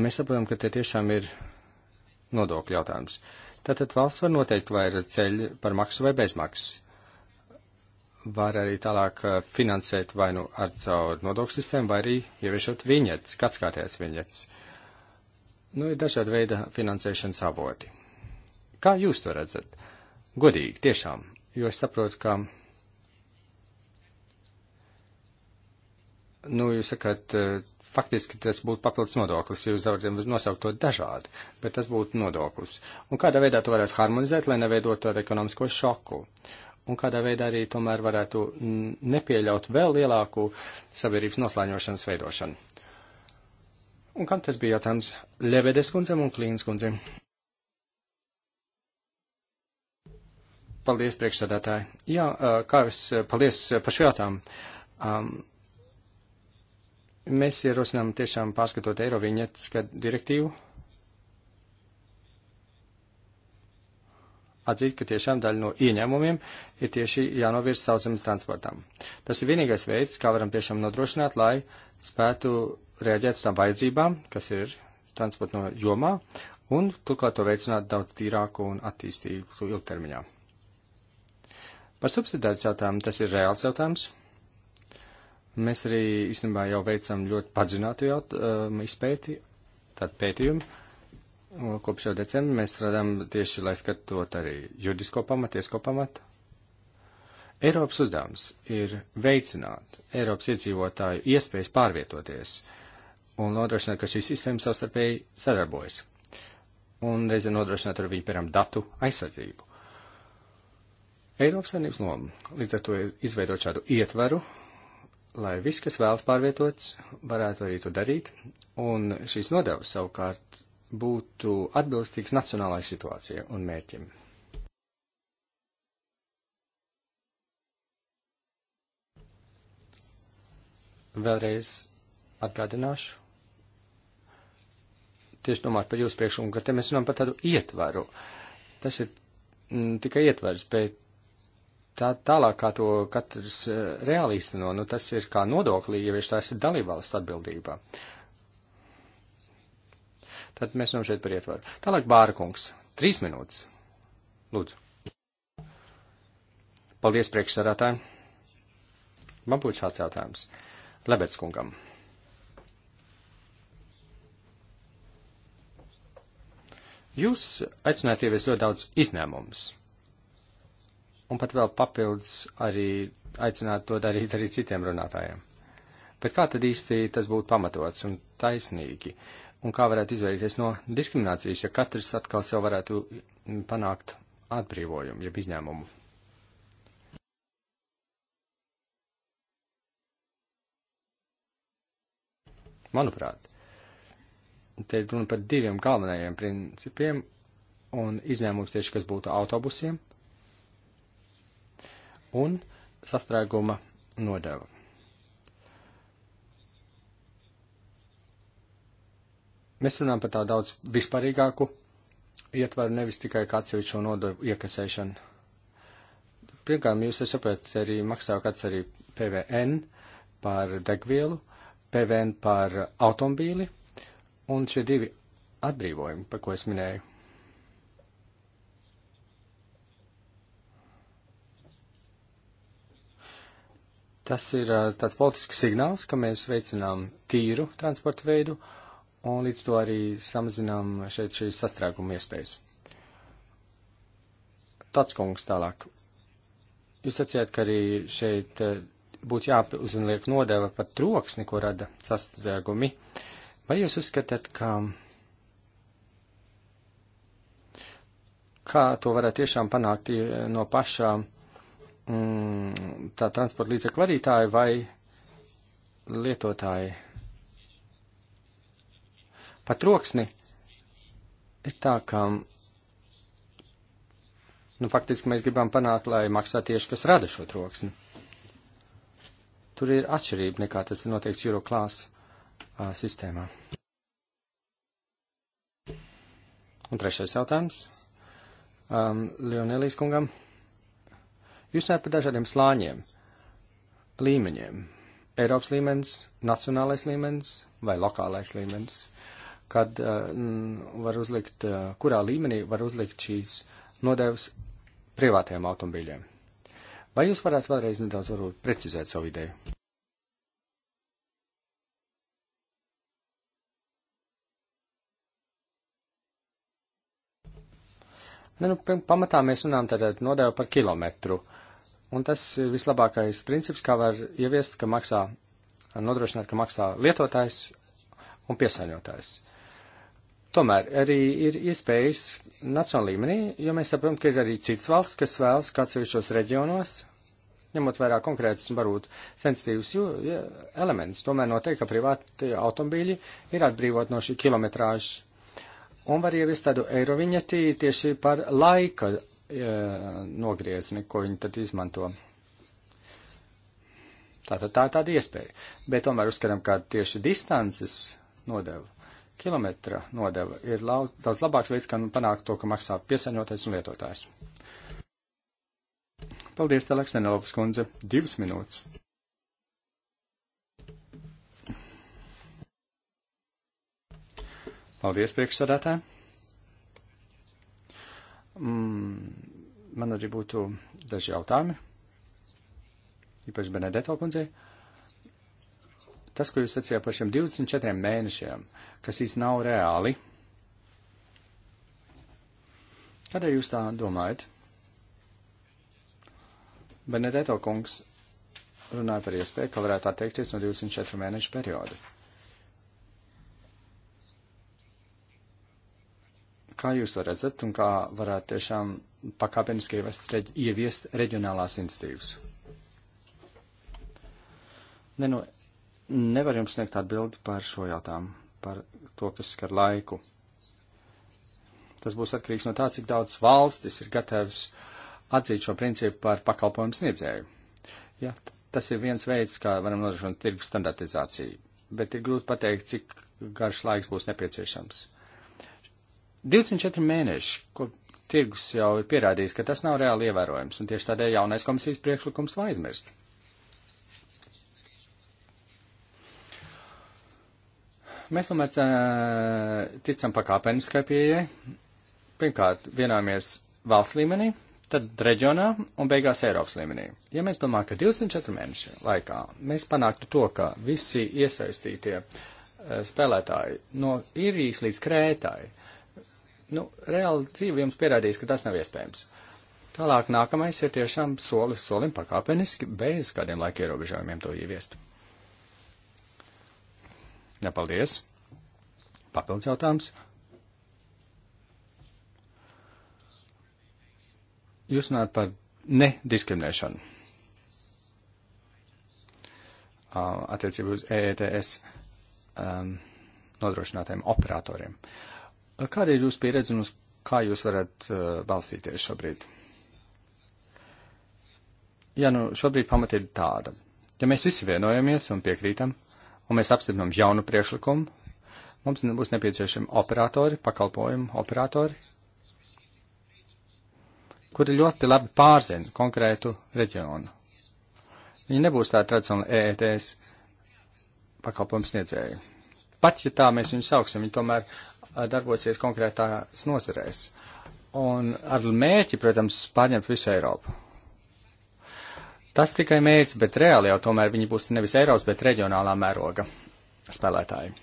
mēs saprotam, ka te tiešām ir nodokļu jautājums. Tātad valsts var noteikt, vai ir ceļi par maksu vai bez maksas. Var arī tālāk uh, finansēt vai nu ar caur nodokļu sistēmu, vai arī ieviešot viņets, kāds kārtējais viņets. Nu, ir dažādi veidi finansēšanas avoti. Kā jūs to redzat? Uh, Godīgi, tiešām, jo es saprotu, ka, nu, jūs sakat, e, faktiski tas būtu papildus nodoklis, jūs varat nosaukt to dažādi, bet tas būtu nodoklis. Un kādā veidā to varētu harmonizēt, lai neveidot tādu ekonomisko šoku? Un kādā veidā arī tomēr varētu nepieļaut vēl lielāku sabiedrības noslēņošanas veidošanu? Un kam tas bija jautājums? Lebedes kundzem un Klīnas kundzem. Paldies, priekšsēdētāji. Jā, kā es, paldies par šo jautājumu. Um, mēs ierosinām tiešām pārskatot Eiroviņetas direktīvu. Atzīt, ka tiešām daļa no ieņēmumiem ir tieši jānovirz saucamas transportām. Tas ir vienīgais veids, kā varam tiešām nodrošināt, lai spētu reaģēt uz tām vajadzībām, kas ir transporta no jomā, un turklāt to veicināt daudz tīrāku un attīstīgu ilgtermiņā. Par subsidētas jautājumu tas ir reāls jautājums. Mēs arī īstenībā jau veicam ļoti padzinātu jaut, um, izpēti, tādu pētījumu. Kopš jau decembra mēs strādājam tieši, lai skatot arī juridisko pamatu, tiesko pamatu. Eiropas uzdevums ir veicināt Eiropas iedzīvotāju iespējas pārvietoties un nodrošināt, ka šī sistēma savstarpēji sadarbojas. Un reizē nodrošināt ar viņu, piemēram, datu aizsardzību. Eiropas Savienības loma. Līdz ar to izveidot šādu ietvaru, lai viss, kas vēlas pārvietots, varētu arī to darīt, un šīs nodevas savukārt būtu atbilstīgas nacionālai situācijai un mērķim. Vēlreiz atgādināšu. Tieši domāt par jūsu priekšlikumu, ka te mēs runājam par tādu ietvaru. Tas ir m, mm, tikai ietvers, bet tā, tālāk, kā to katrs eh, reāli īsteno, nu tas ir kā nodoklī, ja viņš tās ir dalībvalsts atbildībā. Tad mēs runājam šeit par ietvaru. Tālāk Bārkungs. Trīs minūtes. Lūdzu. Paldies priekšsarātājiem. Man būtu šāds jautājums. Lebets kungam. Jūs aicināt ievies ļoti daudz izņēmumus un pat vēl papildus arī aicināt to darīt arī citiem runātājiem. Bet kā tad īsti tas būtu pamatots un taisnīgi? Un kā varētu izvairīties no diskriminācijas, ja katrs atkal sev varētu mm, panākt atbrīvojumu, jeb izņēmumu? Manuprāt, te ir runa par diviem galvenajiem principiem un izņēmums tieši, kas būtu autobusiem – un sastrēguma nodeva. Mēs runājam par tādu daudz vispārīgāku ietvaru, nevis tikai kā atsevišķo nodevu iekasēšanu. Pirmkārt, jūs saprotat, arī maksā kāds arī PVN par degvielu, PVN par automobīli, un šie divi atbrīvojumi, par ko es minēju. Tas ir tāds politisks signāls, ka mēs veicinām tīru transportu veidu un līdz to arī samazinām šeit šīs sastrēguma iespējas. Tāds kungs tālāk. Jūs sacījāt, ka arī šeit būtu jāuzliek nodeva par troksni, ko rada sastrēgumi. Vai jūs uzskatāt, ka kā to varētu tiešām panākt no pašām mm, tā transporta līdzekļu vadītāji vai lietotāji. Par troksni ir tā, ka, nu, faktiski mēs gribam panākt, lai maksā tieši, kas rada šo troksni. Tur ir atšķirība nekā tas ir noteikts Euroklās uh, sistēmā. Un trešais jautājums um, Leonelijas kungam. Jūs runājat par dažādiem slāņiem, līmeņiem. Eiropas līmenis, nacionālais līmenis vai lokālais līmenis, kad uh, var uzlikt, uh, kurā līmenī var uzlikt šīs nodevas privātajiem automobīļiem. Vai jūs varētu vēlreiz nedaudz varbūt precizēt savu ideju? Ne, nu, nu pamatā mēs runājam tātad nodevu par kilometru. Un tas ir vislabākais princips, kā var ieviest, ka maksā, nodrošināt, ka maksā lietotājs un piesaņotājs. Tomēr arī ir iespējas nacionāla līmenī, jo mēs saprotam, ka ir arī cits valsts, kas vēlas kāds sevišķos reģionos, ņemot vērā konkrētus, varbūt sensitīvus elementus. Tomēr noteikti, ka privāti automobīļi ir atbrīvot no šī kilometrāža un var ieviest tādu eiroviņetī tieši par laika e, nogriezni, ko viņi tad izmanto. Tātad tā ir tā, tāda iespēja. Bet tomēr uzskatām, ka tieši distances nodeva, kilometra nodeva ir lauz, daudz labāks veids, kā nu, panākt to, ka maksā piesaņotais un lietotājs. Paldies, Aleksandelovs kundze, divas minūtes. Paldies, priekšsādātā. Mm, man arī būtu daži jautājumi, īpaši Benedeto kundzei. Tas, ko jūs sacījāt par šiem 24 mēnešiem, kas īsti nav reāli, kādēļ jūs tā domājat? Benedeto kungs runāja par iespēju, ka varētu atteikties no 24 mēnešu perioda. kā jūs to redzat un kā varētu tiešām pakāpeniski reģ, ieviest reģionālās institīvas? Ne, nu, nevar jums sniegt atbildi par šo jautājumu, par to, kas skar laiku. Tas būs atkarīgs no tā, cik daudz valstis ir gatavs atzīt šo principu par pakalpojumu sniedzēju. Ja, tas ir viens veids, kā varam nodrošināt tirgu standartizāciju, bet ir grūti pateikt, cik garš laiks būs nepieciešams. 24 mēneši, ko tirgus jau ir pierādījis, ka tas nav reāli ievērojams, un tieši tādēļ jaunais komisijas priekšlikums to aizmirst. Mēs tomēr uh, ticam pakāpeniskai pieejai. Pirmkārt, vienojamies valsts līmenī, tad reģionā un beigās Eiropas līmenī. Ja mēs domājam, ka 24 mēnešu laikā mēs panāktu to, ka visi iesaistītie uh, spēlētāji no Irijas līdz Krētai Nu, reāli dzīve jums pierādīs, ka tas nav iespējams. Tālāk nākamais ir tiešām solis solim pakāpeniski, bez kādiem laika ierobežojumiem to ieviest. Nepaldies. Papildus jautājums. Jūs runājat par nediskriminēšanu attiecību uz EETS um, nodrošinātiem operatoriem. Uh, Kāda ir jūsu pieredze un uz kā jūs varat uh, balstīties šobrīd? Jā, nu šobrīd pamat ir tāda. Ja mēs visi vienojamies un piekrītam, un mēs apstiprinām jaunu priekšlikumu, mums nebūs nepieciešami operatori, pakalpojumu operatori, kuri ļoti labi pārzina konkrētu reģionu. Viņi nebūs tādi tradicionāli EETS pakalpojumu sniedzēji. Pat ja tā mēs viņus sauksim, viņi tomēr darbosies konkrētās nozarēs. Un ar mērķi, protams, pārņemt visu Eiropu. Tas tikai mērķis, bet reāli jau tomēr viņi būs nevis Eiropas, bet reģionālā mēroga spēlētāji.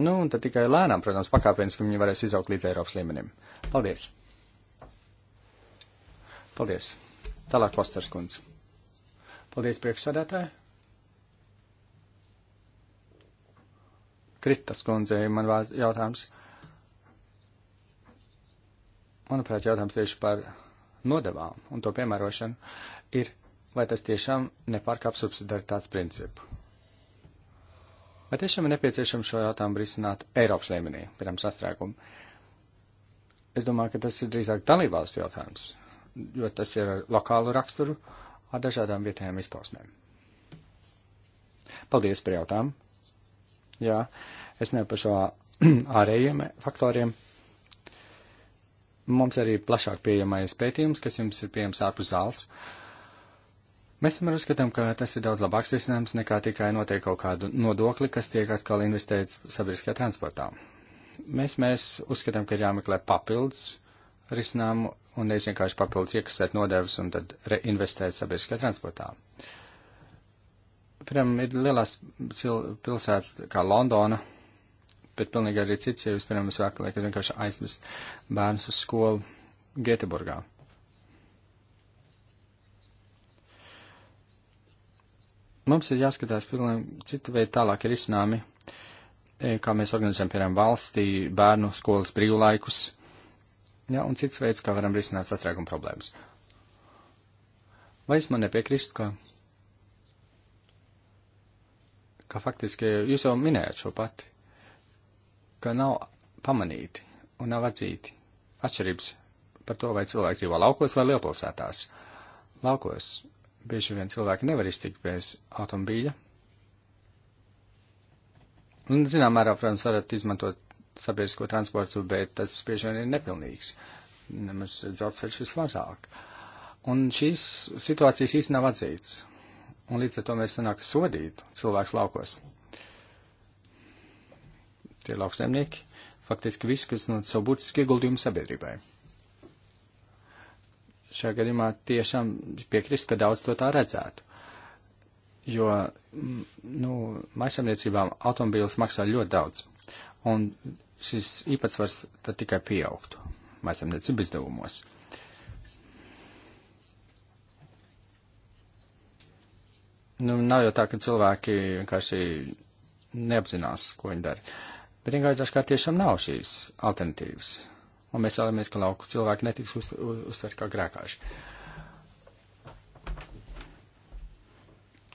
Nu, un tad tikai lēnām, protams, pakāpeniski viņi varēs izaugt līdz Eiropas līmenim. Paldies! Paldies! Tālāk, Kosters kundze. Paldies, priekšsādātāji! Kritas kundzei man vārds jautājums. Manuprāt, jautājums tieši par nodevām un to piemērošanu ir, vai tas tiešām nepārkāp subsidaritātes principu. Vai tiešām ir nepieciešams šo jautājumu risināt Eiropas līmenī, pirms sastrēgumu? Es domāju, ka tas ir drīzāk dalībvalstu jautājums, jo tas ir ar lokālu raksturu ar dažādām vietējām izpausmēm. Paldies par jautājumu! jā, es ne par šo *clears throat* ārējiem faktoriem. Mums arī plašāk pieejamais pētījums, kas jums ir pieejams ārpus zāles. Mēs vienmēr uzskatām, ka tas ir daudz labāks risinājums nekā tikai noteikti kaut kādu nodokli, kas tiek atkal investēts sabiedriskajā transportā. Mēs, mēs uzskatām, ka ir jāmeklē papildus risinājumu un nevis vienkārši papildus iekasēt nodevas un tad reinvestēt sabiedriskajā transportā. Uh, piemēram, ir lielās pilsētas kā Londona, bet pilnīgi arī cits, ja jūs, piemēram, jūs vēlēt vienkārši aizvest bērnus uz skolu Gēteburgā. Mums ir jāskatās pilnīgi citu veidu tālāk ir iznāmi, e, kā mēs organizējam, piemēram, valstī bērnu skolas brīvlaikus, ja, un cits veids, kā varam risināt satrēguma problēmas. Vai jūs man nepiekrist, ka ka faktiski jūs jau minējat šo pati, ka nav pamanīti un nav atzīti atšķirības par to, vai cilvēki dzīvo laukos vai lielpilsētās. Laukos bieži vien cilvēki nevar iztikt bez automobīļa. Un, zinām, mērā, protams, varat izmantot sabiedrisko transportu, bet tas bieži vien ir nepilnīgs. Nemaz dzelzceļš vismazāk. Un šīs situācijas īsti nav atzīts un līdz ar to mēs sanāk sodīt cilvēks laukos. Tie ir lauksaimnieki, faktiski visi, kas no savu būtisku ieguldījumu sabiedrībai. Šajā gadījumā tiešām piekrist, ka daudz to tā redzētu. Jo, mm, nu, maisamniecībām automobīls maksā ļoti daudz, un šis īpatsvars tad tikai pieaugtu maisamniecību izdevumos. nu, nav jau tā, ka cilvēki vienkārši neapzinās, ko viņi dara. Bet vienkārši dažkārt tiešām nav šīs alternatīvas. Un mēs vēlamies, ka lauku cilvēki netiks uz, uz, uztvert kā grēkāši.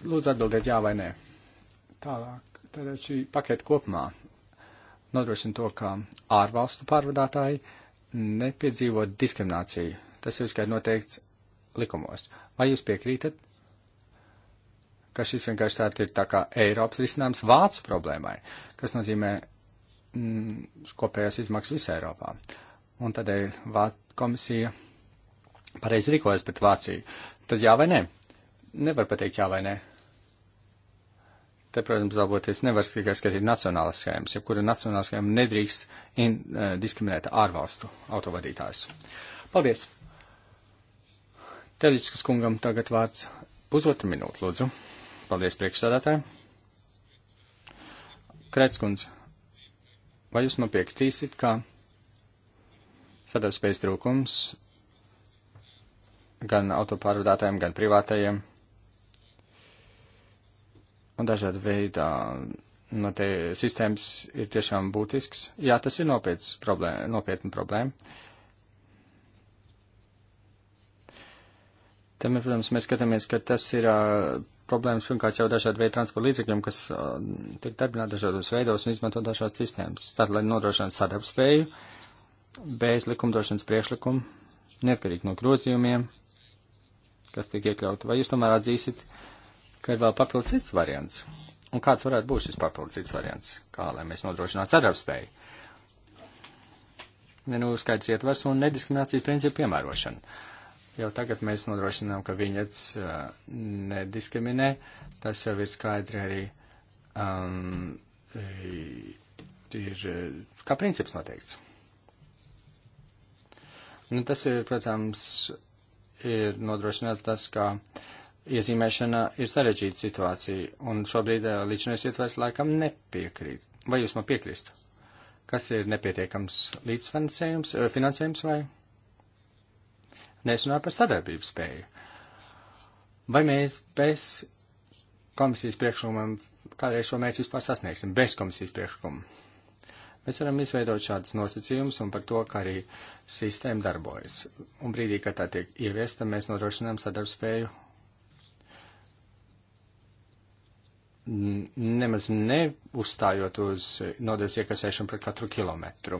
Lūdzu atbildēt jā vai nē. Tālāk, tad šī paketa kopumā nodrošina to, ka ārvalstu pārvadātāji nepiedzīvo diskrimināciju. Tas ir skaidri noteikts likumos. Vai jūs piekrītat ka šis vienkārši tāds ir tā kā Eiropas risinājums Vācu problēmai, kas nozīmē mm, kopējās izmaksas visā Eiropā. Un tādēļ Vācu komisija pareizi rīkojas pret Vāciju. Tad jā vai nē? Nevar pateikt jā vai nē. Te, protams, darboties nevar tikai skatīt nacionālas schēmas, ja kura nacionālās schēma nedrīkst in, uh, diskriminēt ārvalstu autovadītājus. Paldies! Teļičkas kungam tagad vārds pusotru minūtu, lūdzu. Paldies, priekšsādātāji. Kretskunds, vai jūs man piekritīsit, ka sadarbspējas trūkums gan autopārvadātājiem, gan privātajiem un dažāda veida no nu, te sistēmas ir tiešām būtisks? Jā, tas ir problēma, nopietna problēma. Tam ir, protams, mēs skatāmies, ka tas ir uh, problēmas pirmkārt jau dažādi veidi transporta līdzekļiem, kas uh, tiek darbināti dažādos veidos un izmanto dažādas sistēmas. Tātad, lai nodrošinātu sadarbspēju, bez likumdošanas priekšlikumu, neatkarīgi no grozījumiem, kas tiek iekļauti, vai jūs tomēr atzīsit, ka ir vēl papildus cits variants? Un kāds varētu būt šis papildus cits variants? Kā, lai mēs nodrošinātu sadarbspēju? Nenūskaidrs ietvers un nediskriminācijas principu piemērošanu Jau tagad mēs nodrošinām, ka viņas uh, nediskriminē. Tas jau ir skaidri arī um, ir uh, kā princips noteikts. Nu, tas ir, protams, ir nodrošināts tas, ka iezīmēšana ir sarežģīta situācija, un šobrīd uh, līdzinies ietvers laikam nepiekrīt. Vai jūs man piekrīstu? Kas ir nepietiekams līdzfinansējums uh, finansējums vai? nesunāju par sadarbības spēju. Vai mēs bez komisijas priekšlikumam kādreiz šo mērķu vispār sasniegsim, bez komisijas priekšlikuma? Mēs varam izveidot šādus nosacījumus un par to, kā arī sistēma darbojas. Un brīdī, kad tā tiek ieviesta, mēs nodrošinām sadarbspēju nemaz neuzstājot uz nodevas iekasēšanu par katru kilometru.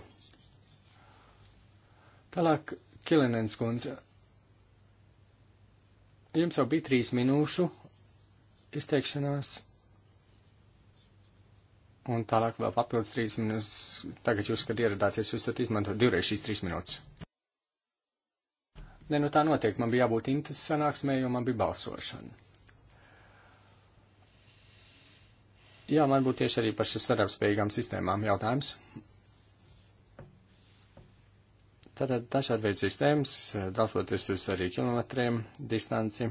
Tālāk, Kilinens kundze, Jums jau bija trīs minūšu izteikšanās. Un tālāk vēl papildus trīs minūtes. Tagad jūs, kad ieradāties, jūs varat izmantot divreiz šīs trīs minūtes. Nē, nu tā notiek. Man bija jābūt intas sanāksmē, jo man bija balsošana. Jā, man būtu tieši arī par šis sadarbspējīgām sistēmām jautājums. Tātad dažādi veidi sistēmas, daltoties uz arī kilometriem, distanci.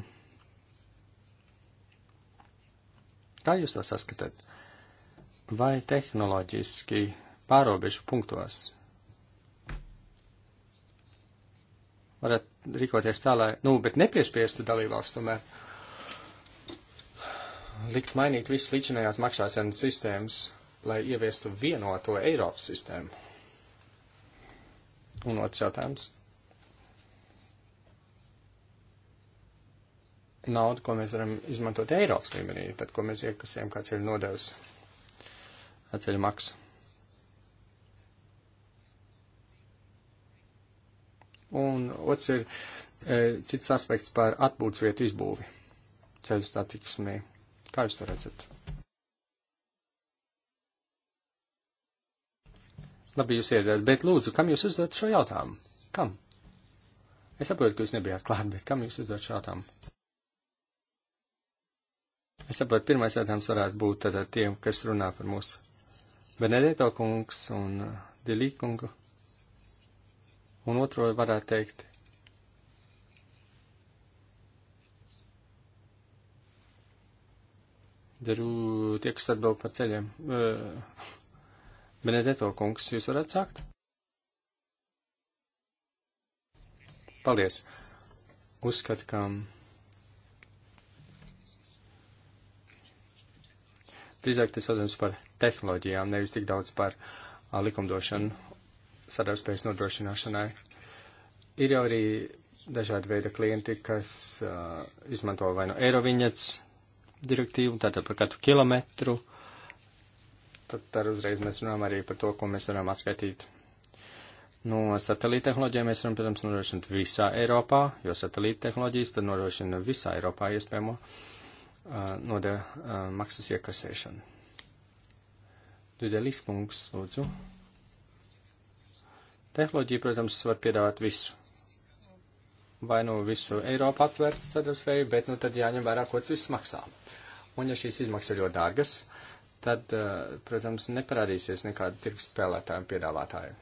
Kā jūs to saskatāt? Vai tehnoloģiski pārobežu punktos varat rīkoties tā, lai, nu, bet nepiespiestu dalībvalsts tomēr likt mainīt visas līdzinājās maksāšanas sistēmas, lai ieviestu vienoto Eiropas sistēmu? Un otrs jautājums. Nauda, ko mēs varam izmantot Eiropas līmenī, tad, ko mēs iekasējam kā ceļu nodevs, ceļu maksu. Un otrs ir e, cits aspekts par atbūtas vietu izbūvi ceļu statiksmē. Kā jūs to redzat? Labi, jūs ieradāt, bet lūdzu, kam jūs uzdodat šo jautājumu? Kam? Es saprotu, ka jūs nebijāt klāt, bet kam jūs uzdodat šo jautājumu? Es saprotu, pirmais jautājums varētu būt tātad tiem, kas runā par mūsu Benedeto kungs un uh, Dilī kungu. Un otro varētu teikt. Daru tie, kas atbild par ceļiem. Uh, Benedeto kungs, jūs varat sākt? Paldies. Uzskatu, ka drīzāk tas atzīmes par tehnoloģijām, nevis tik daudz par a, likumdošanu sadarbspējas nodrošināšanai. Ir jau arī dažādi veidi klienti, kas uh, izmanto vai no nu Eiroviņets direktīvu, tātad par katru kilometru, uh, tad, tad uzreiz mēs runājam arī par to, ko mēs varam atskaitīt. No satelīta tehnoloģijām mēs varam, protams, nodrošināt visā Eiropā, jo satelīta tehnoloģijas tad nodrošina visā Eiropā iespējamo uh, node uh, maksas iekasēšanu. Dudelis kungs, lūdzu. Tehnoloģija, protams, var piedāvāt visu. Vai nu visu Eiropu aptvērt sadarbspēju, bet nu tad jāņem vērā, ko tas maksā. Un ja šīs izmaksas ir ļoti dārgas, uh, tad, eh, protams, neparādīsies nekāda tirgus spēlētāja un piedāvātāja.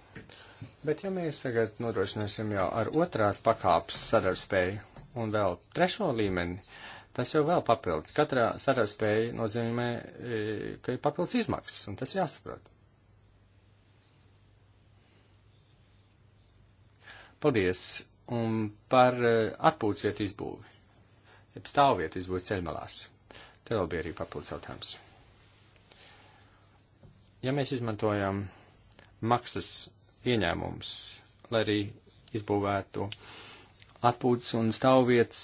Bet ja mēs tagad nodrošināsim jau ar otrās pakāpes sadarbspēju un vēl trešo līmeni, tas jau vēl papildus. Katrā sadarbspēja nozīmē, eh, ka ir papildus izmaksas, un tas jāsaprot. Paldies! Un par eh, atpūtas vietu izbūvi, jeb stāvvietu izbūvi ceļmalās. Te vēl bija arī papildus jautājums. Ja mēs izmantojam maksas ieņēmumus, lai arī izbūvētu atpūtas un stāvvietas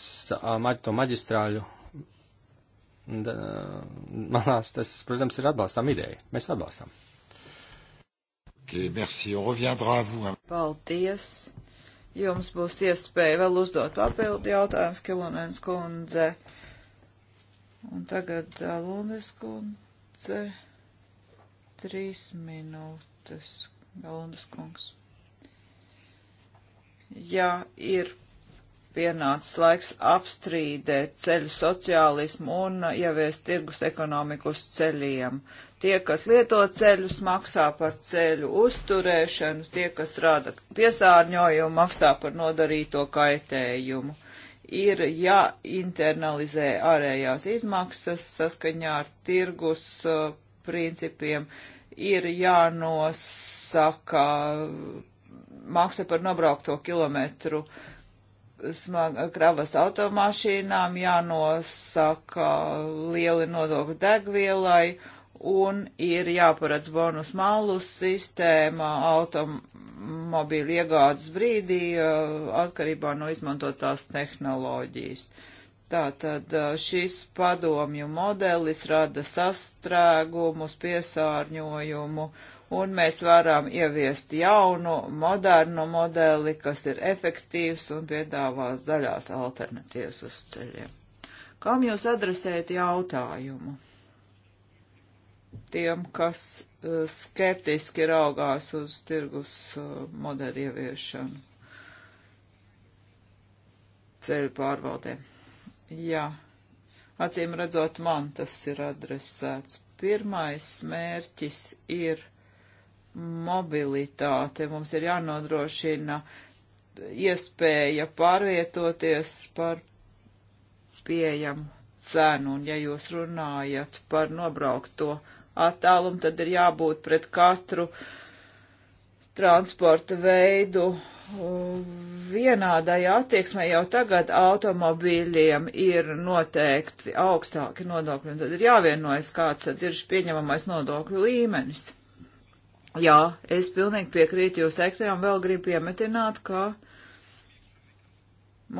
to maģistrāļu malās, tas, protams, ir atbalstām ideja. Mēs atbalstām. Okay, merci. On reviendra à vous. Paldies. Jums būs iespēja vēl uzdot papildu jautājumus, Kilonēns kundze. Un tagad Lūnes kundze. Trīs minūtes, Galundas kungs. Ja ir pienācis laiks apstrīdēt ceļu sociālismu un ieviest tirgus ekonomiku uz ceļiem. Tie, kas lieto ceļus, maksā par ceļu uzturēšanu, tie, kas rada piesārņojumu, maksā par nodarīto kaitējumu. Ir jāinternalizē ja ārējās izmaksas saskaņā ar tirgus uh, pamatprincipiem ir jānosaka maksa par nobraukto kilometru smaga kravas automašīnām, jānosaka lieli nodokļi degvielai un ir jāparedz bonus malus sistēma automobīļu iegādes brīdī uh, atkarībā no izmantotās tehnoloģijas. Uh, Tātad šis padomju modelis rada sastrēgumus, piesārņojumu, un mēs varam ieviest jaunu, modernu modeli, kas ir efektīvs un piedāvās zaļās alternatīvas uz ceļiem. Kam jūs adresējat jautājumu? Tiem, kas skeptiski raugās uz tirgus modeļu ieviešanu ceļu pārvaldēm. Jā, acīm redzot, man tas ir adresēts. Pirmais mērķis ir mobilitāte. Mums ir jānodrošina iespēja pārvietoties par pieejamu cenu. Un, ja jūs runājat par nobraukto attālumu, tad ir jābūt pret katru uh, transporta veidu uh, vienādai attieksmē jau tagad automobīļiem ir noteikti augstāki nodokļi, un tad ir jāvienojas, kāds tad ir pieņemamais nodokļu līmenis. Jā, es pilnīgi piekrītu jūs teiktajām, vēl gribu piemetināt, ka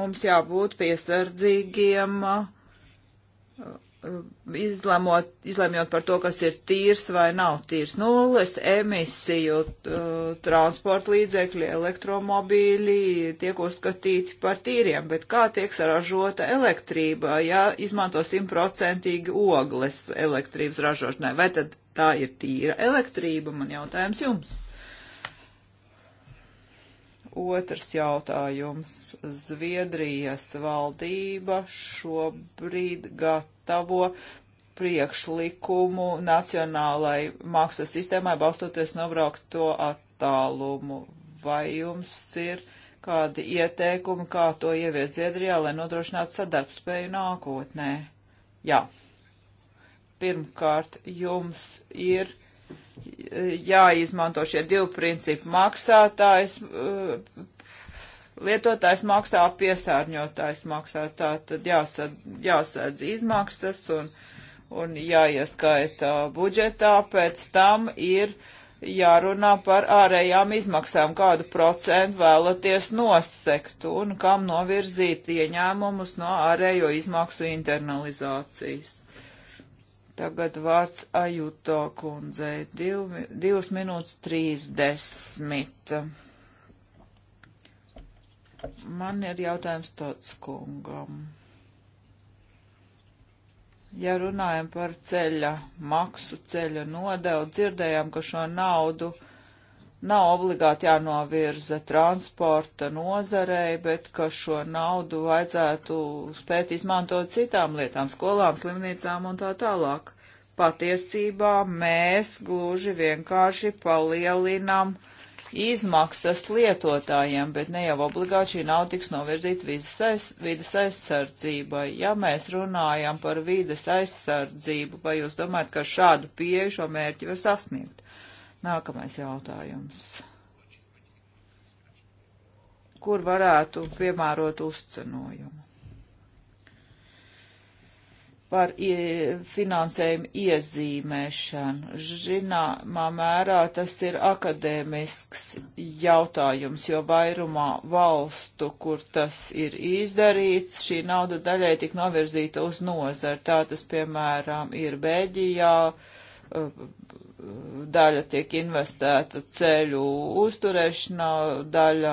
mums jābūt piesardzīgiem uh, izlemot, izlemjot par to, kas ir tīrs vai nav tīrs. Nulles emisiju transporta līdzekļi, elektromobīļi tiek uzskatīti par tīriem, bet kā tiek saražota elektrība, ja izmanto simtprocentīgi ogles elektrības ražošanai? Vai tad tā ir tīra elektrība? Man jautājums jums. Otrs jautājums. Zviedrijas valdība šobrīd gatavo priekšlikumu nacionālai maksas sistēmai balstoties nobraukto attālumu. Vai jums ir kādi ieteikumi, kā to ievies Zviedrijā, lai nodrošinātu sadarbspēju nākotnē? Jā. Pirmkārt, jums ir jāizmanto šie divi principi - maksātājs, eh, lietotājs maksā, piesārņotājs maksā. Tā tad jāsad, jāsēdz izmaksas un, un jāieskaita budžetā, pēc tam ir jārunā par ārējām izmaksām, kādu procentu vēlaties nosekt un kam novirzīt ieņēmumus no ārējo izmaksu internalizācijas. Tagad vārds Ajuto kundzei. Div, divas minūtes trīsdesmit. Man ir jautājums tāds kungam. Ja runājam par ceļa maksu, ceļa nodevu, dzirdējām, ka šo naudu uh, nav obligāti jānovirza transporta nozarei, bet ka šo naudu vajadzētu spēt izmantot citām lietām, skolām, slimnīcām un tā tālāk. Patiesībā mēs gluži vienkārši palielinam izmaksas lietotājiem, bet ne jau obligāti šī nauda tiks novirzīta aiz, vidas aizsardzībai. Ja mēs runājam par vidas aizsardzību, vai jūs domājat, ka šādu pieeju šo mērķi var sasniegt? Nākamais jautājums. Kur varētu piemērot uzcenojumu? par finansējumu iezīmēšanu. Zināmā mērā tas ir akadēmisks jautājums, jo vairumā valstu, kur tas ir izdarīts, šī nauda daļai tik novirzīta uz nozari. Tā tas, piemēram, ir Beļģijā, uh, daļa tiek investēta ceļu uzturēšanā, daļa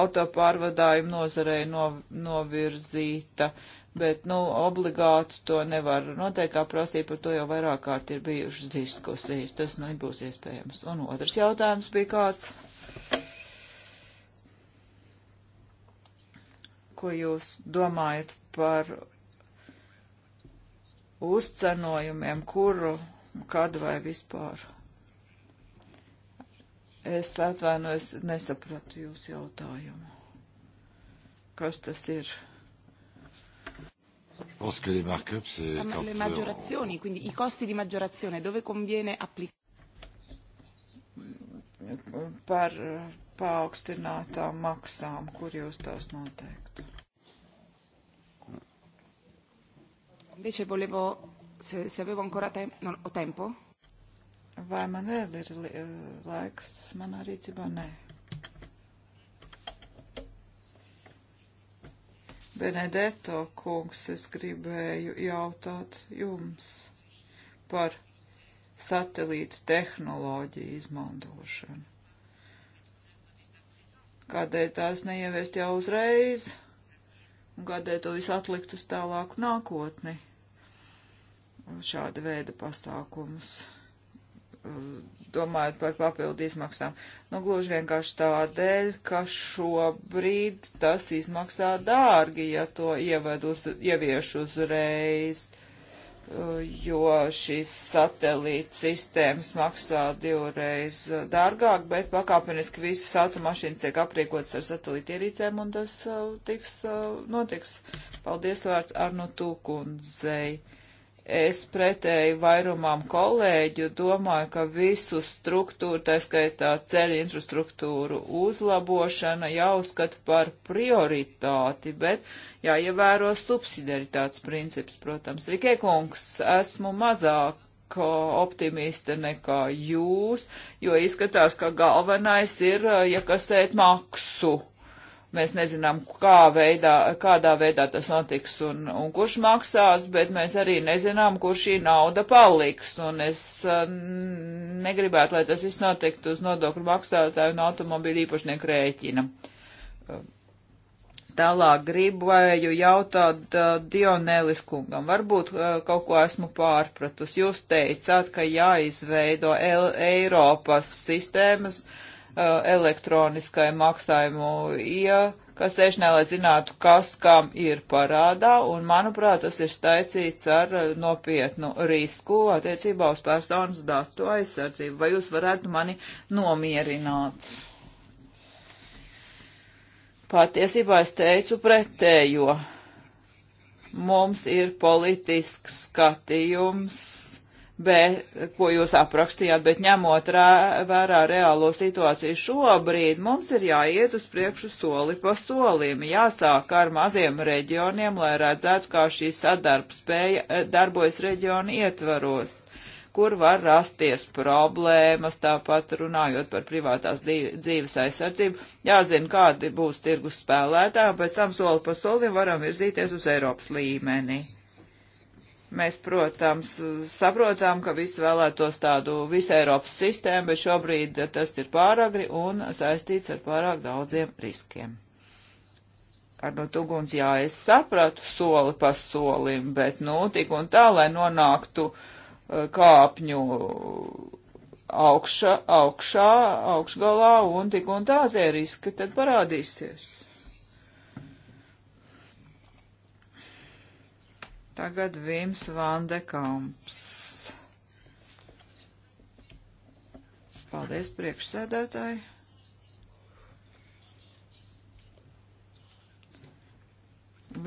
autopārvadājumu nozarei nov, novirzīta, bet, nu, obligāti to nevar noteikt, kā prasīja, par to jau vairāk kārt ir bijušas diskusijas, tas nebūs iespējams. Un otrs jautājums bija kāds, ko jūs domājat par uzcenojumiem, kuru, kad vai vispār. Es atvainojos, nesapratu jūsu jautājumu. Kas tas ir? Je pense que les markups, c'est quand le euh, maggiorazioni, on... quindi i costi di maggiorazione dove conviene applicare par paaugstinātām maksām, kur jūs tās noteikt. Invece volevo, se, se avevo ancora tem no, ho tempo. Vai man vēl ir eh, laiks manā rīcībā? Nē. Benedeto kungs, es gribēju jautāt jums par satelīta tehnoloģiju izmantošanu. Kādēļ tās neievest jau uzreiz, un kādēļ to visu atlikt uz tālāku nākotni? šāda veida pasākumus, eh, domājot par papildu izmaksām. Nu, gluži vienkārši tādēļ, ka šobrīd tas izmaksā dārgi, ja to ievedus, ievieš uzreiz, eh, jo šīs satelīta sistēmas maksā divreiz eh, dārgāk, bet pakāpeniski visas automašīnas tiek aprīkotas ar satelīta ierīcēm, un tas tiks, notiks. Paldies vārds Arnu Tūkundzei. Es pretēji vairumam kolēģu domāju, ka visu struktūru, tā skaitā ceļu infrastruktūru uzlabošana jāuzskata par prioritāti, bet jāievēro subsidiaritātes princips, protams. Rikē kungs, esmu mazāk optimiste nekā jūs, jo izskatās, ka galvenais ir eh, iekasēt ja maksu Mēs nezinām, kā veidā, kādā veidā tas notiks un, un kurš maksās, bet mēs arī nezinām, kur šī nauda paliks. Un es uh, negribētu, lai tas viss notiktu uz nodokļu maksātāju un automobīļu īpašnieku rēķina. Uh, Tālāk gribēju jautāt uh, Dionēlis kungam. Varbūt uh, kaut ko esmu pārpratusi. Jūs teicāt, ka jāizveido L Eiropas sistēmas uh, Uh, elektroniskai maksājumu iekasēšanai, lai zinātu, kas kam ir parādā, un, manuprāt, tas ir staicīts ar uh, nopietnu risku attiecībā uz personas datu aizsardzību. Vai jūs varētu mani nomierināt? Patiesībā es teicu pretējo. Mums ir politisks skatījums bet, ko jūs aprakstījāt, bet ņemot rā, vērā reālo situāciju šobrīd, mums ir jāiet uz priekšu soli pa solim, jāsāk ar maziem reģioniem, lai redzētu, kā šī sadarbspēja eh, darbojas reģionu ietvaros kur var rasties problēmas, tāpat runājot par privātās dzīves aizsardzību. Jāzina, kādi būs tirgus spēlētāji, un pēc tam soli pa solim varam virzīties uz Eiropas līmeni. Mēs, protams, saprotam, ka visi vēlētos tādu visu Eiropas sistēmu, bet šobrīd tas ir pāragri un saistīts ar pārāk daudziem riskiem. Ar no tuguns, jā, es sapratu soli pa solim, bet, nu, tik un tā, lai nonāktu eh, kāpņu augša, augšā, augšgalā, un tik un tā tie riski tad parādīsies. Tagad Vims Vandekamps. Paldies priekšsēdētāji.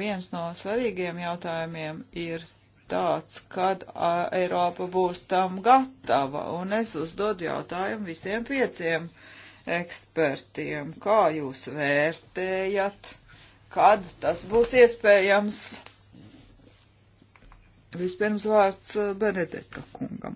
Viens no svarīgiem jautājumiem ir tāds, kad a, Eiropa būs tam gatava, un es uzdodu jautājumu visiem pieciem ekspertiem, kā jūs vērtējat, kad tas būs iespējams Vispirms vārds eh, Benedeka kungam.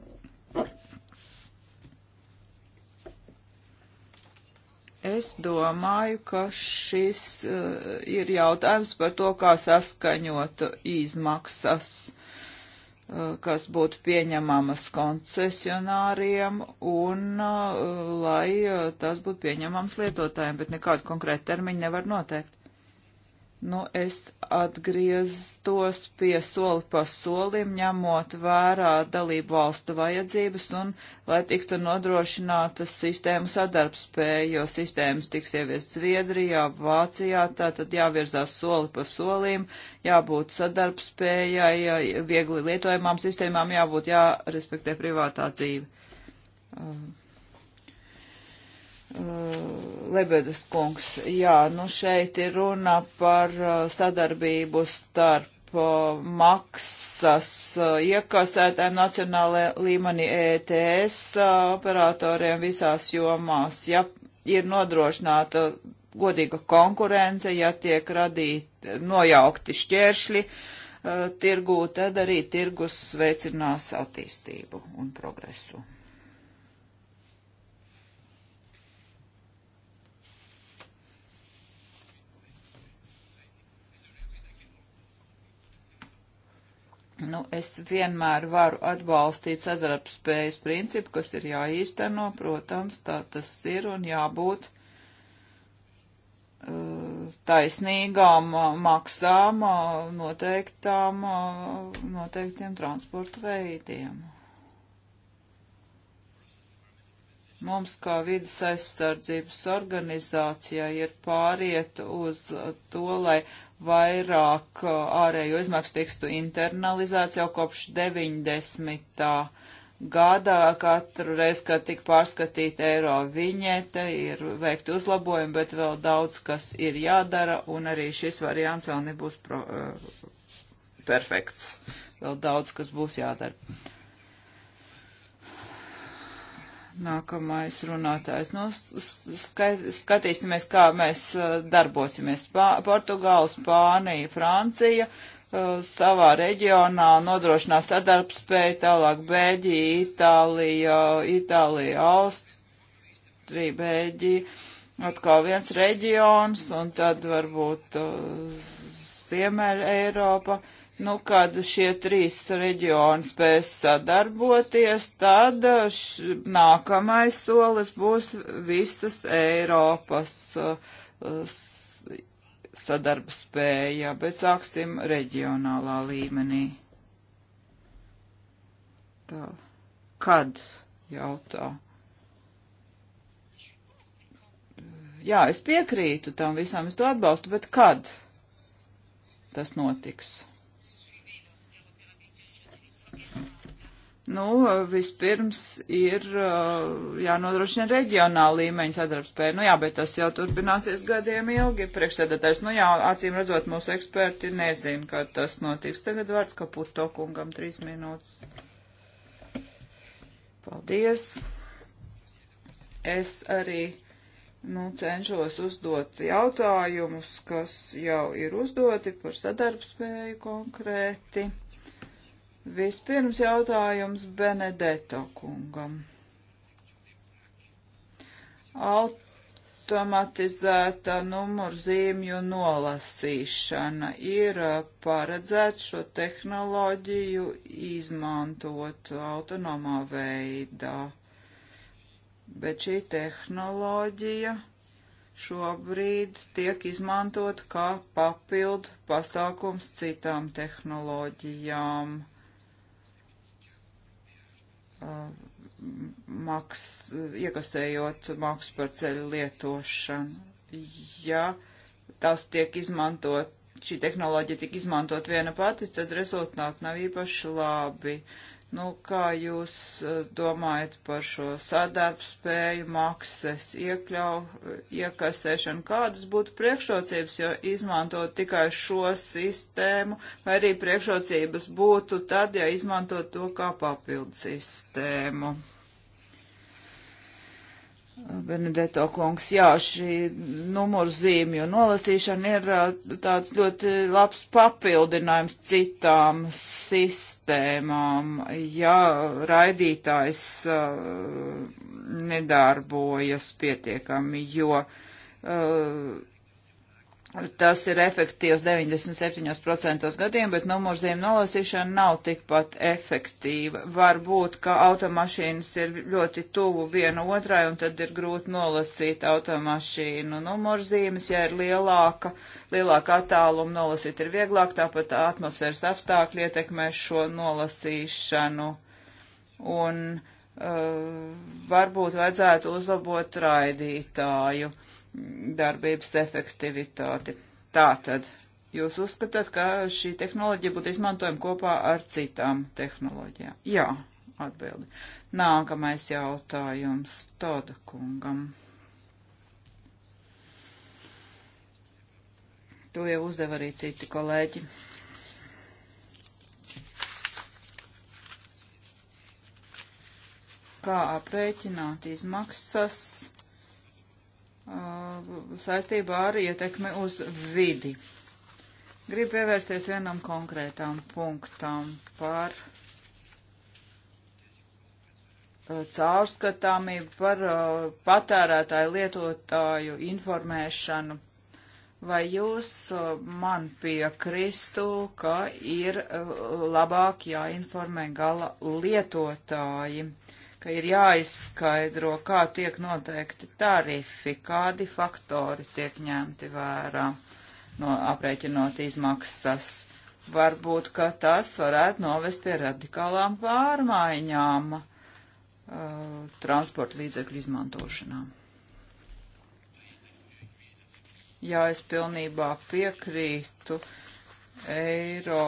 Es domāju, ka šis uh, ir jautājums par to, kā saskaņot izmaksas, uh, kas būtu pieņemamas koncesionāriem un uh, lai uh, tas būtu pieņemams lietotājiem, bet nekādu konkrētu termiņu nevar noteikt nu, es atgrieztos pie soli pa solim, ņemot vērā dalību valstu vajadzības un lai tiktu nodrošināta sistēmu sadarbspēja, jo sistēmas tiks ieviest Zviedrijā, Vācijā, tātad jāvirzās soli pa solim, jābūt sadarbspējai, viegli lietojamām sistēmām jābūt jārespektē privātā dzīve. Um Uh, Lebedes kungs, jā, nu šeit ir runa par uh, sadarbību starp uh, maksas iekasētājiem nacionālajā līmenī ETS operatoriem visās jomās. Ja ir nodrošināta godīga konkurence, ja tiek radīti nojaukti šķēršļi tirgū, tad arī tirgus veicinās attīstību un progresu. Nu, es vienmēr varu atbalstīt sadarbspējas principu, kas ir jāīsteno, protams, tā tas ir un jābūt uh, taisnīgām uh, maksām uh, noteiktām, uh, noteiktiem transporta veidiem. Mums kā vidas aizsardzības organizācijai ir pāriet uz to, lai vairāk uh, ārējo izmaksu tikstu internalizēts jau kopš 90. gadā. Katru reizi, kad tika pārskatīta eiro viņete, ir veikti uzlabojumi, bet vēl daudz, kas ir jādara, un arī šis variants vēl nebūs pro, uh, perfekts. Vēl daudz, kas būs jādara. Nākamais runātājs. Nu, skatīsimies, kā mēs darbosimies. Spā Portugāla, Spānija, Francija savā reģionā nodrošinās sadarbspēju, tālāk Bēģija, Itālija, Itālija, Austrija, Bēģija, atkal viens reģions, un tad varbūt Ziemeļa Eiropa. Uh, Nu, kad šie trīs reģioni spēs sadarboties, tad uh, š, nākamais solis būs visas Eiropas uh, sadarba spēja, bet sāksim reģionālā līmenī. Tā. Kad jautā? Jā, es piekrītu tam visam, es to atbalstu, bet kad tas notiks? Nu, vispirms ir uh, jānodrošina reģionāla līmeņa sadarbspēja. Nu jā, bet tas jau turpināsies gadiem ilgi priekšsēdētājs. Nu jā, acīm redzot, mūsu eksperti nezin, kad tas notiks. Tagad vārds Kaputo kungam trīs minūtes. Paldies. Es arī nu, cenšos uzdot jautājumus, kas jau ir uzdoti par sadarbspēju konkrēti Vispirms jautājums Benedeto kungam. Automatizēta numurzīmju nolasīšana ir uh, paredzēta šo tehnoloģiju izmantot autonomā veidā, bet šī tehnoloģija šobrīd tiek izmantot kā papildu pasākums citām tehnoloģijām maks, iekasējot maksu par ceļu lietošanu. Ja tas tiek izmantot, šī tehnoloģija tiek izmantot viena pati, tad rezultāti nav īpaši labi. Uh, Nu, kā jūs eh, domājat par šo sadarbspēju, maksas iekļau, eh, iekasēšanu? Kādas būtu priekšrocības, jo izmantot tikai šo sistēmu, vai arī priekšrocības būtu tad, ja izmantot to kā papildu sistēmu? Benedeto kungs, jā, šī numuru zīmju nolasīšana ir tāds ļoti labs papildinājums citām sistēmām, ja raidītājs uh, nedarbojas pietiekami, jo uh, Tas ir efektīvs 97% gadiem, bet numurzīm nolasīšana nav tikpat efektīva. Varbūt, ka automašīnas ir ļoti tuvu viena otrai, un tad ir grūti nolasīt automašīnu numurzīmes. Ja ir lielāka, lielāka attāluma, nolasīt ir vieglāk, tāpat atmosfēras apstākļi ietekmē šo nolasīšanu. Un uh, varbūt vajadzētu uzlabot raidītāju. Uh, darbības efektivitāti. Tātad jūs uzskatāt, ka šī tehnoloģija būtu izmantojama kopā ar citām tehnoloģijām? Jā, atbildi. Nākamais jautājums Toda kungam. To jau uzdeva arī citi kolēģi. Kā aprēķināt izmaksas? saistībā ar ietekmi uz vidi. Gribu pievērsties vienam konkrētām punktam par eh, caurskatāmību, par eh, patērētāju lietotāju informēšanu. Vai jūs eh, man piekristu, ka ir labāk jāinformē gala lietotāji? Uh, ka ir jāizskaidro, kā tiek noteikti tarifi, kādi faktori tiek ņemti vērā, no, aprēķinot izmaksas. Varbūt, ka tas varētu novest pie radikālām pārmaiņām uh, transporta līdzekļu izmantošanām. Jā, es pilnībā piekrītu eiro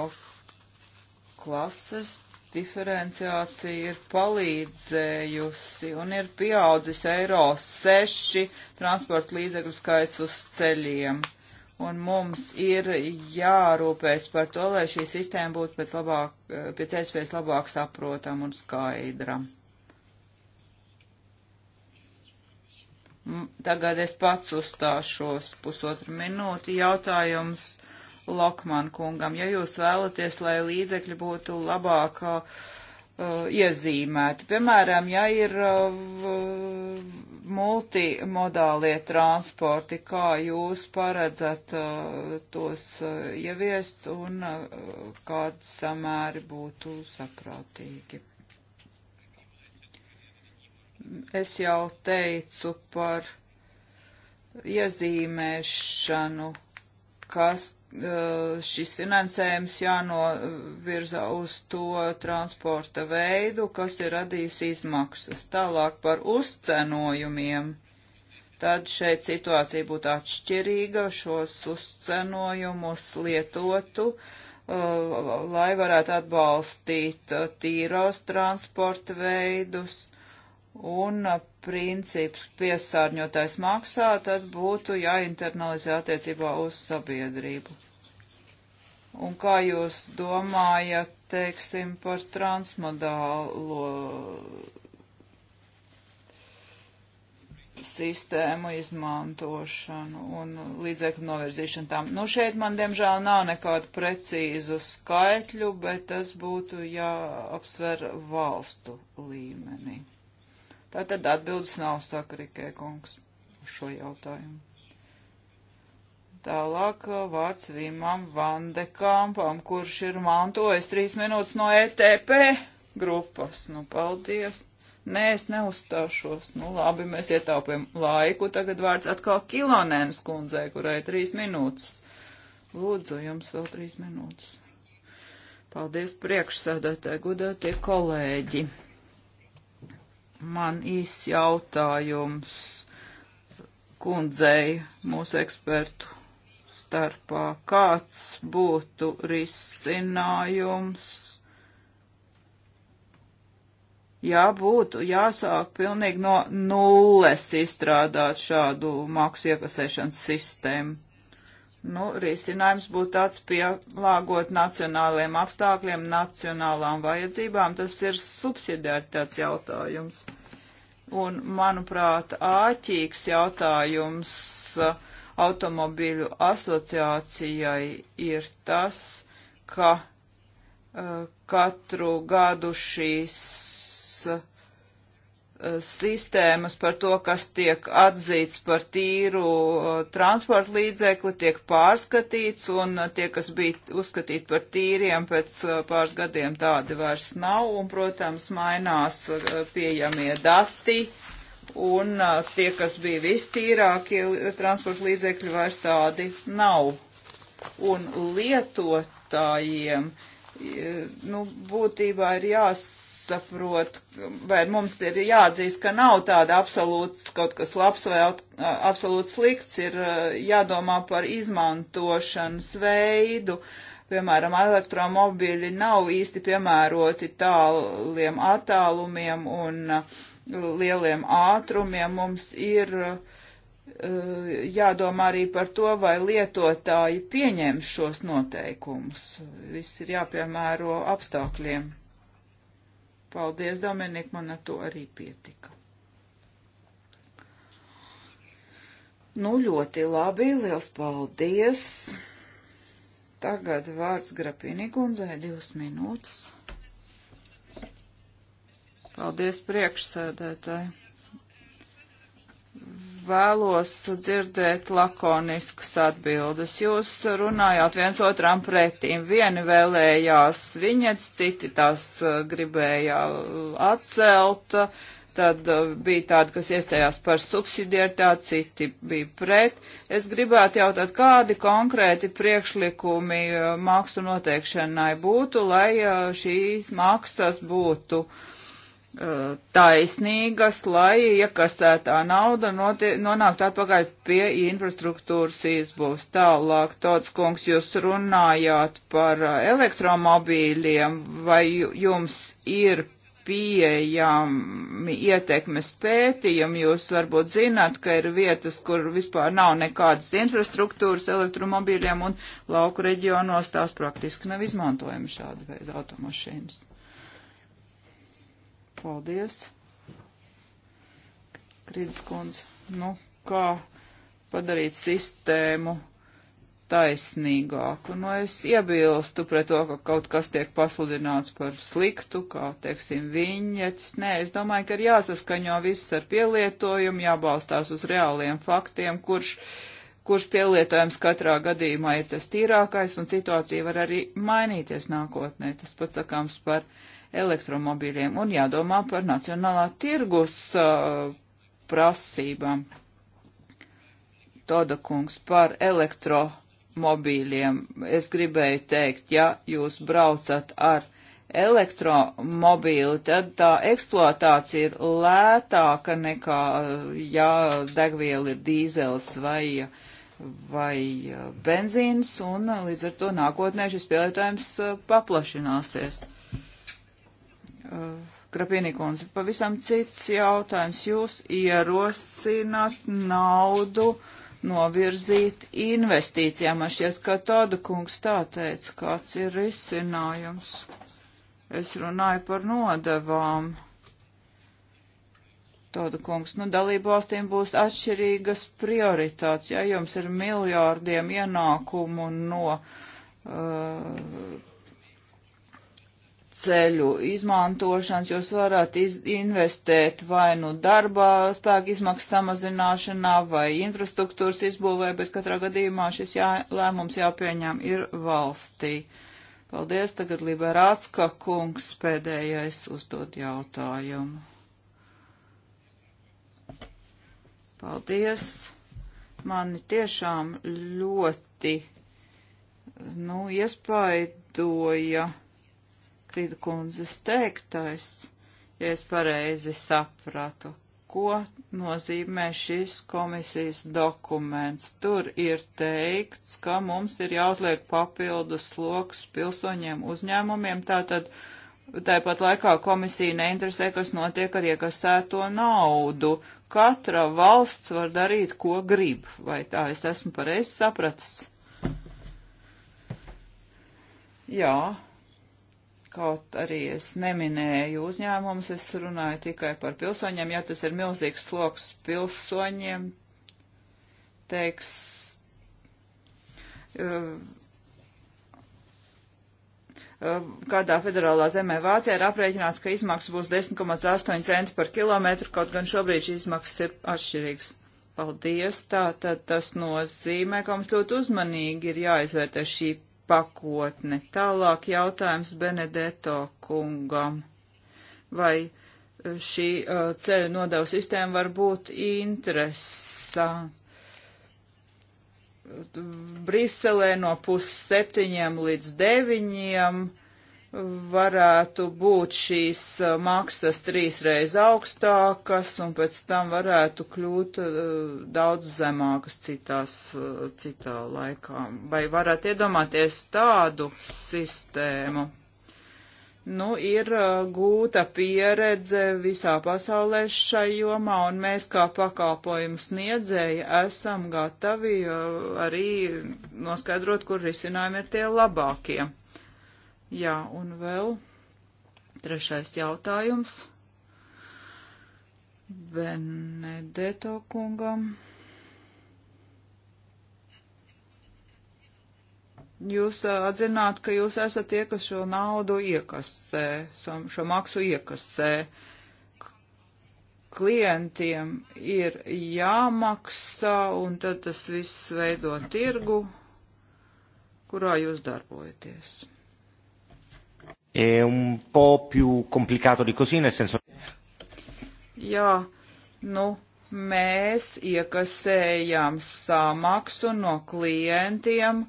klases diferenciācija ir palīdzējusi un ir pieaudzis eiro 6 transporta līdzekļu skaits uz ceļiem. Un mums ir jārūpēs par to, lai šī sistēma būtu pēc, labāk, pēc iespējas labāk saprotama un skaidra. Tagad es pats uzstāšos pusotru minūti. Jautājums Lokman kungam. Ja jūs vēlaties, lai līdzekļi būtu labāk uh, uh iezīmēti, piemēram, ja ir uh, multimodālie transporti, kā jūs paredzat uh, tos uh, ieviest un uh, kādi samēri būtu saprātīgi. Es jau teicu par iezīmēšanu, kas Eh, šis finansējums jānovirza uz to transporta veidu, kas ir radījis izmaksas. Tālāk par uzcenojumiem. Tad šeit situācija būtu atšķirīga, šos uzcenojumus lietotu, eh, lai varētu atbalstīt eh, tīros transporta veidus un princips piesārņotais maksā, tad būtu jāinternalizē attiecībā uz sabiedrību. Un kā jūs domājat, teiksim, par transmodālo sistēmu izmantošanu un līdzekļu novirzīšanu tām? Nu, šeit man, diemžēl, nav nekādu precīzu skaitļu, bet tas būtu jāapsver valstu līmenī. Tātad atbildes nav sakarīgē, kungs, uz šo jautājumu. Tālāk uh, vārds Vimam Vandekampam, kurš ir mantojis trīs minūtes no ETP grupas. Nu, paldies. Nē, es neuzstāšos. Nu, labi, mēs ietaupiem laiku. Tagad vārds atkal Kilonēnas kundzei, kurai trīs minūtes. Lūdzu, jums vēl trīs minūtes. Paldies priekšsēdētāji, godātie kolēģi. Man īs jautājums kundzei, mūsu ekspertu starpā, kāds būtu risinājums. Jā, būtu jāsāk pilnīgi no nulles izstrādāt šādu maksu iekasēšanas sistēmu. Nu, risinājums būtu tāds pielāgot nacionāliem apstākļiem, nacionālām vajadzībām. Tas ir subsidiaritāts jautājums. Un, manuprāt, āķīgs jautājums. Uh, automobīļu asociācijai ir tas, ka uh, katru gadu šīs uh, sistēmas par to, kas tiek atzīts par tīru eh, transporta līdzekli, tiek pārskatīts, un tie, kas bija uzskatīti par tīriem, pēc pāris gadiem tādi vairs nav, un, protams, mainās pieejamie dati. Uh, un tie, kas bija vistīrākie transporta līdzekļi, vairs tādi nav. Un lietotājiem nu, būtībā ir jāsaprot, vai mums ir jāatzīst, ka nav tāda absolūts kaut kas labs vai absolūts slikts, ir jādomā par izmantošanas veidu. Piemēram, elektromobīļi nav īsti piemēroti tāliem attālumiem un uh, lieliem ātrumiem. Mums ir eh, jādomā arī par to, vai lietotāji pieņem šos noteikumus. Viss ir jāpiemēro apstākļiem. Paldies, Dominika, man ar to arī pietika. Nu, ļoti labi, liels paldies. Tagad vārds Grapinī kundzei divas minūtes. Paldies priekšsēdētāji. Vēlos dzirdēt lakoniskas atbildes. Jūs runājāt viens otram pretīm. Vieni vēlējās viņets, citi tās uh, gribēja atcelt. Tad uh, bija tādi, kas iestājās par subsidiaritāti, citi bija pret. Es gribētu jautāt, kādi konkrēti priekšlikumi uh, maksu noteikšanai būtu, lai šīs maksas būtu uh, taisnīgas, lai iekasētā nauda nonāktu atpakaļ pie infrastruktūras izbūves. Tālāk, Tots kungs, jūs runājāt par elektromobīļiem, vai jums ir pieejami ietekmes pētījumi, jūs varbūt zināt, ka ir vietas, kur vispār nav nekādas infrastruktūras elektromobīļiem un lauku reģionos tās praktiski nav izmantojami šāda veida automašīnas. Paldies. Krīdas kundze, nu kā padarīt sistēmu taisnīgāku. Nu, es iebilstu pret to, ka kaut kas tiek pasludināts par sliktu, kā, teiksim, viņeķis. Nē, es domāju, ka ir jāsaskaņo viss ar pielietojumu, jābalstās uz reāliem faktiem, kurš, kurš pielietojums katrā gadījumā ir tas tīrākais, un situācija var arī mainīties nākotnē. Tas pats sakāms par elektromobīļiem un jādomā par nacionālā tirgus uh, prasībām. Toda kungs par elektromobīļiem. Es gribēju teikt, ja jūs braucat ar elektromobīli, tad tā eksploatācija ir lētāka nekā, uh, ja degviela ir dīzels vai uh, vai uh, benzīns, un uh, līdz ar to nākotnē šis pielietojums paplašināsies. Grapinīkundze, pavisam cits jautājums. Jūs ierosināt naudu novirzīt investīcijām. Man šķiet, ka tāda kungs tā teica, kāds ir risinājums. Es runāju par nodevām. Tāda kungs, nu dalību valstīm būs atšķirīgas prioritātes. Ja jums ir miljārdiem ienākumu no uh, ceļu izmantošanas, jūs varat iz investēt vai nu darbā spēku izmaksu samazināšanā vai infrastruktūras izbūvē, bet katrā gadījumā šis jā, lēmums jāpieņem ir valstī. Paldies, tagad Liberācka kungs pēdējais uzdod jautājumu. Paldies. Mani tiešām ļoti, nu, iespaidoja Lakvīda kundzes teiktais, ja es pareizi sapratu, ko nozīmē šis komisijas dokuments. Tur ir teikts, ka mums ir jāuzliek papildus sloks pilsoņiem uzņēmumiem, tātad Tāpat laikā komisija neinteresē, kas notiek ar iekasēto naudu. Katra valsts var darīt, ko grib, vai tā es esmu pareizi sapratis? Jā, Kaut arī es neminēju uzņēmumus, es runāju tikai par pilsoņiem. Ja tas ir milzīgs sloks pilsoņiem, teiks, uh, uh, kādā federālā zemē Vācijā ir aprēķināts, ka izmaksas būs 10,8 centi par kilometru, kaut gan šobrīd šīs izmaksas ir atšķirīgas. Paldies, tā tad tas nozīmē, ka mums ļoti uzmanīgi ir jāizvērtē šī pakotne. Tālāk jautājums Benedeto kungam. Vai šī uh, ceļu nodevu sistēma var būt interesanta? Briselē no pusseptiņiem līdz deviņiem varētu būt šīs uh, maksas trīsreiz augstākas un pēc tam varētu kļūt uh, daudz zemākas citās, uh, citā laikā. Vai varat iedomāties tādu sistēmu? Nu, ir uh, gūta pieredze visā pasaulē šai jomā, un mēs kā pakalpojumu sniedzēji esam gatavi uh, arī noskaidrot, kur risinājumi ir tie labākie. Jā, un vēl trešais jautājums Benedeto kungam. Jūs atzināt, ka jūs esat tie, kas šo naudu iekasē, šo maksu iekasē. Klientiem ir jāmaksā, un tad tas viss veido tirgu, kurā jūs darbojaties. È un po' più complicato di così, nel senso. Jā, nu, mēs iekasējām samaksu no klientiem,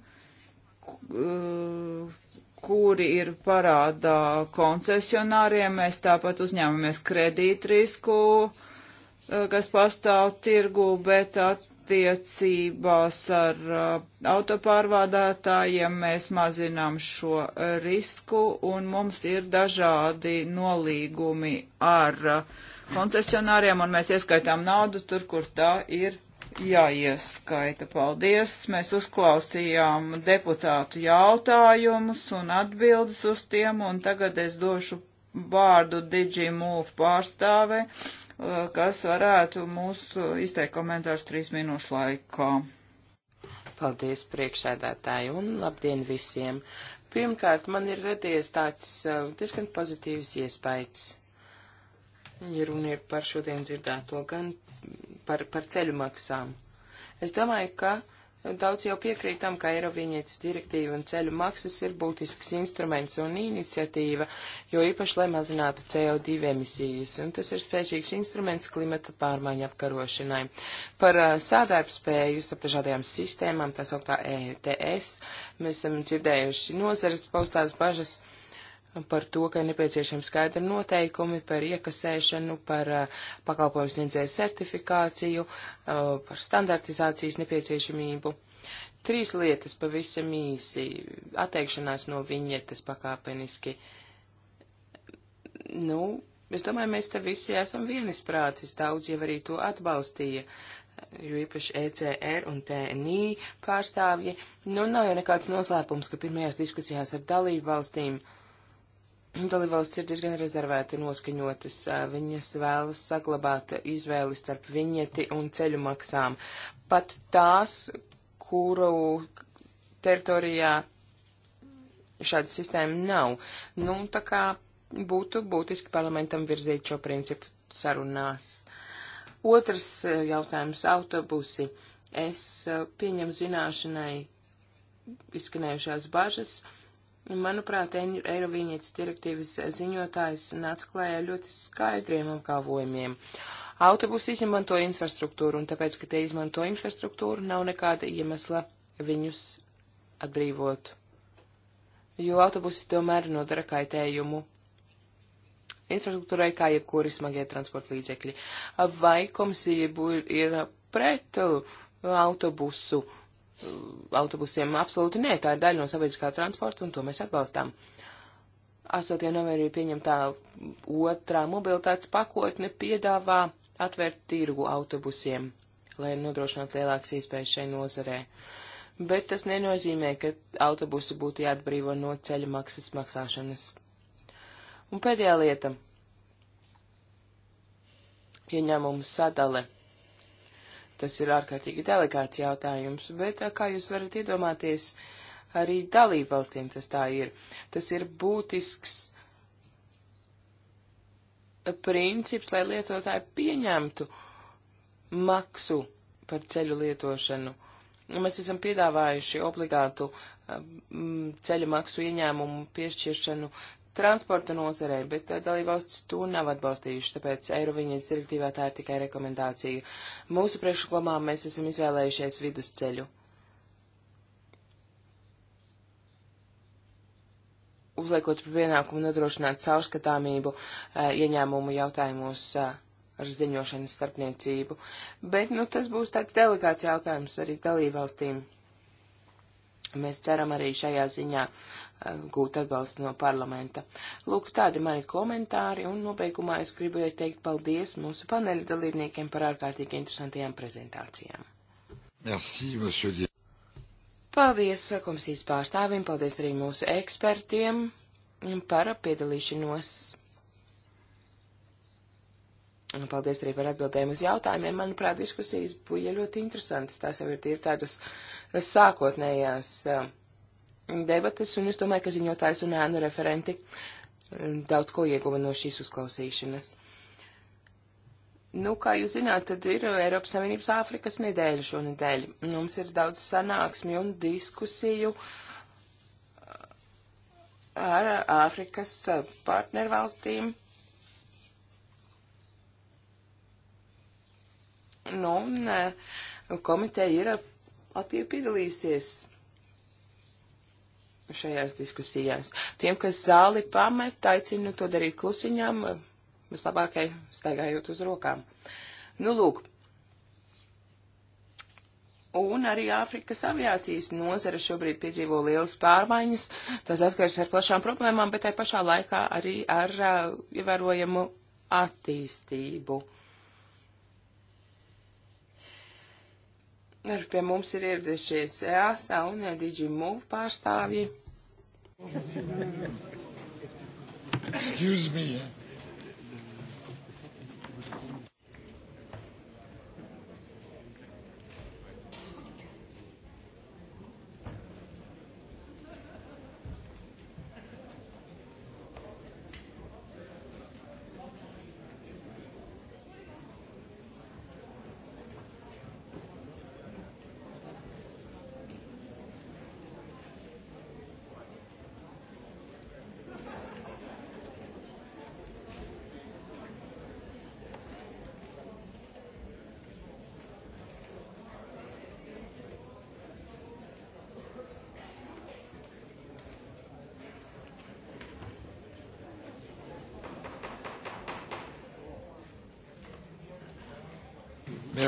kuri ir parādā koncesionāriem. Mēs tāpat uzņēmamies kredītrisku, eh, kas pastāv tirgu, bet at, attiecībās ar uh, autopārvādātājiem mēs mazinām šo risku un mums ir dažādi nolīgumi ar uh, koncesionāriem un mēs ieskaitām naudu tur, kur tā ir jāieskaita. Paldies! Mēs uzklausījām deputātu jautājumus un atbildes uz tiem, un tagad es došu vārdu DigiMove pārstāvei. Eh, kas varētu mūsu izteikt komentārus trīs minūšu laikā. Paldies priekšēdētāji un labdien visiem! Pirmkārt, man ir radies tāds eh, diezgan pozitīvs iespējas, ja runa ir par šodien dzirdēto, gan par, par ceļu maksām. Es domāju, ka Daudz jau piekrītam, ka Eiroviņietas direktīva un ceļu maksas ir būtisks instruments un iniciatīva, jo īpaši, lai mazinātu CO2 emisijas, un tas ir spēcīgs instruments klimata pārmaiņu apkarošanai. Par uh, sādarbspēju starp dažādajām sistēmām, tā sauktā ETS, mēs esam dzirdējuši nozares paustās bažas. Uh, par to, ka ir nepieciešami skaidri noteikumi par iekasēšanu, par eh, pakalpojumu sniedzēju certifikāciju, eh, par standartizācijas nepieciešamību. Trīs lietas pavisam īsi. Atteikšanās no viņietas pakāpeniski. Nu, es domāju, mēs te visi esam vienisprātis. Daudz jau arī to atbalstīja jo īpaši ECR un TNI pārstāvji. Nu, nav jau nekāds noslēpums, ka pirmajās diskusijās ar dalību valstīm uh, dalībvalsts ir diezgan rezervēti noskaņotas. Viņas vēlas saglabāt izvēli starp viņieti un ceļu maksām. Pat tās, kuru teritorijā šāda sistēma nav. Nu, tā kā būtu būtiski parlamentam virzīt šo principu sarunās. Otrs jautājums - autobusi. Es pieņemu zināšanai izskanējušās bažas. Uh, Manuprāt, Eirovīņietas direktīvas ziņotājs nāca klējā ļoti skaidriem apgalvojumiem. Autobusi izmanto infrastruktūru, un tāpēc, ka tie izmanto infrastruktūru, nav nekāda iemesla viņus atbrīvot. Jo autobusi tomēr nodara kaitējumu infrastruktūrai, kā jebkuri smagie transporta līdzekļi. Vai komisija ir pret autobusu? autobusiem absolūti nē, tā ir daļa no sabiedriskā transporta, un to mēs atbalstām. 8. novembrī pieņemtā otrā mobilitātes pakotne piedāvā atvērt tirgu autobusiem, lai nodrošinātu lielākas iespējas šai nozarē. Bet tas nenozīmē, ka autobusi būtu jāatbrīvo no ceļa maksas maksāšanas. Un pēdējā lieta - ieņēmumu sadale Tas ir ārkārtīgi delikāts jautājums, bet, kā jūs varat iedomāties, arī dalību valstīm tas tā ir. Tas ir būtisks princips, lai lietotāji pieņemtu maksu par ceļu lietošanu. Mēs esam piedāvājuši obligātu ceļu maksu ieņēmumu piešķiršanu transporta nozarei, bet eh, dalībvalsts to nav atbalstījuši, tāpēc Eiroviņas direktīvā tā ir tikai rekomendācija. Mūsu priekšlikumā mēs esam izvēlējušies vidusceļu. Uzliekot par pienākumu nodrošināt caurskatāmību eh, ieņēmumu jautājumos eh, ar ziņošanas starpniecību, bet, nu, tas būs tāds delikāts jautājums arī dalībvalstīm. Mēs ceram arī šajā ziņā uh, Um, gūt atbalstu no parlamenta. Lūk, tādi mani komentāri, un nobeigumā es gribu ieteikt paldies mūsu paneļa dalībniekiem par ārkārtīgi interesantajām prezentācijām. Merci, monsieur Dier. Paldies komisijas pārstāvim, paldies arī mūsu ekspertiem par piedalīšanos. Paldies arī par atbildēm uz jautājumiem. Manuprāt, diskusijas bija ļoti interesantas. Tās jau ir, ir tādas sākotnējās. Uh, debatas, un es domāju, ka ziņotājs un ēnu referenti um, daudz ko ieguva no šīs uzklausīšanas. Nu, kā jūs zināt, tad ir Eiropas Savienības Āfrikas nedēļa šonedēļ. Mums ir daudz sanāksmi un diskusiju ar Āfrikas partnervalstīm. Nu, un eh, komiteja ir aktīvi piedalīsies šajās diskusijās. Tiem, kas zāli pamet, aicinu to darīt klusiņām, vislabākai staigājot uz rokām. Nu, lūk. Un arī Āfrikas aviācijas nozara šobrīd piedzīvo lielas pārmaiņas. Tas atskaras ar plašām problēmām, bet tai pašā laikā arī ar uh, ievērojamu attīstību. Uh, Ar pie mums ir ieradušies EASA un DigiMove pārstāvji. Excuse me. Yeah.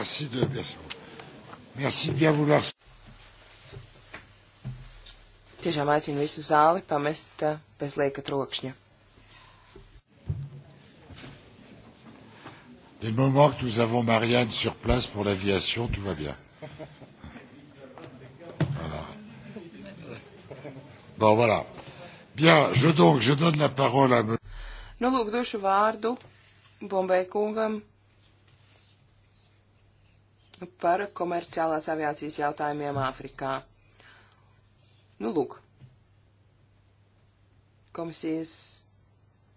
Merci de, merci, merci de bien vouloir. Tiešām aicinu visu zāli pamest eh, bez lieka trokšņa. Dès le moment que nous avons Marianne sur place pour l'aviation, tout va bien. Voilà. Bon, voilà. Bien, je donc, je donne la parole à... Nu, lūk, došu vārdu Bombē kungam par komerciālās aviācijas jautājumiem Āfrikā. Nu, lūk, komisijas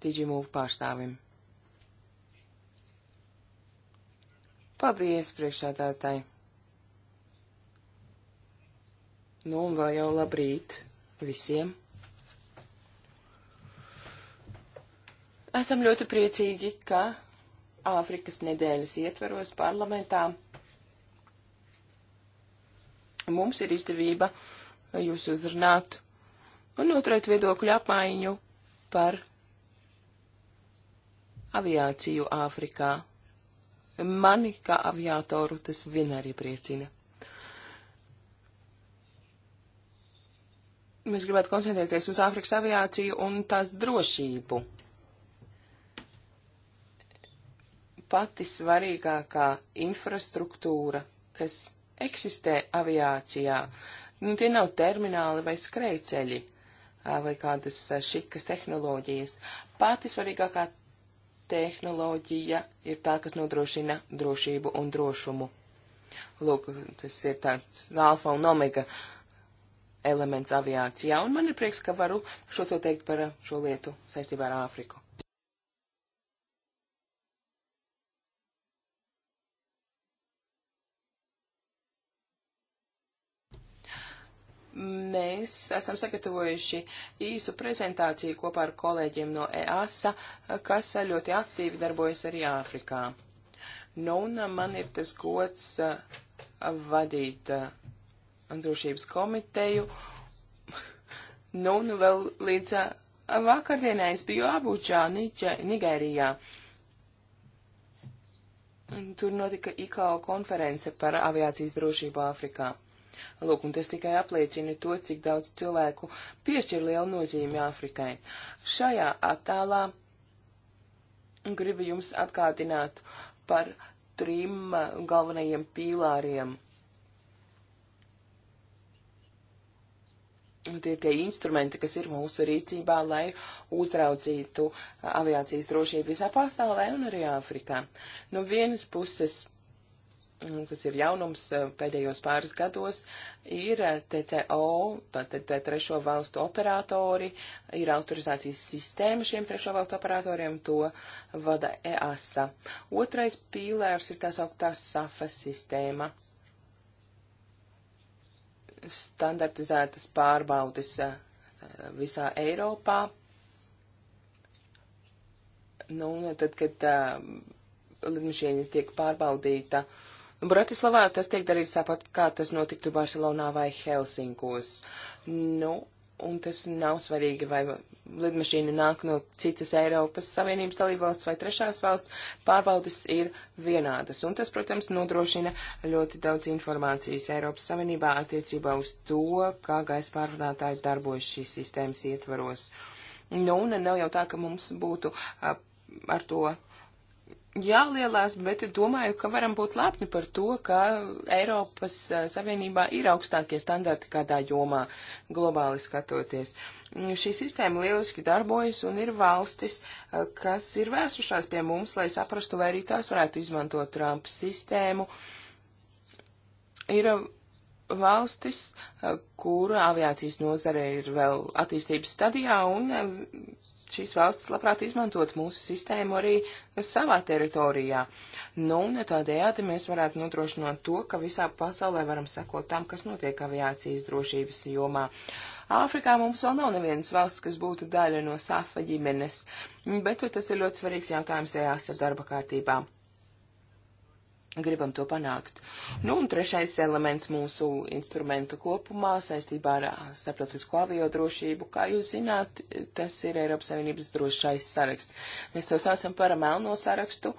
Digimove pārstāvim. Paldies, priekšādātāji! Nu, un vēl jau labrīt visiem! Esam ļoti priecīgi, ka Āfrikas nedēļas ietveros parlamentā ka mums ir izdevība jūs uzrunāt un noturēt viedokļu apmaiņu par aviāciju Āfrikā. Mani kā aviātoru tas vienmēr iepriecina. Mēs gribētu koncentrēties uz Āfrikas aviāciju un tās drošību. Pati svarīgākā infrastruktūra, kas eksistē aviācijā. Nu, tie nav termināli vai skrejceļi vai kādas šikas tehnoloģijas. Pati svarīgākā tehnoloģija ir tā, kas nodrošina drošību un drošumu. Lūk, tas ir tāds alfa un omega elements aviācijā, un man ir prieks, ka varu šo to teikt par šo lietu saistībā ar Āfriku. Mēs esam sagatavojuši īsu prezentāciju kopā ar kolēģiem no EASA, kas ļoti aktīvi darbojas arī Āfrikā. Nu, un man ir tas gods uh, vadīt uh, drošības komiteju. Nu, un vēl līdz uh, vakardienai es biju Abuģā, Nigērijā. Tur notika IKO konference par aviācijas drošību Āfrikā. Lūk, un tas tikai apliecina to, cik daudz cilvēku piešķir lielu nozīmi Āfrikai. Šajā attēlā gribu jums atgādināt par trim uh, galvenajiem pīlāriem. Tie ir tie instrumenti, kas ir mūsu rīcībā, lai uzraudzītu uh, aviācijas drošību visā pasaulē un arī Āfrikā. No vienas puses Mm, kas ir jaunums eh, pēdējos pāris gados, ir eh, TCO, tātad eh, trešo valstu operatori, ir autorizācijas sistēma šiem trešo valstu operatoriem, to vada EASA. Otrais pīlērs ir tā sauktā SAFA e sistēma. Standartizētas pārbaudes visā Eiropā. Nu, tad, kad uh, lidmašīna tiek pārbaudīta uh, Bratislavā tas tiek darīts tāpat, kā tas notiktu Barcelonā vai Helsinkos. Nu, un tas nav svarīgi, vai lidmašīna nāk no citas Eiropas Savienības dalībvalsts vai trešās valsts, pārbaudas ir vienādas. Un tas, protams, nodrošina ļoti daudz informācijas Eiropas Savienībā attiecībā uz to, kā gaisa pārvadātāji darbojas šīs sistēmas ietvaros. Nu, un nav jau tā, ka mums būtu a, ar to jālielās, bet domāju, ka varam būt lepni par to, ka Eiropas eh, Savienībā ir augstākie standarti kādā jomā globāli skatoties. Mm, šī sistēma lieliski darbojas un ir valstis, eh, kas ir vērsušās pie mums, lai saprastu, vai arī tās varētu izmantot Trumpa sistēmu. Ir eh, valstis, kur aviācijas nozare ir vēl attīstības stadijā un šīs valsts labprāt izmantot mūsu sistēmu arī savā teritorijā. Nu, un tādējādi mēs varētu nodrošināt to, ka visā pasaulē varam sekot tam, kas notiek aviācijas drošības jomā. Āfrikā mums vēl nav nevienas valsts, kas būtu daļa no SAFA ģimenes, bet tas ir ļoti svarīgs jautājums EASA darba kārtībā gribam to panākt. Nu, un trešais elements mūsu instrumentu kopumā saistībā ar starptautisko aviodrošību, kā jūs zināt, tas ir Eiropas Savienības drošais saraksts. Mēs to saucam par melno sarakstu,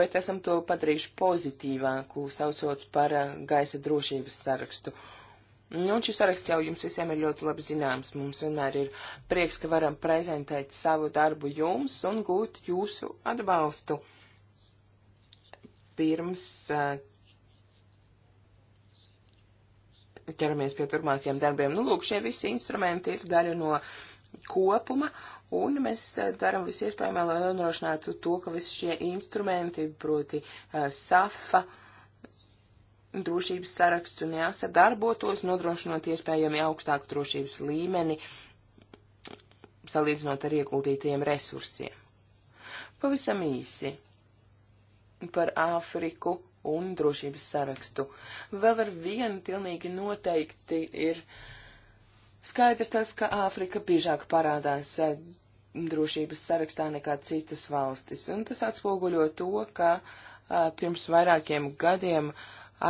bet esam to padarījuši pozitīvāku, saucot par gaisa drošības sarakstu. Nu, un šis saraksts jau jums visiem ir ļoti labi zināms. Mums vienmēr ir prieks, ka varam prezentēt savu darbu jums un gūt jūsu atbalstu pirms eh, ķeramies pie turpmākiem darbiem. Nu, lūk, šie visi instrumenti ir daļa no kopuma, un mēs eh, darām visu iespējamo, lai nodrošinātu to, ka visi šie instrumenti, proti eh, SAFA, drošības saraksts un jāsa darbotos, nodrošinot iespējami augstāku drošības līmeni, salīdzinot ar ieguldītajiem resursiem. Pavisam īsi par Āfriku un drošības sarakstu. Vēl ar vienu pilnīgi noteikti ir skaidrs tas, ka Āfrika biežāk parādās eh, drošības sarakstā nekā citas valstis, un tas atspoguļo to, ka a, eh, pirms vairākiem gadiem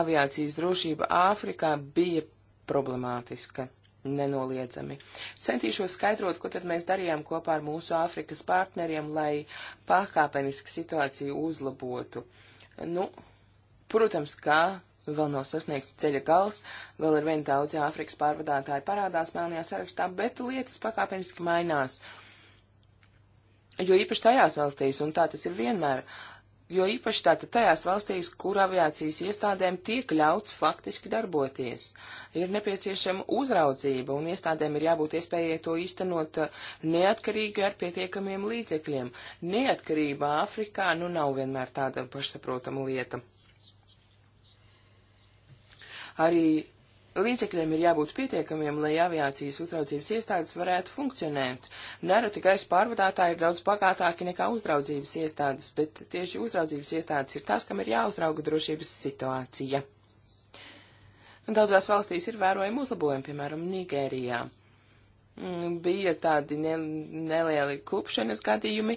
aviācijas drošība Āfrikā bija problemātiska nenoliedzami. Centīšos skaidrot, ko tad mēs darījām kopā ar mūsu Āfrikas partneriem, lai pakāpeniski situāciju uzlabotu. Nu, protams, kā vēl nav sasniegts ceļa gals, vēl ar vien daudz Āfrikas pārvadātāji parādās melnajā sarakstā, bet lietas pakāpeniski mainās. Jo īpaši tajās valstīs, un tā tas ir vienmēr, uh, jo īpaši tātad tajās valstīs, kur aviācijas iestādēm tiek ļauts faktiski darboties. Ir nepieciešama uzraudzība, un iestādēm ir jābūt iespējai to īstenot uh, neatkarīgi ar pietiekamiem līdzekļiem. Neatkarība Āfrikā nu nav vienmēr tāda pašsaprotama lieta. Arī Līdzekļiem ir jābūt pietiekamiem, lai aviācijas uzraudzības iestādes varētu funkcionēt. Nereti gaisa pārvadātāji ir daudz bagātāki nekā uzraudzības iestādes, bet tieši uzraudzības iestādes ir tas, kam ir jāuzrauga drošības situācija. Daudzās valstīs ir vērojami uzlabojumi, piemēram, Nigērijā. Mm, bija tādi ne, nelieli klupšanas gadījumi.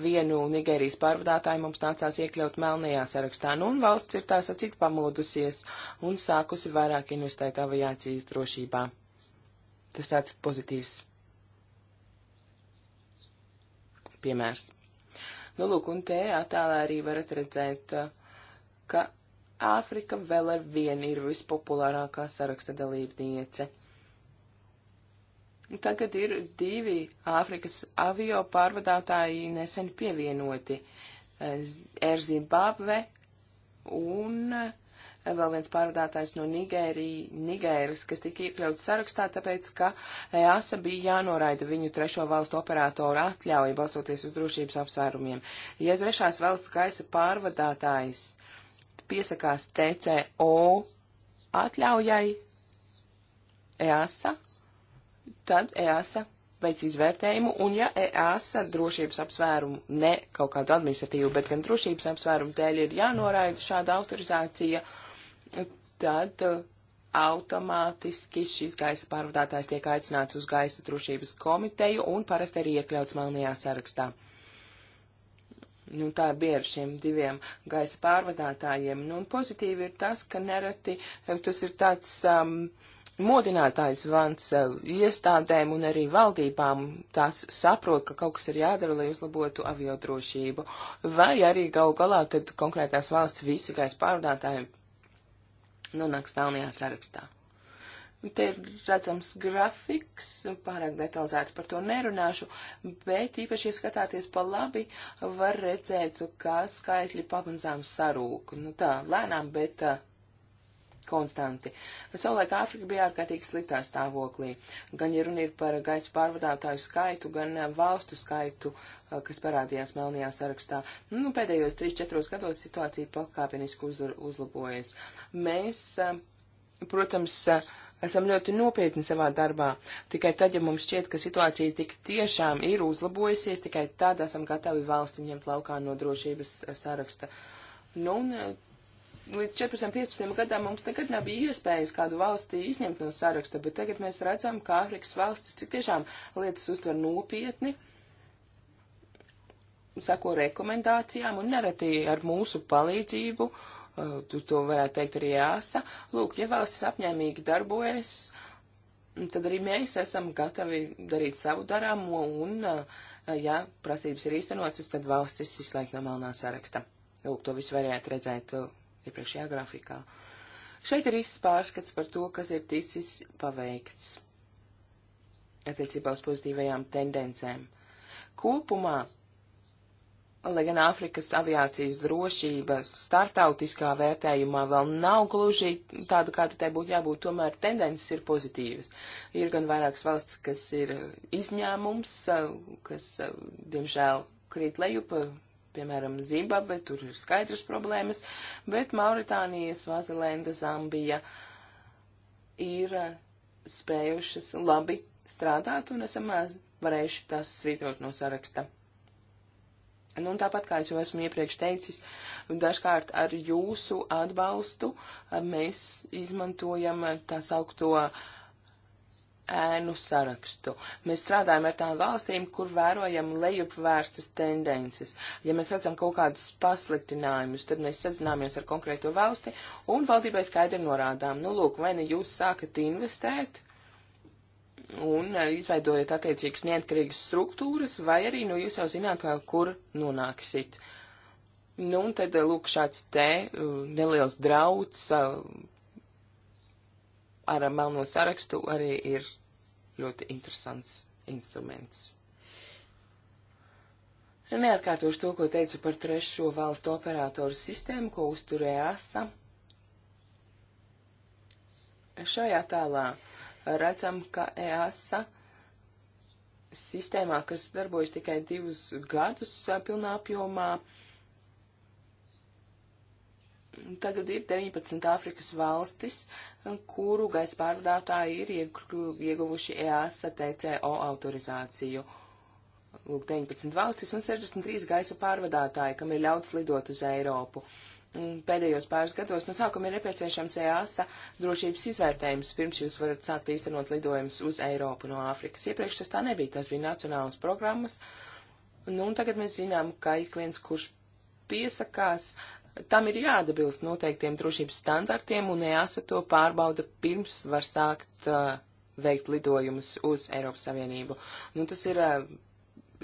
Vienu Nigērijas pārvadātāju mums nācās iekļaut melnajā sarakstā, nu un valsts ir tā sacīt pamodusies un sākusi vairāk investēt aviācijas drošībā. Tas tāds pozitīvs piemērs. Nu, lūk, un te attēlā arī varat redzēt, ka Āfrika vēl ar vienu ir vispopulārākā saraksta dalībniece. Tagad ir divi Āfrikas avio pārvadātāji nesen pievienoti - Air Zimbabwe un vēl viens pārvadātājs no Nigērija, Nigēras, kas tika iekļauts sarakstā, tāpēc, ka EASA bija jānoraida viņu trešo valstu operātoru atļauju, balstoties uz drošības apsvērumiem. Ja trešās valsts gaisa pārvadātājs piesakās TCO atļaujai EASA, tad EASA veic izvērtējumu, un ja EASA drošības apsvērumu, ne kaut kādu administratīvu, bet gan drošības apsvērumu dēļ ir jānoraida šāda autorizācija, tad uh, automātiski šis gaisa pārvadātājs tiek aicināts uz gaisa drošības komiteju un parasti arī iekļauts melnajā sarakstā. Nu, tā bija ar šiem diviem gaisa pārvadātājiem. Nu, un pozitīvi ir tas, ka nereti eh, tas ir tāds um, modinātājs vans eh, iestādēm un arī valdībām. Tās saprot, ka kaut kas ir jādara, lai uzlabotu aviodrošību. Vai arī galu galā tad konkrētās valsts visi gaisa pārvadātāji nonāks pelnījā sarakstā. Un te ir redzams grafiks, pārāk detalizēti par to nerunāšu, bet īpaši ieskatāties pa labi, var redzēt, ka skaitļi pamazām sarūk. Nu tā, lēnām, bet uh, konstanti. Savulaik Āfrika bija ārkārtīgi sliktā stāvoklī. Gan ja runa ir par gaisa pārvadātāju skaitu, gan eh, valstu skaitu, eh, kas parādījās melnajā sarakstā. Nu, pēdējos 3-4 gados situācija pakāpeniski uz, uzlabojas. Mēs, eh, protams, esam ļoti nopietni savā darbā. Tikai tad, ja mums šķiet, ka situācija tik tiešām ir uzlabojusies, tikai tad esam gatavi valstu ņemt laukā no drošības saraksta. Nu, un līdz 14, 15 gadam mums nekad nebija iespējas kādu valsti izņemt no saraksta, bet tagad mēs redzam, ka Āfrikas valstis cik tiešām lietas uztver nopietni, sako rekomendācijām un nereti ar mūsu palīdzību, eh, tu to varētu teikt arī jāsa, lūk, ja valstis apņēmīgi darbojas, tad arī mēs esam gatavi darīt savu darāmo un, eh, ja prasības ir īstenotas, tad valstis izslēgt no melnā saraksta. Lūk, to visu varētu redzēt eh, iepriekšējā grafikā. Šeit ir īsts pārskats par to, kas ir ticis paveikts attiecībā uz pozitīvajām tendencēm. Kopumā, lai gan Āfrikas aviācijas drošība startautiskā vērtējumā vēl nav gluži tāda, kāda tai būtu jābūt, tomēr tendences ir pozitīvas. Ir gan vairākas valsts, kas ir izņēmums, kas, diemžēl, krīt lejup Piemēram, Zimbabve, tur ir skaidrs problēmas, bet Mauritānija, Svazilenda, Zambija ir eh, spējušas labi strādāt un esam eh, varējuši tās svītrot no saraksta. Nu, un tāpat kā jau esmu iepriekš teicis, dažkārt ar jūsu atbalstu eh, mēs izmantojam tā saukto uh, ēnu sarakstu. Mēs strādājam ar tām valstīm, kur vērojam lejupvērstas tendences. Ja mēs redzam kaut kādus pasliktinājumus, tad mēs sazināmies ar konkrēto valsti un valdībai skaidri norādām, nu lūk, vai ne nu jūs sākat investēt un e, izveidojat attiecīgas neatkarīgas struktūras, vai arī, nu, jūs jau zināt, kur nonāksit. Nu, un tad, e, lūk, šāds te e, neliels drauds ar melno sarakstu arī ir ļoti interesants instruments. Neatkārtošu to, ko teicu par trešo valstu operatoru sistēmu, ko uzturēja ASA. Šajā tālā redzam, ka EASA sistēmā, kas darbojas tikai divus gadus pilnā apjomā, uh, Tagad ir 19 Āfrikas valstis, kuru gaisa pārvadātāji ir ieguvuši EASA TCO autorizāciju. Lūk, 19 valstis un 63 gaisa pārvadātāji, kam ir ļauts lidot uz Eiropu. Pēdējos pāris gados no sākuma ir nepieciešams EASA drošības izvērtējums, pirms jūs varat sākt īstenot lidojumus uz Eiropu no Āfrikas. Iepriekš tas tā nebija, tas bija nacionālas programmas. Nu, un tagad mēs zinām, ka ik viens, kurš piesakās, tam ir jādabilst noteiktiem drošības standartiem, un EASA to pārbauda pirms var sākt uh, veikt lidojumus uz Eiropas Savienību. Nu, tas ir uh,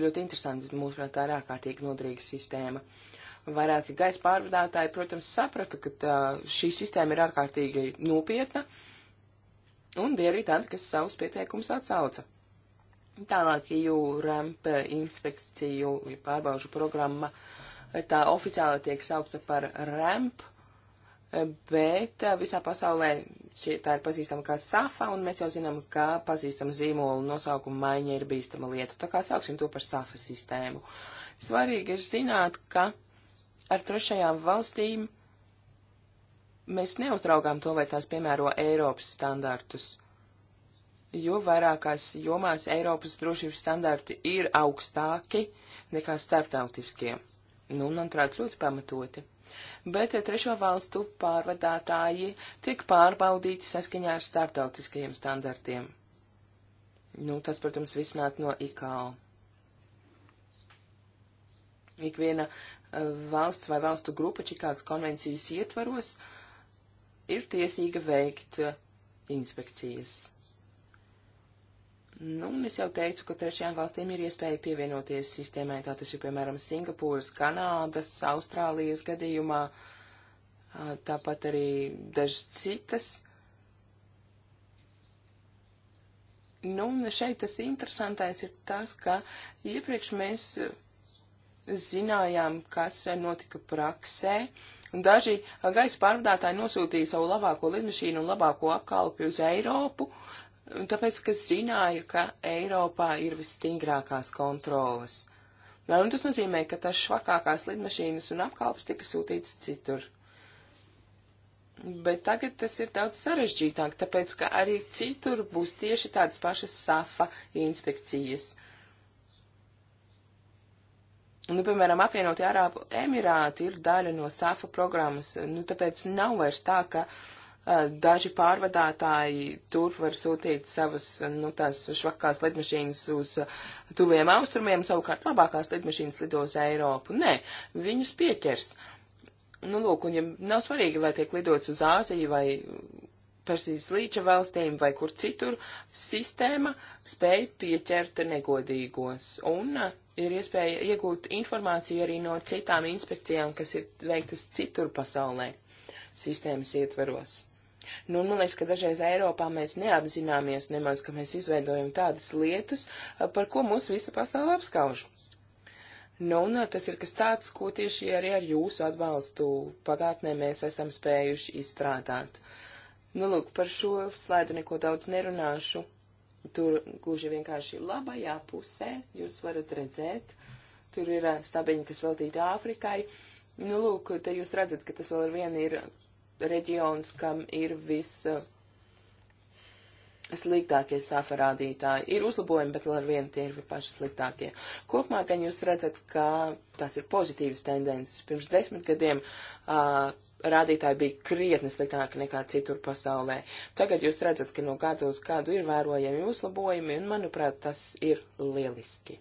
ļoti interesanti, mūsuprāt, tā ir ārkārtīgi noderīga sistēma. Vairāki gaisa pārvadātāji, protams, saprata, ka uh, šī sistēma ir ārkārtīgi nopietna, un bija arī tādi, kas savus pieteikumus atsauca. Tālāk, jū rampa inspekciju pārbaužu programma uh, tā oficiāli tiek saukta par RAMP, bet eh, visā pasaulē šie, tā ir pazīstama kā SAFA, un mēs jau zinām, ka pazīstama zīmola nosaukuma maiņa ir bīstama lieta. Tā kā sauksim to par SAFA sistēmu. Svarīgi ir zināt, ka ar trešajām valstīm mēs neuzraugām to, vai tās piemēro Eiropas standartus jo vairākās jomās Eiropas drošības standarti ir augstāki nekā starptautiskie. Nu, manuprāt, ļoti pamatoti. Bet trešo valstu pārvadātāji tiek pārbaudīti saskaņā ar starptautiskajiem standartiem. Nu, tas, protams, viss nāk no IKO. Ikviena eh, valsts vai valstu grupa Čikāgas konvencijas ietvaros ir tiesīga veikt eh, inspekcijas. Nu, es jau teicu, ka trešajām valstīm ir iespēja pievienoties sistēmai. Tā tas ir, piemēram, Singapūras, Kanādas, Austrālijas gadījumā, tāpat arī dažas citas. Nu, šeit tas interesantais ir tas, ka iepriekš mēs zinājām, kas notika praksē, un daži gaisa pārvadātāji nosūtīja savu labāko lidmašīnu un labāko apkalpi uz Eiropu, Un tāpēc, ka es zināju, ka Eiropā ir visstingrākās kontrolas. Vēl un tas nozīmē, ka tas švakākās lidmašīnas un apkalpes tika sūtītas citur. Bet tagad tas ir daudz sarežģītāk, tāpēc, ka arī citur būs tieši tādas pašas safa inspekcijas. Nu, piemēram, apvienotie Arābu Emirāti ir daļa no SAFA programmas, nu, tāpēc nav vairs tā, ka uh, Daži pārvadātāji turp var sūtīt savas, nu, tās švakās lidmašīnas uz tuviem austrumiem, savukārt labākās lidmašīnas lido uz Eiropu. Nē, viņus pieķers. Nu, lūk, un ja nav svarīgi, vai tiek lidots uz Āziju vai Persijas līča valstīm vai kur citur, sistēma spēj pieķert negodīgos un ir iespēja iegūt informāciju arī no citām inspekcijām, kas ir veiktas citur pasaulē sistēmas ietveros. Nu, man liekas, ka dažreiz Eiropā mēs neapzināmies nemaz, ka mēs izveidojam tādas lietas, par ko mūs visa pasaule apskauž. Nu, un tas ir kas tāds, ko tieši arī ar jūsu atbalstu pagātnē mēs esam spējuši izstrādāt. Nu, lūk, par šo slaidu neko daudz nerunāšu. Tur gluži vienkārši labajā pusē jūs varat redzēt, tur ir stabiņi, kas veltīti Āfrikai. Nu, lūk, te jūs redzat, ka tas vēl ar vienu ir reģions, kam ir viss sliktākie safarādītāji. Ir uzlabojumi, bet ar vienu tie ir paši sliktākie. Kopumā, gan jūs redzat, ka tās ir pozitīvas tendences. Pirms desmit gadiem uh, rādītāji bija krietni sliktāki nekā citur pasaulē. Tagad jūs redzat, ka no gada uz gadu ir vērojami uzlabojumi, un, manuprāt, tas ir lieliski.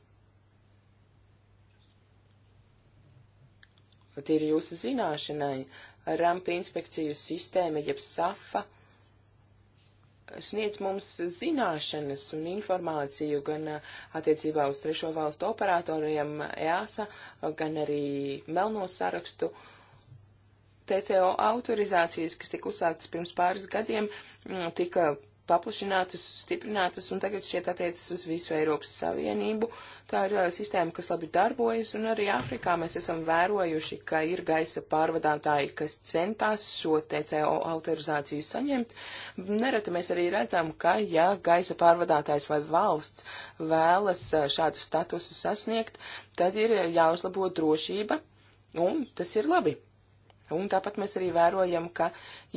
Tīri jūsu zināšanai, uh, rampa inspekciju sistēma, jeb SAFA, sniedz mums zināšanas un informāciju gan uh, attiecībā uz trešo valstu operatoriem EASA, gan arī melno sarakstu TCO autorizācijas, kas tika uzsāktas pirms pāris gadiem, mm, tika paplašinātas, stiprinātas un tagad šķiet attiecas uz visu Eiropas Savienību. Tā ir uh, sistēma, kas labi darbojas un arī Āfrikā mēs esam vērojuši, ka ir gaisa pārvadātāji, kas centās šo TCO autorizāciju saņemt. Nereti mēs arī redzam, ka ja gaisa pārvadātājs vai valsts vēlas šādu statusu sasniegt, tad ir jāuzlabo drošība un tas ir labi. Un tāpat mēs arī vērojam, ka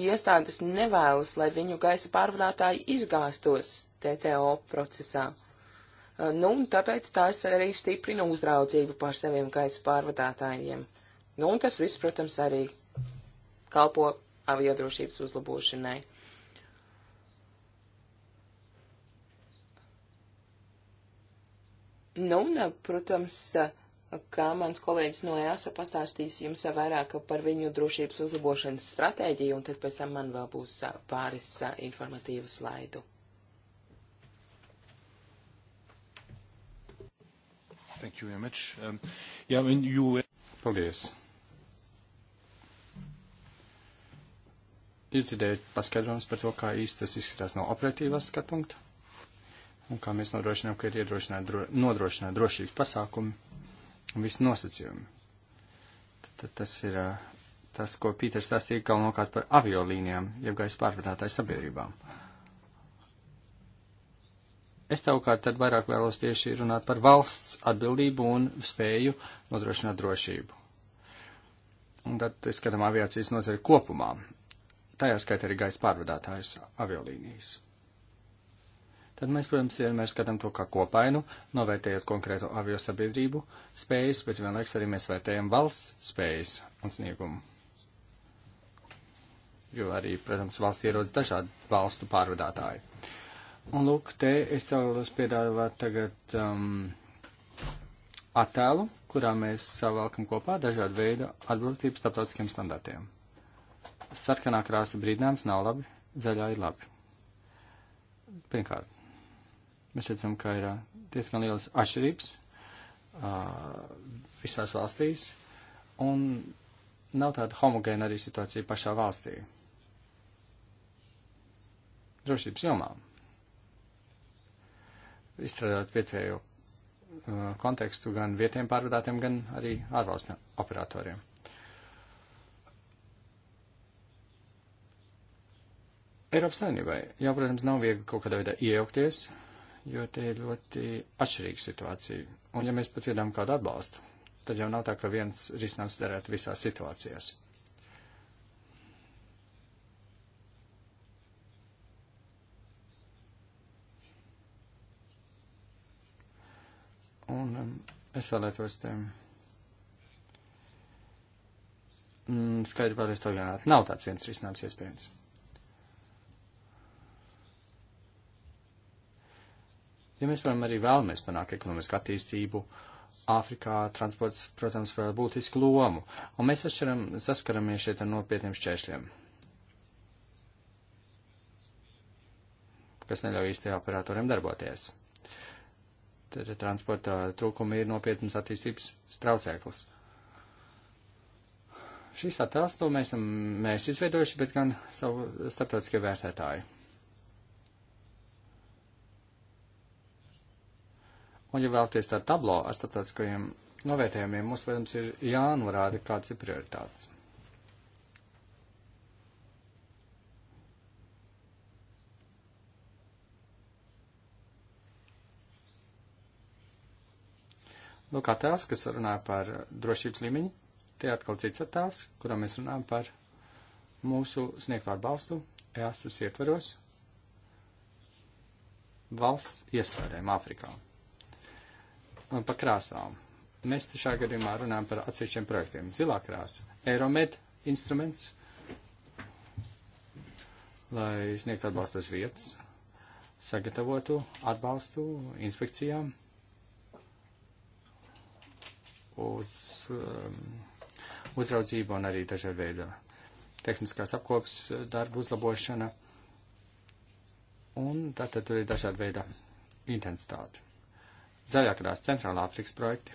iestādes nevēlas, lai viņu gaisa pārvadātāji izgāstos TCO procesā. Uh, nu, un tāpēc tās arī stiprina uzraudzību pār saviem gaisa pārvadātājiem. Nu, un tas viss, protams, arī kalpo aviodrošības uzlabošanai. Nu, un, uh, protams, uh, ka mans kolēģis no EASA pastāstīs jums vairāk par viņu drošības uzlabošanas stratēģiju, un tad pēc tam man vēl būs pāris informatīvu slaidu. Thank you very much. Um, yeah, when you... Paldies. Jūs dzirdējat paskaidrojums par to, kā īsti tas izskatās no operatīvās skatu punkta un kā mēs nodrošinām, ka ir iedrošināti dro, nodrošināti drošības pasākumi un visi nosacījumi. Tad tas ir tas, ko Pīters stāstīja galvenokārt par aviolīnijām, jeb gaisa pārvadātāju sabiedrībām. Es savukārt tad vairāk vēlos tieši runāt par valsts atbildību un spēju nodrošināt drošību. Un tad skatām aviācijas nozari kopumā. Tajā skaitā arī gaisa pārvadātājus aviolīnijas tad mēs, protams, vienmēr skatām to kā kopainu, novērtējot konkrēto avio sabiedrību spējas, bet vienlaiks arī mēs vērtējam valsts spējas un sniegumu. Jo arī, protams, valsts ierod dažādi valstu pārvadātāji. Un lūk, te es vēlos piedāvāt tagad um, attēlu, kurā mēs savalkam kopā dažādu veidu atbilstību starptautiskiem standartiem. Sarkanā krāsa brīdinājums nav labi, zaļā ir labi. Pirmkārt, Mēs redzam, ka ir uh, diezgan lielas atšķirības uh, visās valstīs, un nav tāda homogēna arī situācija pašā valstī. Drošības jomā. Izstrādāt vietējo uh, kontekstu gan vietiem pārvadātiem, gan arī ārvalstu operatoriem. Eiropas Savienībai jau, protams, nav viegli kaut kādā veidā iejaukties jo tie ir ļoti atšķirīga situācija. Un ja mēs pat iedām kādu atbalstu, tad jau nav tā, ka viens risinājums derētu visās situācijās. Un um, es vēlētos tiem mm, skaidri vēlreiz to vienāt. Nav tāds viens risinājums iespējams. Ja mēs varam arī vēlamies panākt ekonomisku attīstību, Āfrikā transports, protams, vēl būtisku lomu, un mēs atšķiram, saskaramies šeit ar nopietniem šķēršļiem, kas neļauj īstajā operatoriem darboties. Tad transporta trūkumi ir nopietnas attīstības traucēklis. Šīs attēls to mēs, mēs izveidojuši, bet gan savu starptautiskie vērtētāji. Un, ja vēlaties tā tablo ar starptautiskajiem novērtējumiem, mums, protams, ir jānorāda, kāds ir prioritāts. Lūk, attēls, kas runā par drošības līmeņu, te atkal cits attēls, kurā mēs runājam par mūsu sniegto atbalstu EASAS ietvaros valsts iestādēm Āfrikā un pa krāsām. Mēs šā gadījumā runājam par atsevišķiem projektiem. Zilā krāsa, Eiromed instruments, lai sniegtu atbalstos vietas, sagatavotu atbalstu inspekcijām uz um, uzraudzību un arī dažāda veida tehniskās apkopas darbu uzlabošana. Un tātad tur ir dažāda veida intensitāte zaļākrās Centrālā Afrikas projekti.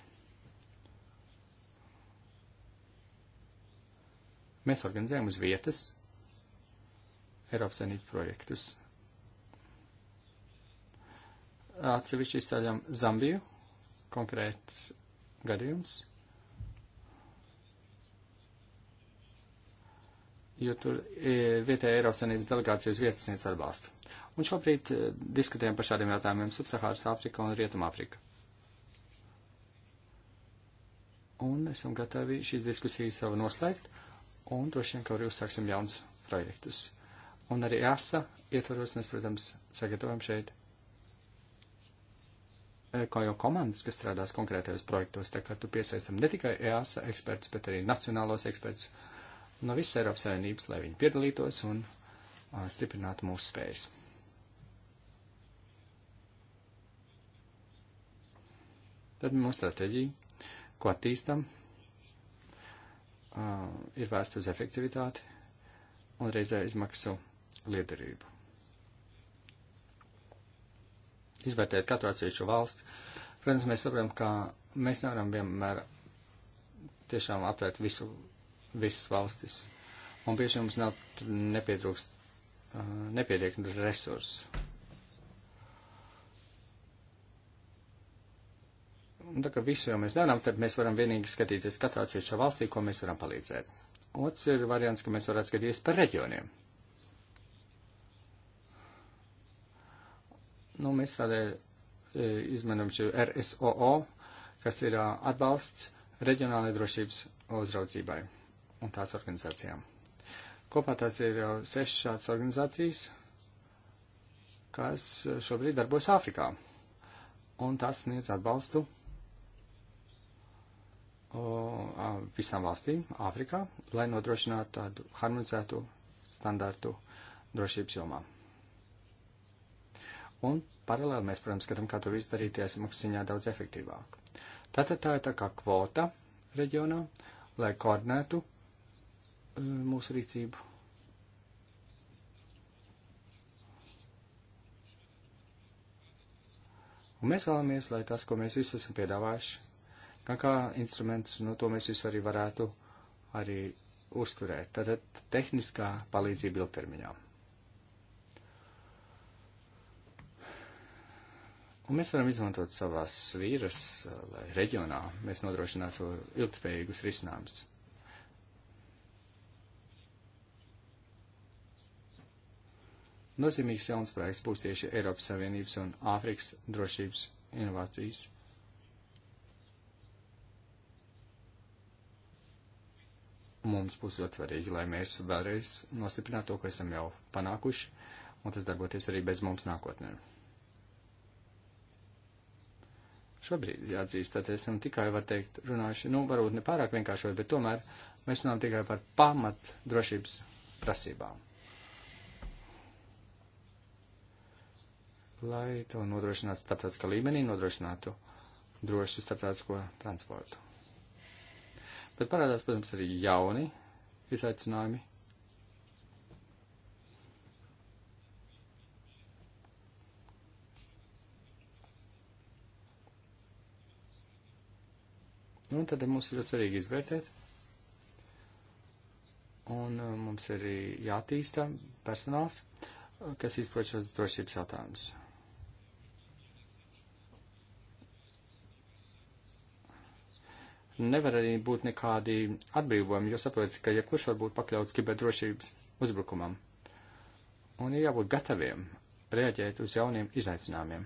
Mēs organizējam uz vietas Eiropas Savienības projektus. Atsevišķi izceļam Zambiju, konkrēts gadījums, jo tur e, vietēja Eiropas Savienības delegācijas vietas sniedz atbalstu. Un šobrīd e, diskutējam par šādiem jautājumiem Subsahāras Afrika un Rietumāfrika. un esam gatavi šīs diskusijas jau noslēgt, un droši vien, ka arī uzsāksim jaunus projektus. Un arī ASA ietvaros mēs, protams, sagatavojam šeit e, kā jau komandas, kas strādās konkrētajos projektos, tā kā tu piesaistam ne tikai EASA ekspertus, bet arī nacionālos ekspertus no visas Eiropas Savienības, lai viņi piedalītos un stiprinātu mūsu spējas. Tad mūsu stratēģija ko attīstam, uh, ir vērsta uz efektivitāti un reizē izmaksu liederību. Izvērtēt katru atsevišķu valstu. Protams, mēs saprotam, ka mēs nevaram vienmēr tiešām aptvērt visu, visas valstis. Un bieži mums nav nepietrūkst, uh, nepietiekami resursu. Un tā kā visu jau mēs darām, tad mēs varam vienīgi skatīties katrā atsevišķā valstī, ko mēs varam palīdzēt. Otrs ir variants, ka mēs varētu skatīties par reģioniem. Nu, mēs tādēļ e, izmantojam šo RSOO, kas ir atbalsts reģionālajai drošības uzraudzībai un tās organizācijām. Kopā tās ir jau sešas šādas organizācijas, kas šobrīd darbojas Āfrikā, un tas sniedz atbalstu visām valstīm Āfrikā, lai nodrošinātu tādu harmonizētu standartu drošības jomā. Un paralēli mēs, protams, skatām, kā to visu darīt iesmaksu ziņā daudz efektīvāk. Tātad tā ir tā kā kvota reģionā, lai koordinētu e, mūsu rīcību. Un mēs vēlamies, lai tas, ko mēs visi esam piedāvājuši, Tā kā instruments, nu, to mēs visu arī varētu arī uzturēt. Tātad tehniskā palīdzība ilgtermiņā. Un mēs varam izmantot savās vīras, lai reģionā mēs nodrošinātu ilgspējīgus risinājumus. Nozīmīgs jauns projekts būs tieši Eiropas Savienības un Āfrikas drošības inovācijas mums būs ļoti svarīgi, lai mēs vēlreiz nostiprinātu to, ko esam jau panākuši, un tas darboties arī bez mums nākotnē. Šobrīd, jāatzīst, tad esam tikai, var teikt, runājuši, nu, varbūt ne pārāk vienkāršot, bet tomēr mēs runājam tikai par pamat drošības prasībām. Lai to nodrošinātu starptautiskā līmenī, nodrošinātu drošu starptautisko transportu. Bet parādās, protams, arī jauni izaicinājumi. Nu, tad mums ir ļoti svarīgi izvērtēt. Un uh, mums ir jātīsta personāls, uh, kas izprot šos drošības jautājumus. nevar arī būt nekādi atbrīvojumi, jo saprotat, ka jebkurš ja var būt pakļauts kiberdrošības uzbrukumam. Un ir jābūt gataviem reaģēt uz jauniem izaicinājumiem.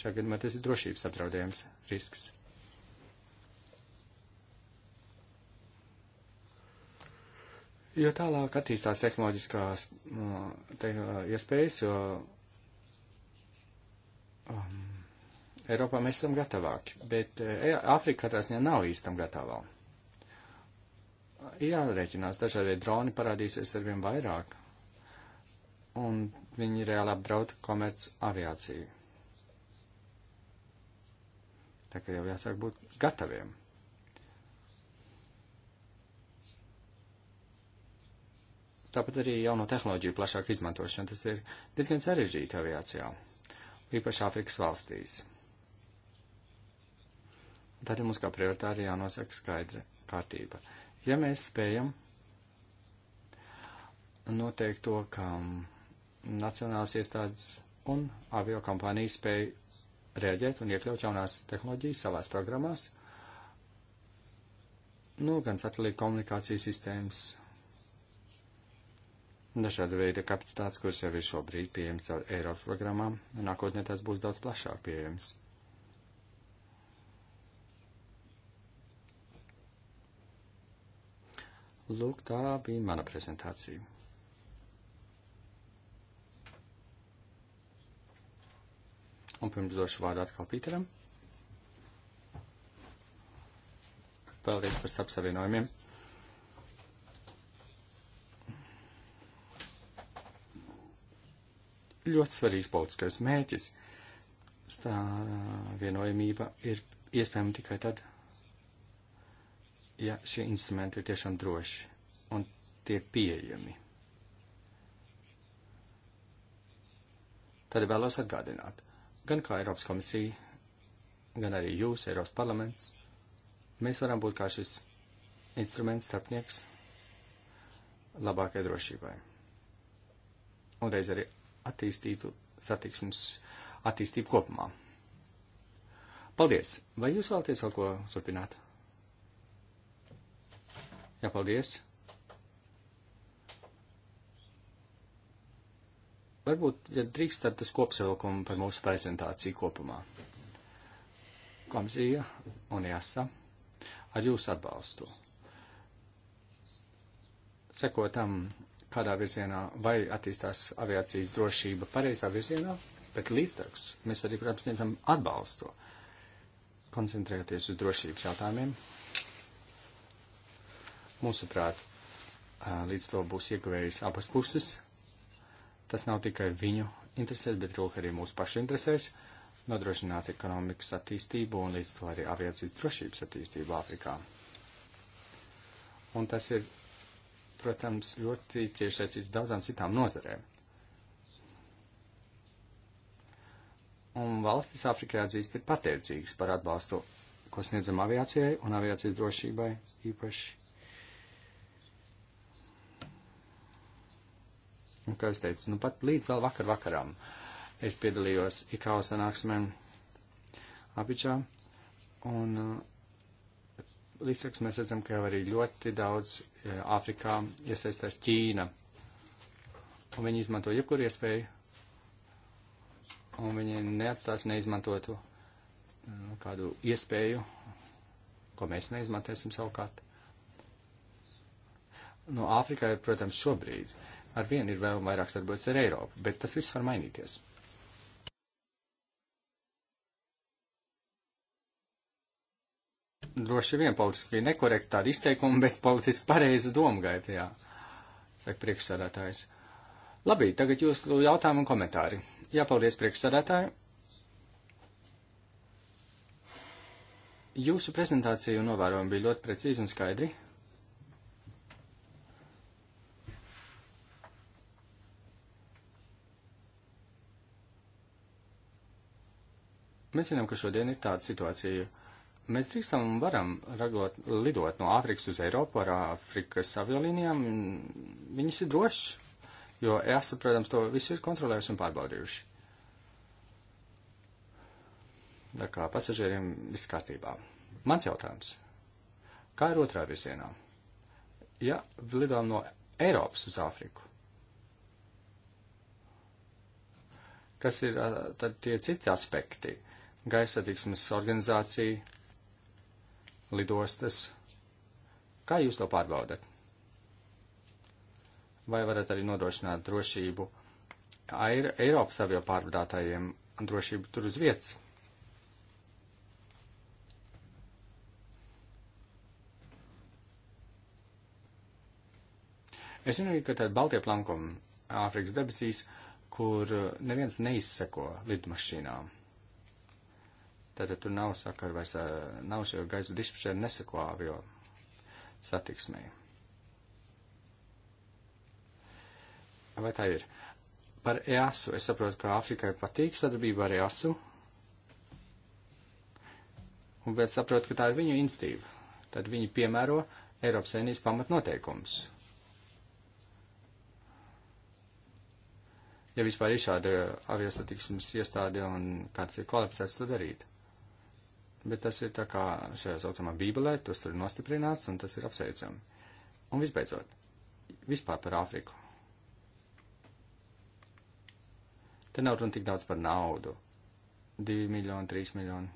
Šā gadījumā tas ir drošības apdraudējums, risks. Jo tālāk attīstās tehnoloģiskās mm, te, iespējas, jo um, Eiropā mēs esam gatavāki, bet eh, Āfrika katrā ziņā nav īstam gatavā. Ir jārēķinās, dažādie droni parādīsies ar vien vairāk, un viņi reāli apdraud komerc aviāciju. Tā kā jau jāsāk būt gataviem. Tāpat arī jauno tehnoloģiju plašāk izmantošana, tas ir diezgan sarežģīti aviācijā, īpaši Āfrikas valstīs tad mums kā prioritāte jānosaka skaidra kārtība. Ja mēs spējam noteikt to, ka nacionālās iestādes un aviokompānijas spēj rēģēt un iekļaut jaunās tehnoloģijas savās programmās, nu, gan satelīta komunikācijas sistēmas, dažāda veida kapacitātes, kuras jau ir šobrīd pieejams ar Eiropas programmām, un nākotnē tas būs daudz plašāk pieejams. Lūk, tā bija mana prezentācija. Un pirms došu vārdu atkal Pīteram. Paldies par starp savienojumiem. Ļoti svarīgs politiskais mērķis. Tā vienojamība ir iespējama tikai tad, ja šie instrumenti ir tiešām droši un tie ir pieejami. Tad vēlos atgādināt, gan kā Eiropas komisija, gan arī jūs, Eiropas parlaments, mēs varam būt kā šis instruments starpnieks labākai drošībai. Un reiz arī attīstītu satiksmes attīstību kopumā. Paldies! Vai jūs vēlaties kaut ko turpināt? Jā, paldies. Varbūt, ja drīkst, tad tas kopsavilkumu par mūsu prezentāciju kopumā. Komisija un jāsa ar jūsu atbalstu. Sekotam, kādā virzienā vai attīstās aviācijas drošība pareizā virzienā, bet līdztekus mēs arī, protams, sniedzam atbalstu, koncentrējoties uz drošības jautājumiem Mūsuprāt, līdz to būs ieguvējis abas puses. Tas nav tikai viņu interesēs, bet rūk arī mūsu pašu interesēs nodrošināt ekonomikas attīstību un līdz to arī aviācijas drošības attīstību Āfrikā. Un tas ir, protams, ļoti cieši saistīts daudzām citām nozarēm. Un valstis Āfrikā atzīst ir pateicīgas par atbalstu, ko sniedzam aviācijai un aviācijas drošībai īpaši Un, kā es teicu, nu pat līdz vēl vakar vakaram es piedalījos IKO sanāksmēm Abičā, un uh, līdzekļus mēs redzam, ka jau arī ļoti daudz uh, Āfrikā iesaistās Ķīna, un viņi izmanto jebkuru iespēju, un viņi neatstās neizmantotu nu, kādu iespēju, ko mēs neizmantosim savukārt. Nu, Āfrikā ir, protams, šobrīd ar vienu ir vēl vairāk sadarbojas ar Eiropu, bet tas viss var mainīties. Droši vien politiski bija nekorekti tādi izteikumi, bet politiski pareizi domgaita, jā, saka priekšsādātājs. Labi, tagad jūs jautājumu un komentāri. Jā, paldies priekšsādātāji. Jūsu prezentācija un novērojumi bija ļoti precīzi un skaidri. Mēs zinām, ka šodien ir tāda situācija. Mēs drīkstam un varam raglot, lidot no Āfrikas uz Eiropu ar Āfrikas aviolīnijām. Viņas ir drošas, jo ESA, protams, to visu ir kontrolējusi un pārbaudījuši. Tā kā pasažieriem viss kārtībā. Mans jautājums. Kā ir otrā virzienā? Ja lidojam no Eiropas uz Āfriku, kas ir tad tie citi aspekti? Uh, gaisa satiksmes organizācija, lidostas. Kā jūs to pārbaudat? Vai varat arī nodrošināt drošību Air, Eiropas avio pārvadātājiem un drošību tur uz vietas? Es zinu, ka tad Baltie plankumi Āfrikas debesīs, kur neviens neizseko lidmašīnām. Tātad tur nav sakara vai sa, nav šie gaisa dispečeri neseko avio satiksmē. Vai tā ir? Par EASU. Es saprotu, ka Āfrikai patīk sadarbība ar EASU. Un vēl saprotu, ka tā ir viņu institīva. Tad viņi piemēro Eiropas Savienības pamatnoteikumus. ja vispār ir šāda aviosatiksmes iestāde un kāds ir kvalificēts to darīt bet tas ir tā kā šajā saucamā bībelē, tas tur ir nostiprināts un tas ir apsveicami. Un visbeidzot, vispār par Āfriku. Te nav runa tik daudz par naudu. 2 miljoni, 3 miljoni.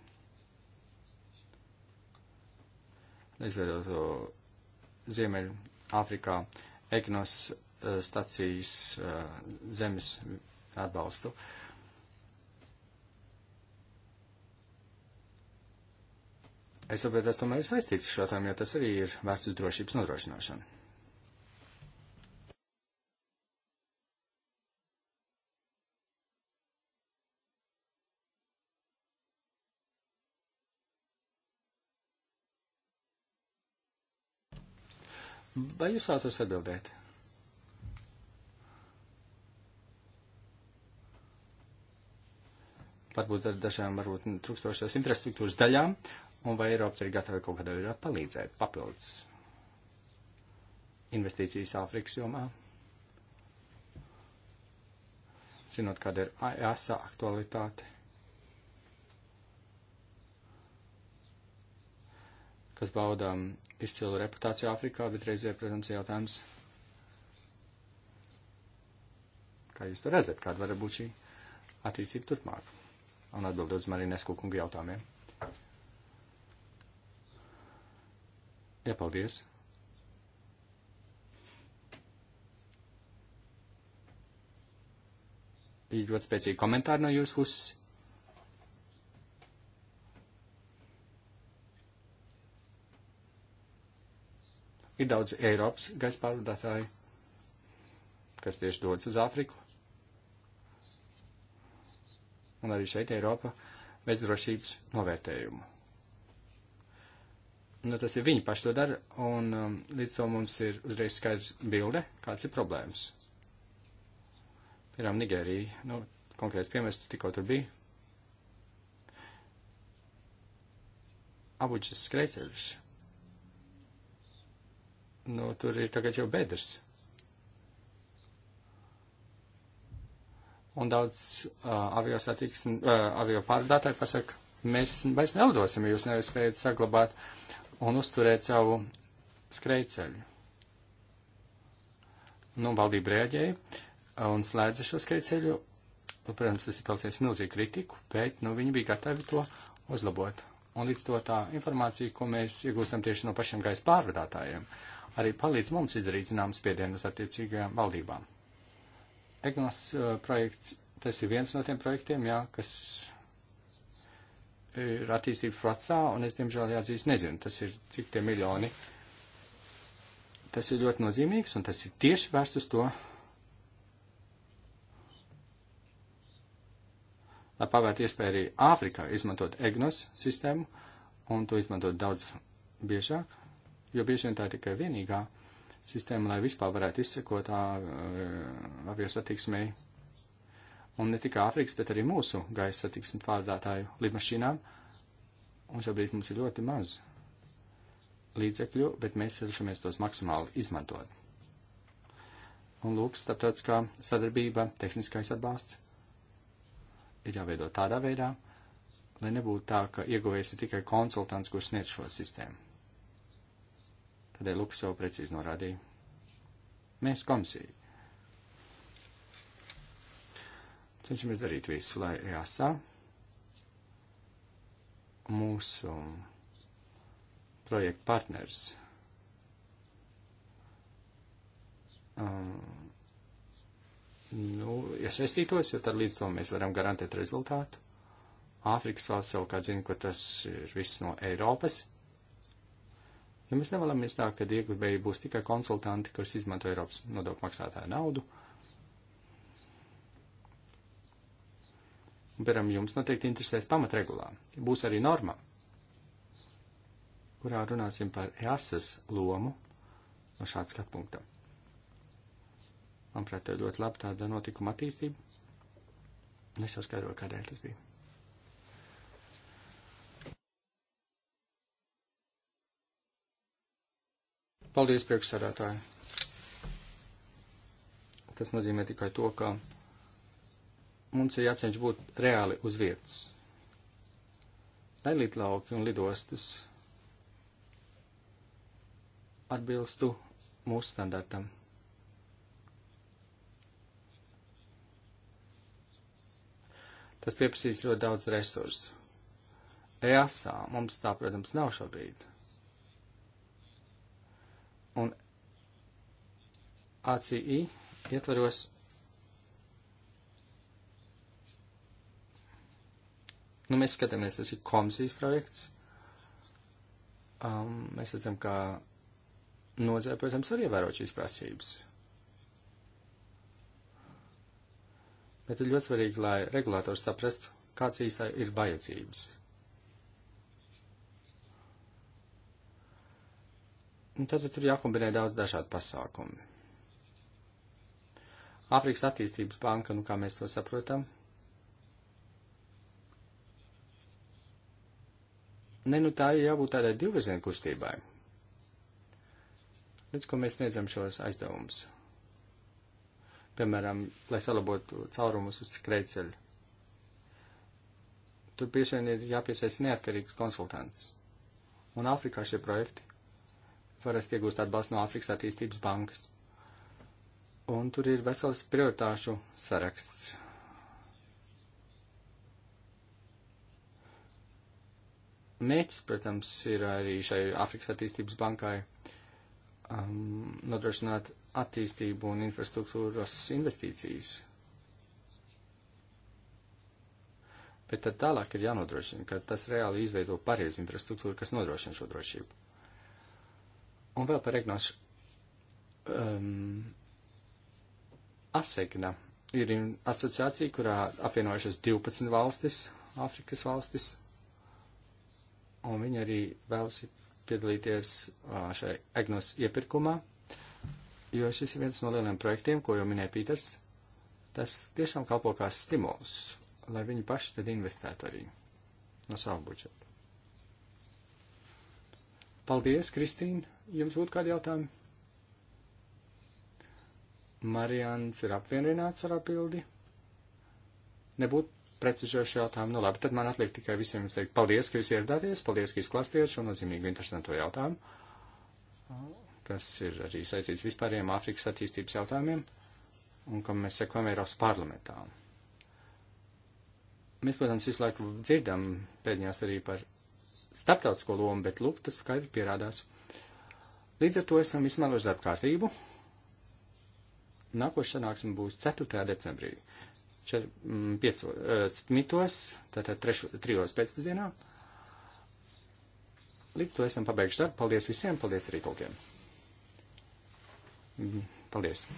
Izveidotu Ziemeļu Āfrikā Eknos eh, stacijas eh, zemes atbalstu. Uh, Es saprotu, tas tomēr ir saistīts ar šo tēmu, jo tas arī ir vērts uz drošības nodrošināšanu. Vai jūs vēlaties atbildēt? Varbūt ar dažām varbūt trūkstošās infrastruktūras daļām un vai Eiropa ir gatava kaut kādā veidā palīdzēt papildus investīcijas Āfrikas jomā. Zinot, kāda ir ASA aktualitāte, kas bauda izcilu reputāciju Āfrikā, bet reizē, protams, jautājums, kā jūs to redzat, kāda var būt šī attīstība turpmāk. Un atbildot uz Marinesku kungu jautājumiem. Jā, paldies. Ir ļoti spēcīgi komentāri no jūsu puses. Ir daudz Eiropas gaisa pārvadātāju, kas tieši dodas uz Āfriku. Un arī šeit Eiropa bez drošības novērtējumu nu, tas ir viņi paši to dara, un um, līdz to mums ir uzreiz skaidrs bilde, kāds ir problēmas. Piemēram, Nigērija, nu, konkrēts piemērs tikko tur bija. Abuģis skreceļš. Nu, tur ir tagad jau bedrs. Un daudz uh, avio satiksmi, uh, avio pārvadātāji pasaka, mēs vairs nelidosim, ja jūs nespējat saglabāt un uzturēt savu skrejceļu. Nu, valdība rēģēja un slēdza šo skrejceļu. Nu, protams, tas ir pelcies milzīgu kritiku, bet, nu, viņi bija gatavi to uzlabot. Un līdz to tā informācija, ko mēs iegūstam tieši no pašiem gaisa pārvadātājiem, arī palīdz mums izdarīt zināmas spiedienas attiecīgajām valdībām. EGNOS uh, projekts, tas ir viens no tiem projektiem, jā, kas ir attīstības procesā, un es, diemžēl, jāatzīst, nezinu, tas ir cik tie miljoni. Tas ir ļoti nozīmīgs, un tas ir tieši vērsts uz to, lai pavērtu iespēju arī Āfrikā izmantot EGNOS sistēmu, un to izmantot daudz biežāk, jo bieži vien tā ir tikai vienīgā sistēma, lai vispār varētu izsekot avio satiksmei un ne tikai Āfrikas, bet arī mūsu gaisa satiksmi pārvadātāju lidmašīnām, un šobrīd mums ir ļoti maz līdzekļu, bet mēs cenšamies tos maksimāli izmantot. Un lūk, starptautiskā sadarbība, tehniskais atbalsts ir jāveido tādā veidā, lai nebūtu tā, ka ieguvējs ir tikai konsultants, kurš sniedz šo sistēmu. Tādēļ Lukas jau precīzi norādīja. Mēs komisija cenšamies darīt visu, lai jāsā mūsu projektu partners um, nu, iesaistītos, jo tad līdz to mēs varam garantēt rezultātu. Āfrikas valsts savukārt zina, ka tas ir viss no Eiropas. Ja nu, mēs nevēlamies tā, ka ieguvēji būs tikai konsultanti, kas izmanto Eiropas nodokmaksātāju naudu, uh, piemēram, jums noteikti interesēs pamatregulā. Būs arī norma, kurā runāsim par EASAS lomu no šāda skatpunkta. Manuprāt, ir ļoti labi tāda notikuma attīstība. Es jau skaidroju, kādēļ tas bija. Paldies, priekšsādātāji! Tas nozīmē tikai to, ka mums ir jācenš būt reāli uz vietas. Lai lidlauki un lidostas atbilstu mūsu standartam. Tas pieprasīs ļoti daudz resursu. EASA mums tā, protams, nav šobrīd. Un ACI ietvaros Nu, mēs skatāmies, tas ir komisijas projekts. Um, mēs redzam, ka nozēra, protams, var ievērot šīs prasības. Bet ir ļoti svarīgi, lai regulātors saprastu, kāds īstā ir vajadzības. Un tad tur jākombinē daudz dažādu pasākumu. Āfrikas attīstības banka, nu kā mēs to saprotam, Ne, nu tā ir jābūt tādai divvirzienu kustībai. Līdz ko mēs sniedzam šos aizdevumus. Piemēram, lai salabotu caurumus uz skrejceļu. Tur bieži vien ir jāpiesaist neatkarīgs konsultants. Un Āfrikā šie projekti parasti iegūst atbalstu no Āfrikas attīstības bankas. Un tur ir vesels prioritāšu saraksts, Mērķis, protams, ir arī šai Afrikas attīstības bankai um, nodrošināt attīstību un infrastruktūras investīcijas. Bet tad tālāk ir jānodrošina, ka tas reāli izveido pareizi infrastruktūru, kas nodrošina šo drošību. Un vēl par Egnošu. Um, Asegna ir asociācija, kurā apvienojušas 12 valstis, Āfrikas valstis, un viņi arī vēlas piedalīties šai Agnos iepirkumā, jo šis ir viens no lieliem projektiem, ko jau minēja Pīters. Tas tiešām kalpo kā stimuls, lai viņi paši tad investētu arī no savu budžetu. Paldies, Kristīna! Jums būtu kādi jautājumi? Marians ir apvienināts ar apbildi. Nebūtu precizošu jautājumu. Nu labi, tad man atliek tikai visiem jums teikt paldies, ka jūs ieradāties, paldies, ka izklāstījāt šo nozīmīgu interesantu jautājumu, kas ir arī saistīts vispāriem Āfrikas attīstības jautājumiem un kam mēs sekojam Eiropas parlamentā. Mēs, protams, visu laiku dzirdam pēdējās arī par starptautisko lomu, bet lūk, tas skaidri pierādās. Līdz ar to esam izsmēluši darba kārtību. Nākošais sanāksme būs 4. decembrī. Mm, piecos, eh, tātad trešu, trijos pēcpusdienā. Līdz to esam pabeiguši darbu. Paldies visiem, paldies arī tūkiem. Mm, paldies!